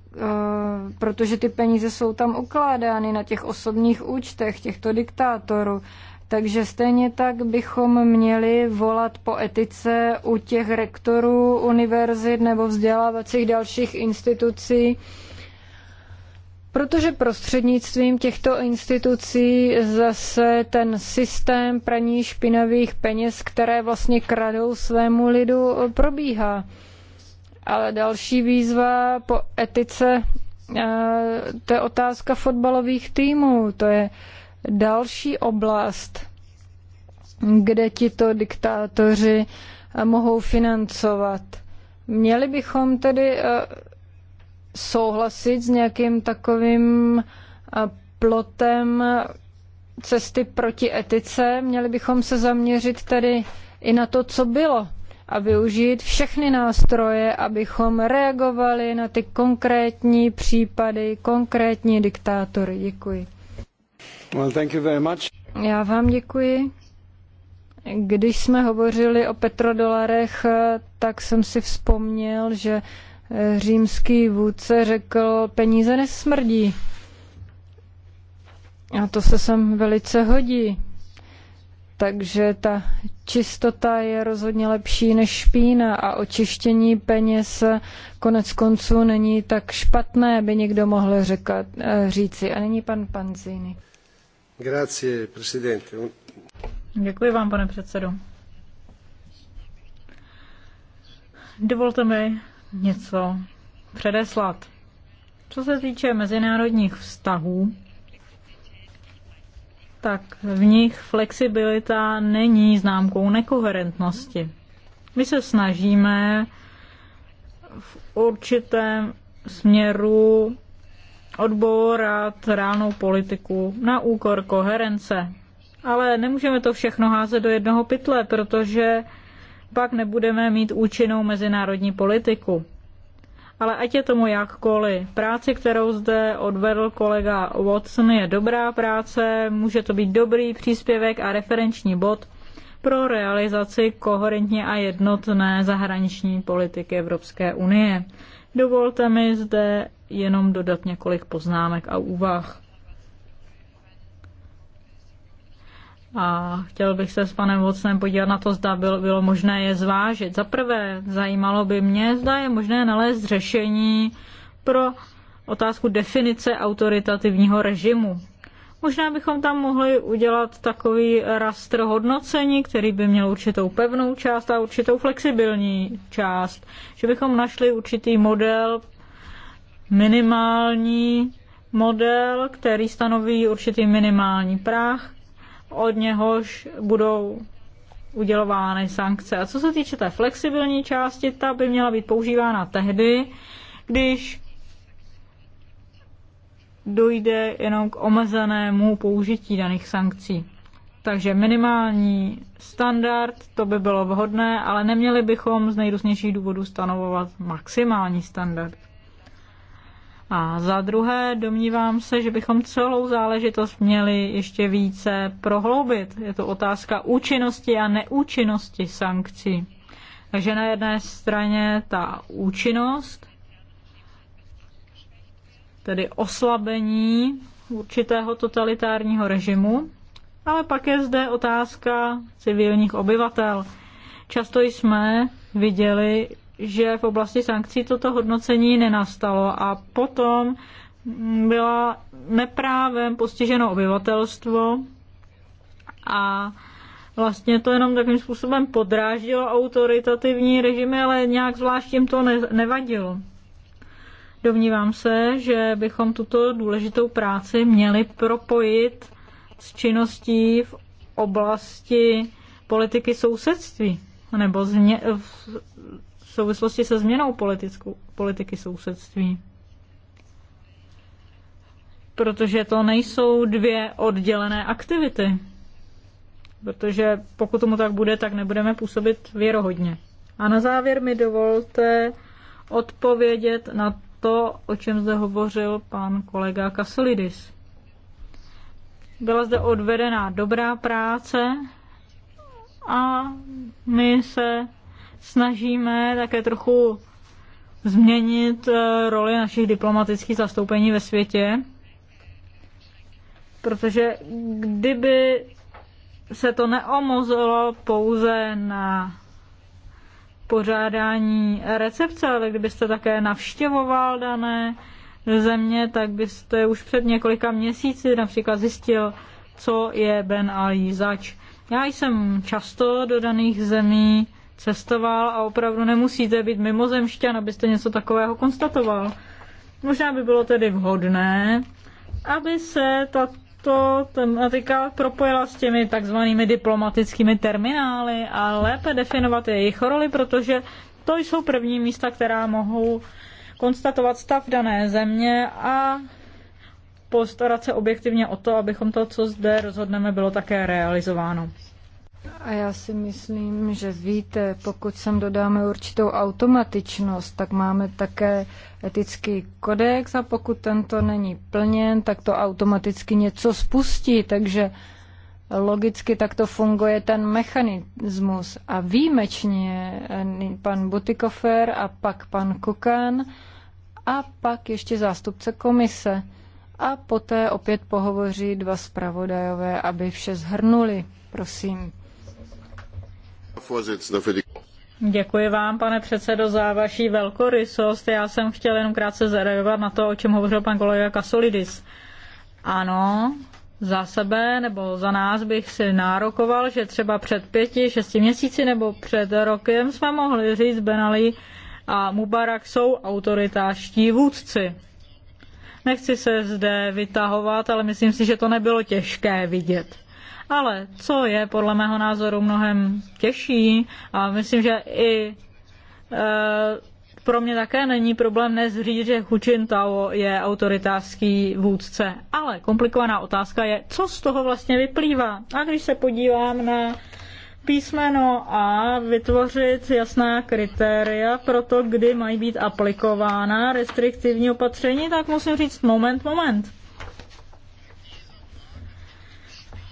protože ty peníze jsou tam ukládány na těch osobních účtech těchto diktátorů. Takže stejně tak bychom měli volat po etice u těch rektorů univerzit nebo vzdělávacích dalších institucí, protože prostřednictvím těchto institucí zase ten systém praní špinavých peněz, které vlastně kradou svému lidu, probíhá. Ale další výzva po etice, eh, to je otázka fotbalových týmů. To je další oblast, kde tito diktátoři eh, mohou financovat. Měli bychom tedy eh, souhlasit s nějakým takovým plotem cesty proti etice. Měli bychom se zaměřit tedy i na to, co bylo a využít všechny nástroje, abychom reagovali na ty konkrétní případy, konkrétní diktátory. Děkuji. Well, thank you very much. Já vám děkuji. Když jsme hovořili o petrodolarech, tak jsem si vzpomněl, že eh, římský vůdce řekl, peníze nesmrdí. A to se sem velice hodí. Takže ta čistota je rozhodně lepší než špína a očištění peněz konec konců není tak špatné, by někdo mohl řekat, eh, říci. A není pan Panzini. Grazie, presidente. Děkuji vám, pane předsedo. Dovolte mi něco předeslat. Co se týče mezinárodních vztahů, tak v nich flexibilita není známkou nekoherentnosti. My se snažíme v určitém směru odbourat reálnou politiku na úkor koherence. Ale nemůžeme to všechno házet do jednoho pytle, protože pak nebudeme mít účinnou mezinárodní politiku. Ale ať je tomu jakkoliv, práce, kterou zde odvedl kolega Watson, je dobrá práce, může to být dobrý příspěvek a referenční bod pro realizaci koherentně a jednotné zahraniční politiky Evropské unie. Dovolte mi zde jenom dodat několik poznámek a úvah. a chtěl bych se s panem Vocnem podívat na to, zda bylo, bylo možné je zvážit. Za prvé, zajímalo by mě, zda je možné nalézt řešení pro otázku definice autoritativního režimu. Možná bychom tam mohli udělat takový rastr hodnocení, který by měl určitou pevnou část a určitou flexibilní část. Že bychom našli určitý model, minimální model, který stanoví určitý minimální práh, od něhož budou udělovány sankce. A co se týče té flexibilní části, ta by měla být používána tehdy, když dojde jenom k omezenému použití daných sankcí. Takže minimální standard, to by bylo vhodné, ale neměli bychom z nejrůznějších důvodů stanovovat maximální standard. A za druhé, domnívám se, že bychom celou záležitost měli ještě více prohloubit. Je to otázka účinnosti a neúčinnosti sankcí. Takže na jedné straně ta účinnost, tedy oslabení určitého totalitárního režimu, ale pak je zde otázka civilních obyvatel. Často jsme viděli že v oblasti sankcí toto hodnocení nenastalo a potom byla neprávem postiženo obyvatelstvo a vlastně to jenom takovým způsobem podráždilo autoritativní režimy, ale nějak zvlášť jim to nevadilo. Domnívám se, že bychom tuto důležitou práci měli propojit s činností v oblasti politiky sousedství nebo souvislosti se změnou politickou, politiky sousedství. Protože to nejsou dvě oddělené aktivity. Protože pokud tomu tak bude, tak nebudeme působit věrohodně. A na závěr mi dovolte odpovědět na to, o čem zde hovořil pan kolega Kasolidis. Byla zde odvedená dobrá práce a my se snažíme také trochu změnit eh, roli našich diplomatických zastoupení ve světě, protože kdyby se to neomozilo pouze na pořádání recepce, ale kdybyste také navštěvoval dané země, tak byste už před několika měsíci například zjistil, co je Ben Ali zač. Já jsem často do daných zemí cestoval a opravdu nemusíte být mimozemšťan, abyste něco takového konstatoval. Možná by bylo tedy vhodné, aby se tato tematika propojila s těmi takzvanými diplomatickými terminály a lépe definovat jejich roli, protože to jsou první místa, která mohou konstatovat stav dané země a postarat se objektivně o to, abychom to, co zde rozhodneme, bylo také realizováno. A já si myslím, že víte, pokud sem dodáme určitou automatičnost, tak máme také etický kodex a pokud tento není plněn, tak to automaticky něco spustí, takže logicky takto funguje ten mechanismus. A výjimečně eh, pan Butikofer a pak pan Kukan a pak ještě zástupce komise. A poté opět pohovoří dva zpravodajové, aby vše zhrnuli. Prosím. Děkuji vám, pane předsedo, za vaši velkorysost. Já jsem chtěl jenom krátce zareagovat na to, o čem hovořil pan kolega Kasolidis. Ano, za sebe nebo za nás bych si nárokoval, že třeba před pěti, šesti měsíci nebo před rokem jsme mohli říct Ben Ali a Mubarak jsou autoritářští vůdci. Nechci se zde vytahovat, ale myslím si, že to nebylo těžké vidět. Ale co je podle mého názoru mnohem těžší a myslím, že i e, pro mě také není problém nezříct, že Hu Jintao je autoritářský vůdce. Ale komplikovaná otázka je, co z toho vlastně vyplývá. A když se podívám na písmeno A vytvořit jasná kritéria pro to, kdy mají být aplikována restriktivní opatření, tak musím říct moment, moment.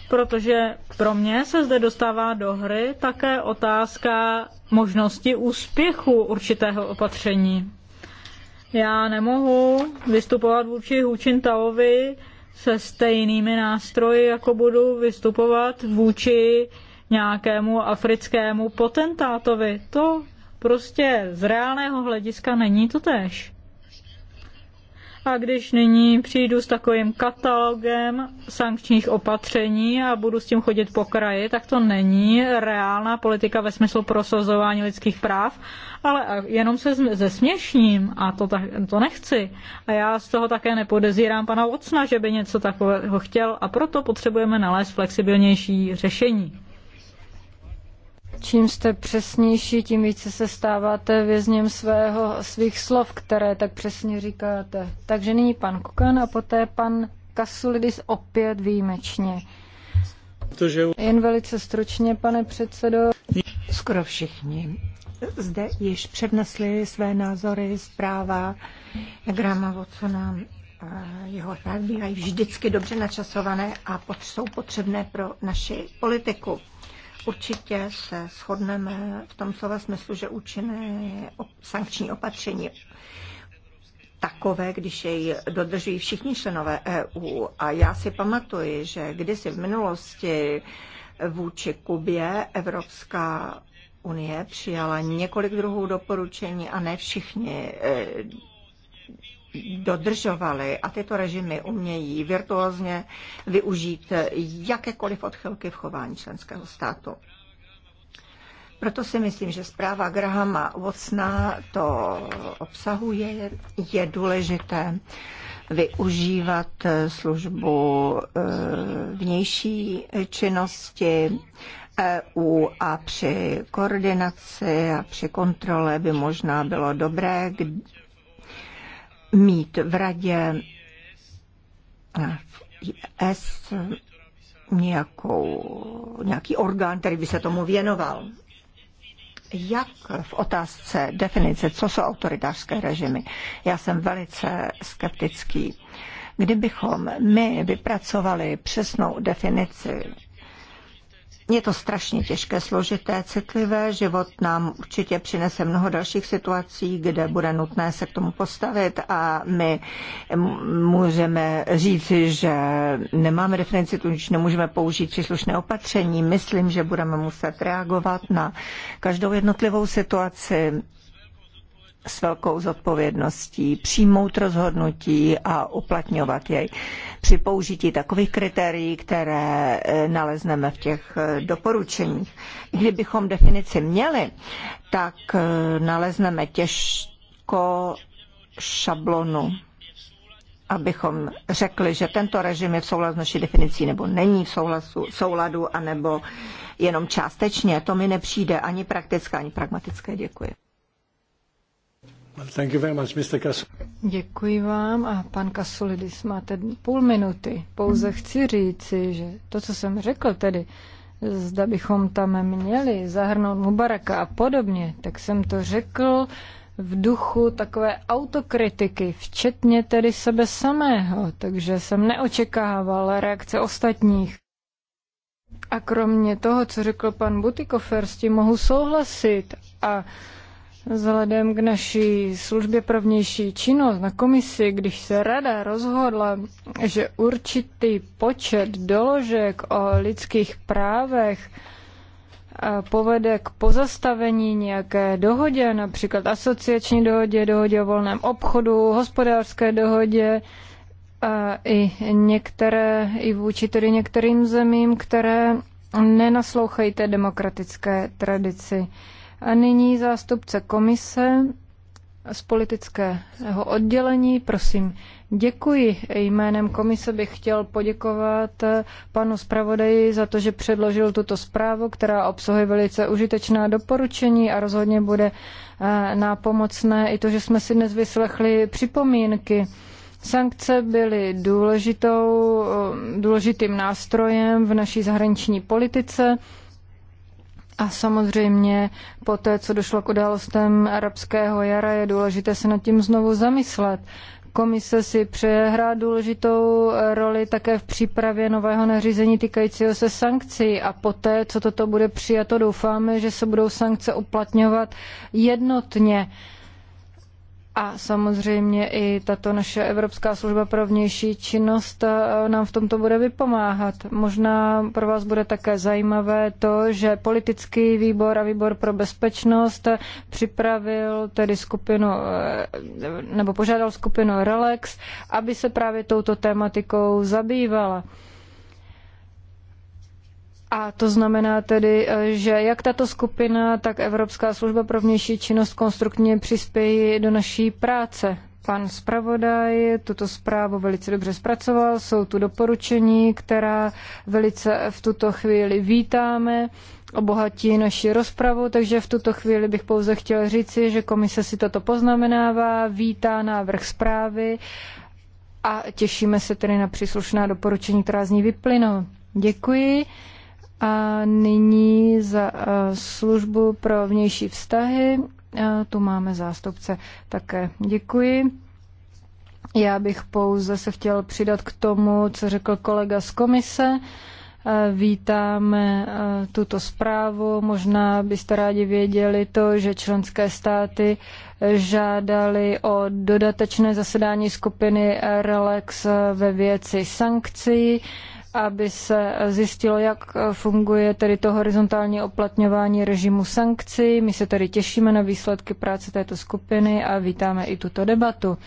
protože pro mě se zde dostává do hry také otázka možnosti úspěchu určitého opatření. Já nemohu vystupovat vůči Taovi se stejnými nástroji, jako budu vystupovat vůči nějakému africkému potentátovi. To prostě z reálného hlediska není to tež. A když nyní přijdu s takovým katalogem sankčních opatření a budu s tím chodit po kraji, tak to není reálná politika ve smyslu prosazování lidských práv, ale jenom se zesměšním a to, tak, to nechci. A já z toho také nepodezírám pana Ocna, že by něco takového chtěl a proto potřebujeme nalézt flexibilnější řešení. Čím jste přesnější, tím více se stáváte vězněm svého, svých slov, které tak přesně říkáte. Takže nyní pan Kukan a poté pan Kasulidis opět výjimečně. Jen velice stručně, pane předsedo. Skoro všichni zde již přednesli své názory, zpráva Grama nám eh, jeho tak bývají vždycky dobře načasované a jsou potřebné pro naši politiku. Určitě se shodneme v tom slova smyslu, že účinné sankční opatření takové, když jej dodržují všichni členové EU. A já si pamatuji, že kdysi v minulosti vůči Kubě Evropská unie přijala několik druhů doporučení a ne všichni eh, dodržovaly a tyto režimy umějí virtuózně využít jakékoliv odchylky v chování členského státu. Proto si myslím, že zpráva Grahama Watsona to obsahuje, je důležité využívat službu eh, vnější činnosti EU a při koordinaci a při kontrole by možná bylo dobré, mít v radě eh, v IS nějakou, nějaký orgán, který by se tomu věnoval. Jak v otázce definice, co jsou autoritářské režimy, já jsem velice skeptický. Kdybychom my vypracovali přesnou definici je to strašně těžké, složité, citlivé. Život nám určitě přinese mnoho dalších situací, kde bude nutné se k tomu postavit a my můžeme říci, že nemáme definici, tudíž nemůžeme použít příslušné opatření. Myslím, že budeme muset reagovat na každou jednotlivou situaci s velkou zodpovědností přijmout rozhodnutí a uplatňovat jej při použití takových kritérií, které eh, nalezneme v těch eh, doporučeních. Kdybychom definici měli, tak eh, nalezneme těžko šablonu abychom řekli, že tento režim je v souladu s naší definicí, nebo není v, souhlasu, souladu, anebo jenom částečně. To mi nepřijde ani praktické, ani pragmatické. Děkuji. Thank you very much, Mr. Děkuji vám a pan Kasulidis, máte půl minuty. Pouze chci říci, že to, co jsem řekl tedy, zda bychom tam měli zahrnout Mubaraka a podobně, tak jsem to řekl v duchu takové autokritiky, včetně tedy sebe samého, takže jsem neočekával reakce ostatních. A kromě toho, co řekl pan Butikofer, s tím mohu souhlasit a Vzhledem k naší službě pro vnější činnost na komisi, když se rada rozhodla, že určitý počet doložek o lidských právech eh, povede k pozastavení nějaké dohodě, například asociační dohodě, dohodě o volném obchodu, hospodářské dohodě, a eh, i některé, i vůči tedy některým zemím, které nenaslouchají té demokratické tradici. A nyní zástupce komise z politického oddělení, prosím. Děkuji. Jménem komise bych chtěl poděkovat panu zpravodaji za to, že předložil tuto zprávu, která obsahuje velice užitečná doporučení a rozhodně bude eh, nápomocné i to, že jsme si dnes vyslechli připomínky. Sankce byly důležitou, eh, důležitým nástrojem v naší zahraniční politice a samozřejmě po té, co došlo k událostem arabského jara, je důležité se nad tím znovu zamyslet. Komise si přeje hrát důležitou roli také v přípravě nového nařízení týkajícího se sankcí a poté, co toto bude přijato, doufáme, že se budou sankce uplatňovat jednotně a samozřejmě i tato naše Evropská služba pro vnější činnost eh, nám v tomto bude vypomáhat. Možná pro vás bude také zajímavé to, že politický výbor a výbor pro bezpečnost připravil tedy skupinu, eh, nebo požádal skupinu Relax, aby se právě touto tématikou zabývala. A to znamená tedy, eh, že jak tato skupina, tak Evropská služba pro vnější činnost konstruktivně přispějí do naší práce. Pan zpravodaj tuto zprávu velice dobře zpracoval, jsou tu doporučení, která velice v tuto chvíli vítáme obohatí naši rozpravu, takže v tuto chvíli bych pouze chtěl říci, že komise si toto poznamenává, vítá návrh zprávy a těšíme se tedy na příslušná doporučení, která z ní vyplynou. Děkuji. A nyní za e, službu pro vnější vztahy. E, tu máme zástupce také. Děkuji. Já bych pouze se chtěl přidat k tomu, co řekl kolega z komise. E, vítáme tuto zprávu. Možná byste rádi věděli to, že členské státy žádali o dodatečné zasedání skupiny Relax ve věci sankcí aby se zjistilo, jak funguje tedy to horizontální oplatňování režimu sankcí. My se tedy těšíme na výsledky práce této skupiny a vítáme i tuto debatu.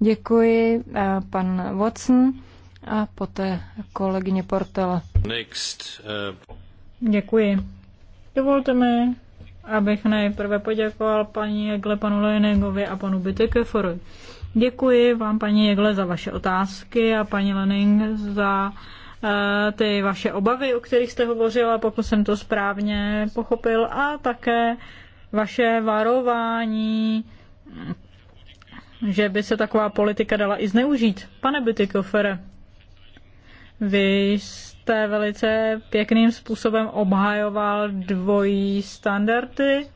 Děkuji, eh, pan Watson a poté kolegyně Portela. Next, uh... Děkuji. Dovolte mi, abych nejprve poděkoval paní Jegle, panu Leningovi a panu Bytekeforovi. Děkuji vám, paní Jegle, za vaše otázky a paní Lening za Eh, ty vaše obavy, o kterých jste hovořila, pokud jsem to správně pochopil, a také vaše varování, že by se taková politika dala i zneužít. Pane Bytykofere, vy jste velice pěkným způsobem obhajoval dvojí standardy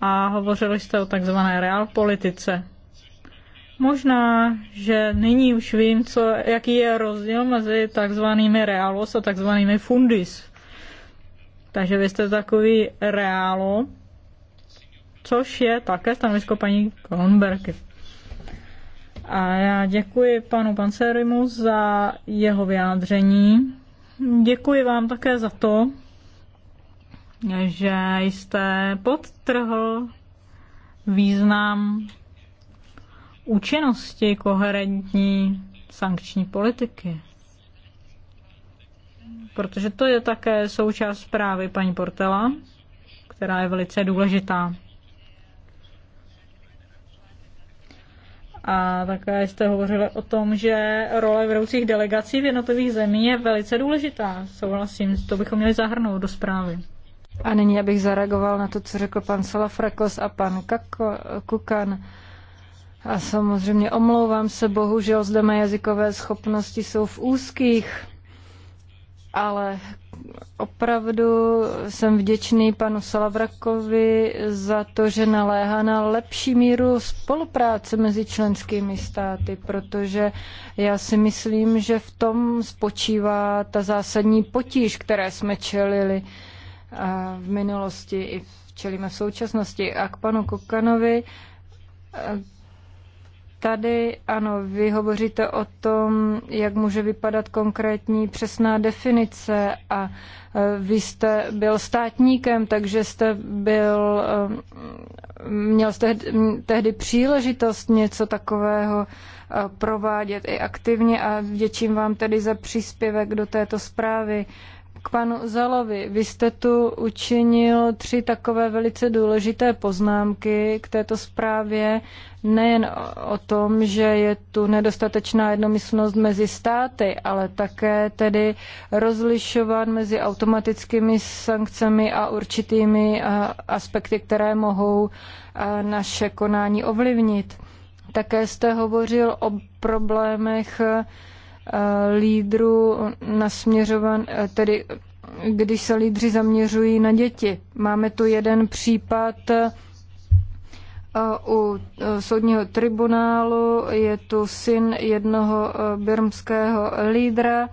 a hovořili jste o takzvané realpolitice. Možná, že nyní už vím, co, jaký je rozdíl mezi takzvanými realos a takzvanými fundis. Takže vy jste takový realo. což je také stanovisko paní Kronberky. A já děkuji panu Pancerimu za jeho vyjádření. Děkuji vám také za to, že jste podtrhl význam účinnosti koherentní sankční politiky. Protože to je také součást zprávy paní Portela, která je velice důležitá. A také jste hovořili o tom, že role vedoucích delegací v jednotlivých zemí je velice důležitá. Souhlasím, to bychom měli zahrnout do zprávy. A nyní abych zareagoval na to, co řekl pan Salafrakos a pan Kako, Kukan. A samozřejmě omlouvám se, bohužel zde mé jazykové schopnosti jsou v úzkých, ale opravdu jsem vděčný panu Salavrakovi za to, že naléhá na lepší míru spolupráce mezi členskými státy, protože já si myslím, že v tom spočívá ta zásadní potíž, které jsme čelili v minulosti i čelíme v současnosti. A k panu Kokanovi Tady ano, vy hovoříte o tom, jak může vypadat konkrétní přesná definice a e, vy jste byl státníkem, takže jste byl, e, měl jste tehdy příležitost něco takového e, provádět i aktivně a vděčím vám tedy za příspěvek do této zprávy. K panu Zalovi, vy jste tu učinil tři takové velice důležité poznámky k této zprávě. Nejen o tom, že je tu nedostatečná jednomyslnost mezi státy, ale také tedy rozlišovat mezi automatickými sankcemi a určitými aspekty, které mohou naše konání ovlivnit. Také jste hovořil o problémech Eh, lídrů nasměřovan, eh, tedy když se lídři zaměřují na děti. Máme tu jeden případ eh, u soudního tribunálu, je tu syn jednoho birmského lídra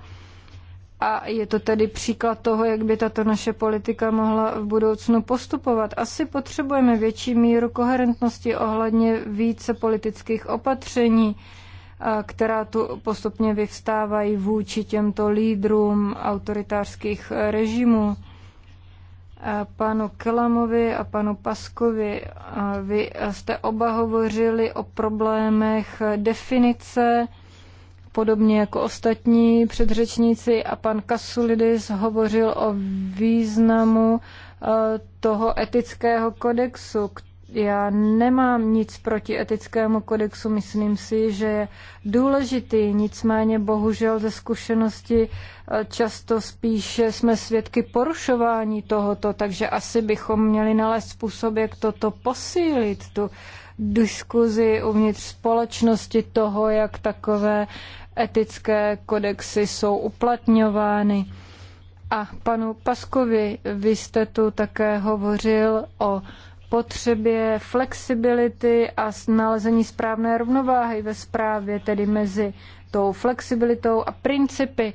a je to tedy příklad toho, jak by tato naše politika mohla v budoucnu postupovat. Asi potřebujeme větší míru koherentnosti ohledně více politických opatření která tu postupně vyvstávají vůči těmto lídrům autoritářských režimů. panu Kelamovi a panu Paskovi, vy jste oba hovořili o problémech definice, podobně jako ostatní předřečníci, a pan Kasulidis hovořil o významu e, toho etického kodexu, já nemám nic proti etickému kodexu, myslím si, že je důležitý, nicméně bohužel ze zkušenosti eh, často spíše jsme svědky porušování tohoto, takže asi bychom měli nalézt způsob, jak toto posílit, tu diskuzi uvnitř společnosti toho, jak takové etické kodexy jsou uplatňovány. A panu Paskovi, vy jste tu také hovořil o potřebě flexibility a nalezení správné rovnováhy ve správě, tedy mezi tou flexibilitou a principy.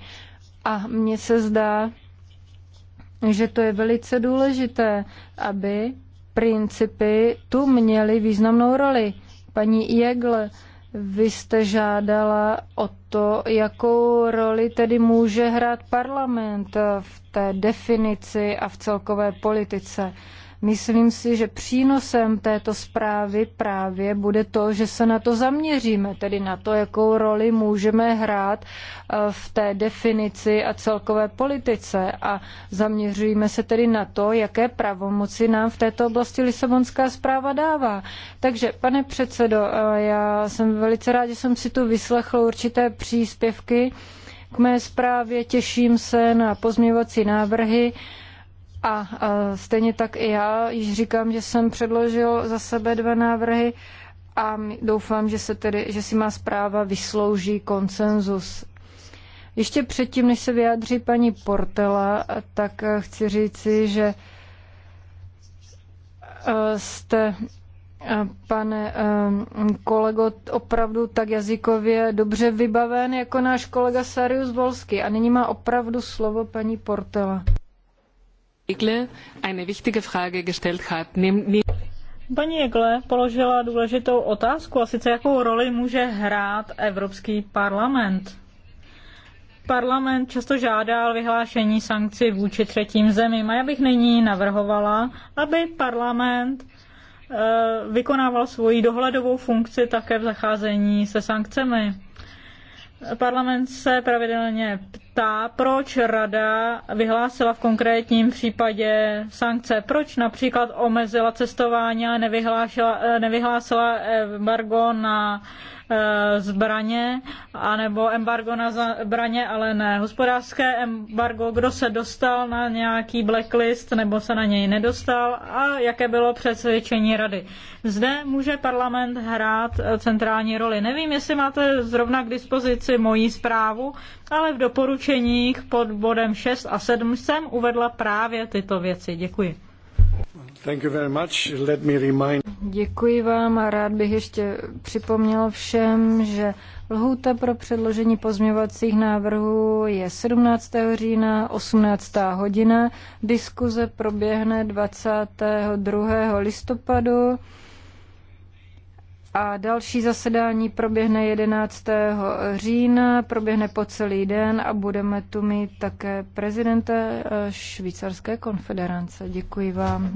A mně se zdá, že to je velice důležité, aby principy tu měly významnou roli. Paní Jegle, vy jste žádala o to, jakou roli tedy může hrát parlament v té definici a v celkové politice. Myslím si, že přínosem této zprávy právě bude to, že se na to zaměříme, tedy na to, jakou roli můžeme hrát eh, v té definici a celkové politice. A zaměříme se tedy na to, jaké pravomoci nám v této oblasti Lisabonská zpráva dává. Takže, pane předsedo, eh, já jsem velice rád, že jsem si tu vyslechl určité příspěvky k mé zprávě. Těším se na pozměňovací návrhy. A e, stejně tak i já již říkám, že jsem předložil za sebe dva návrhy a doufám, že, se tedy, že si má zpráva vyslouží konsenzus. Ještě předtím, než se vyjádří paní Portela, tak e, chci říci, že e, jste, pane kolego, opravdu tak jazykově dobře vybaven jako náš kolega Sarius Volsky. A nyní má opravdu slovo paní Portela. Jegle eine wichtige Frage gestellt hat, Paní Jegle položila důležitou otázku, a sice jakou roli může hrát Evropský parlament. Parlament často žádal vyhlášení sankcí vůči třetím zemím a já bych nyní navrhovala, aby parlament eh, vykonával svoji dohledovou funkci také v zacházení se sankcemi. Parlament se pravidelně ptá, proč rada vyhlásila v konkrétním případě sankce, proč například omezila cestování, a eh, nevyhlásila eh, embargo na Eh, zbraně, anebo embargo na zbraně, ale ne hospodářské embargo, kdo se dostal na nějaký blacklist nebo se na něj nedostal a jaké bylo přesvědčení rady. Zde může parlament hrát centrální roli. Nevím, jestli máte zrovna k dispozici moji zprávu, ale v doporučeních pod bodem 6 a 7 jsem uvedla právě tyto věci. Děkuji. Děkuji vám a rád bych ještě připomněl všem, že lhůta pro předložení pozměvacích návrhů je 17. října 18. hodina. Diskuze proběhne 22. listopadu a další zasedání proběhne 11. října, proběhne po celý den a budeme tu mít také prezidenta eh, Švýcarské konfederace. Děkuji vám.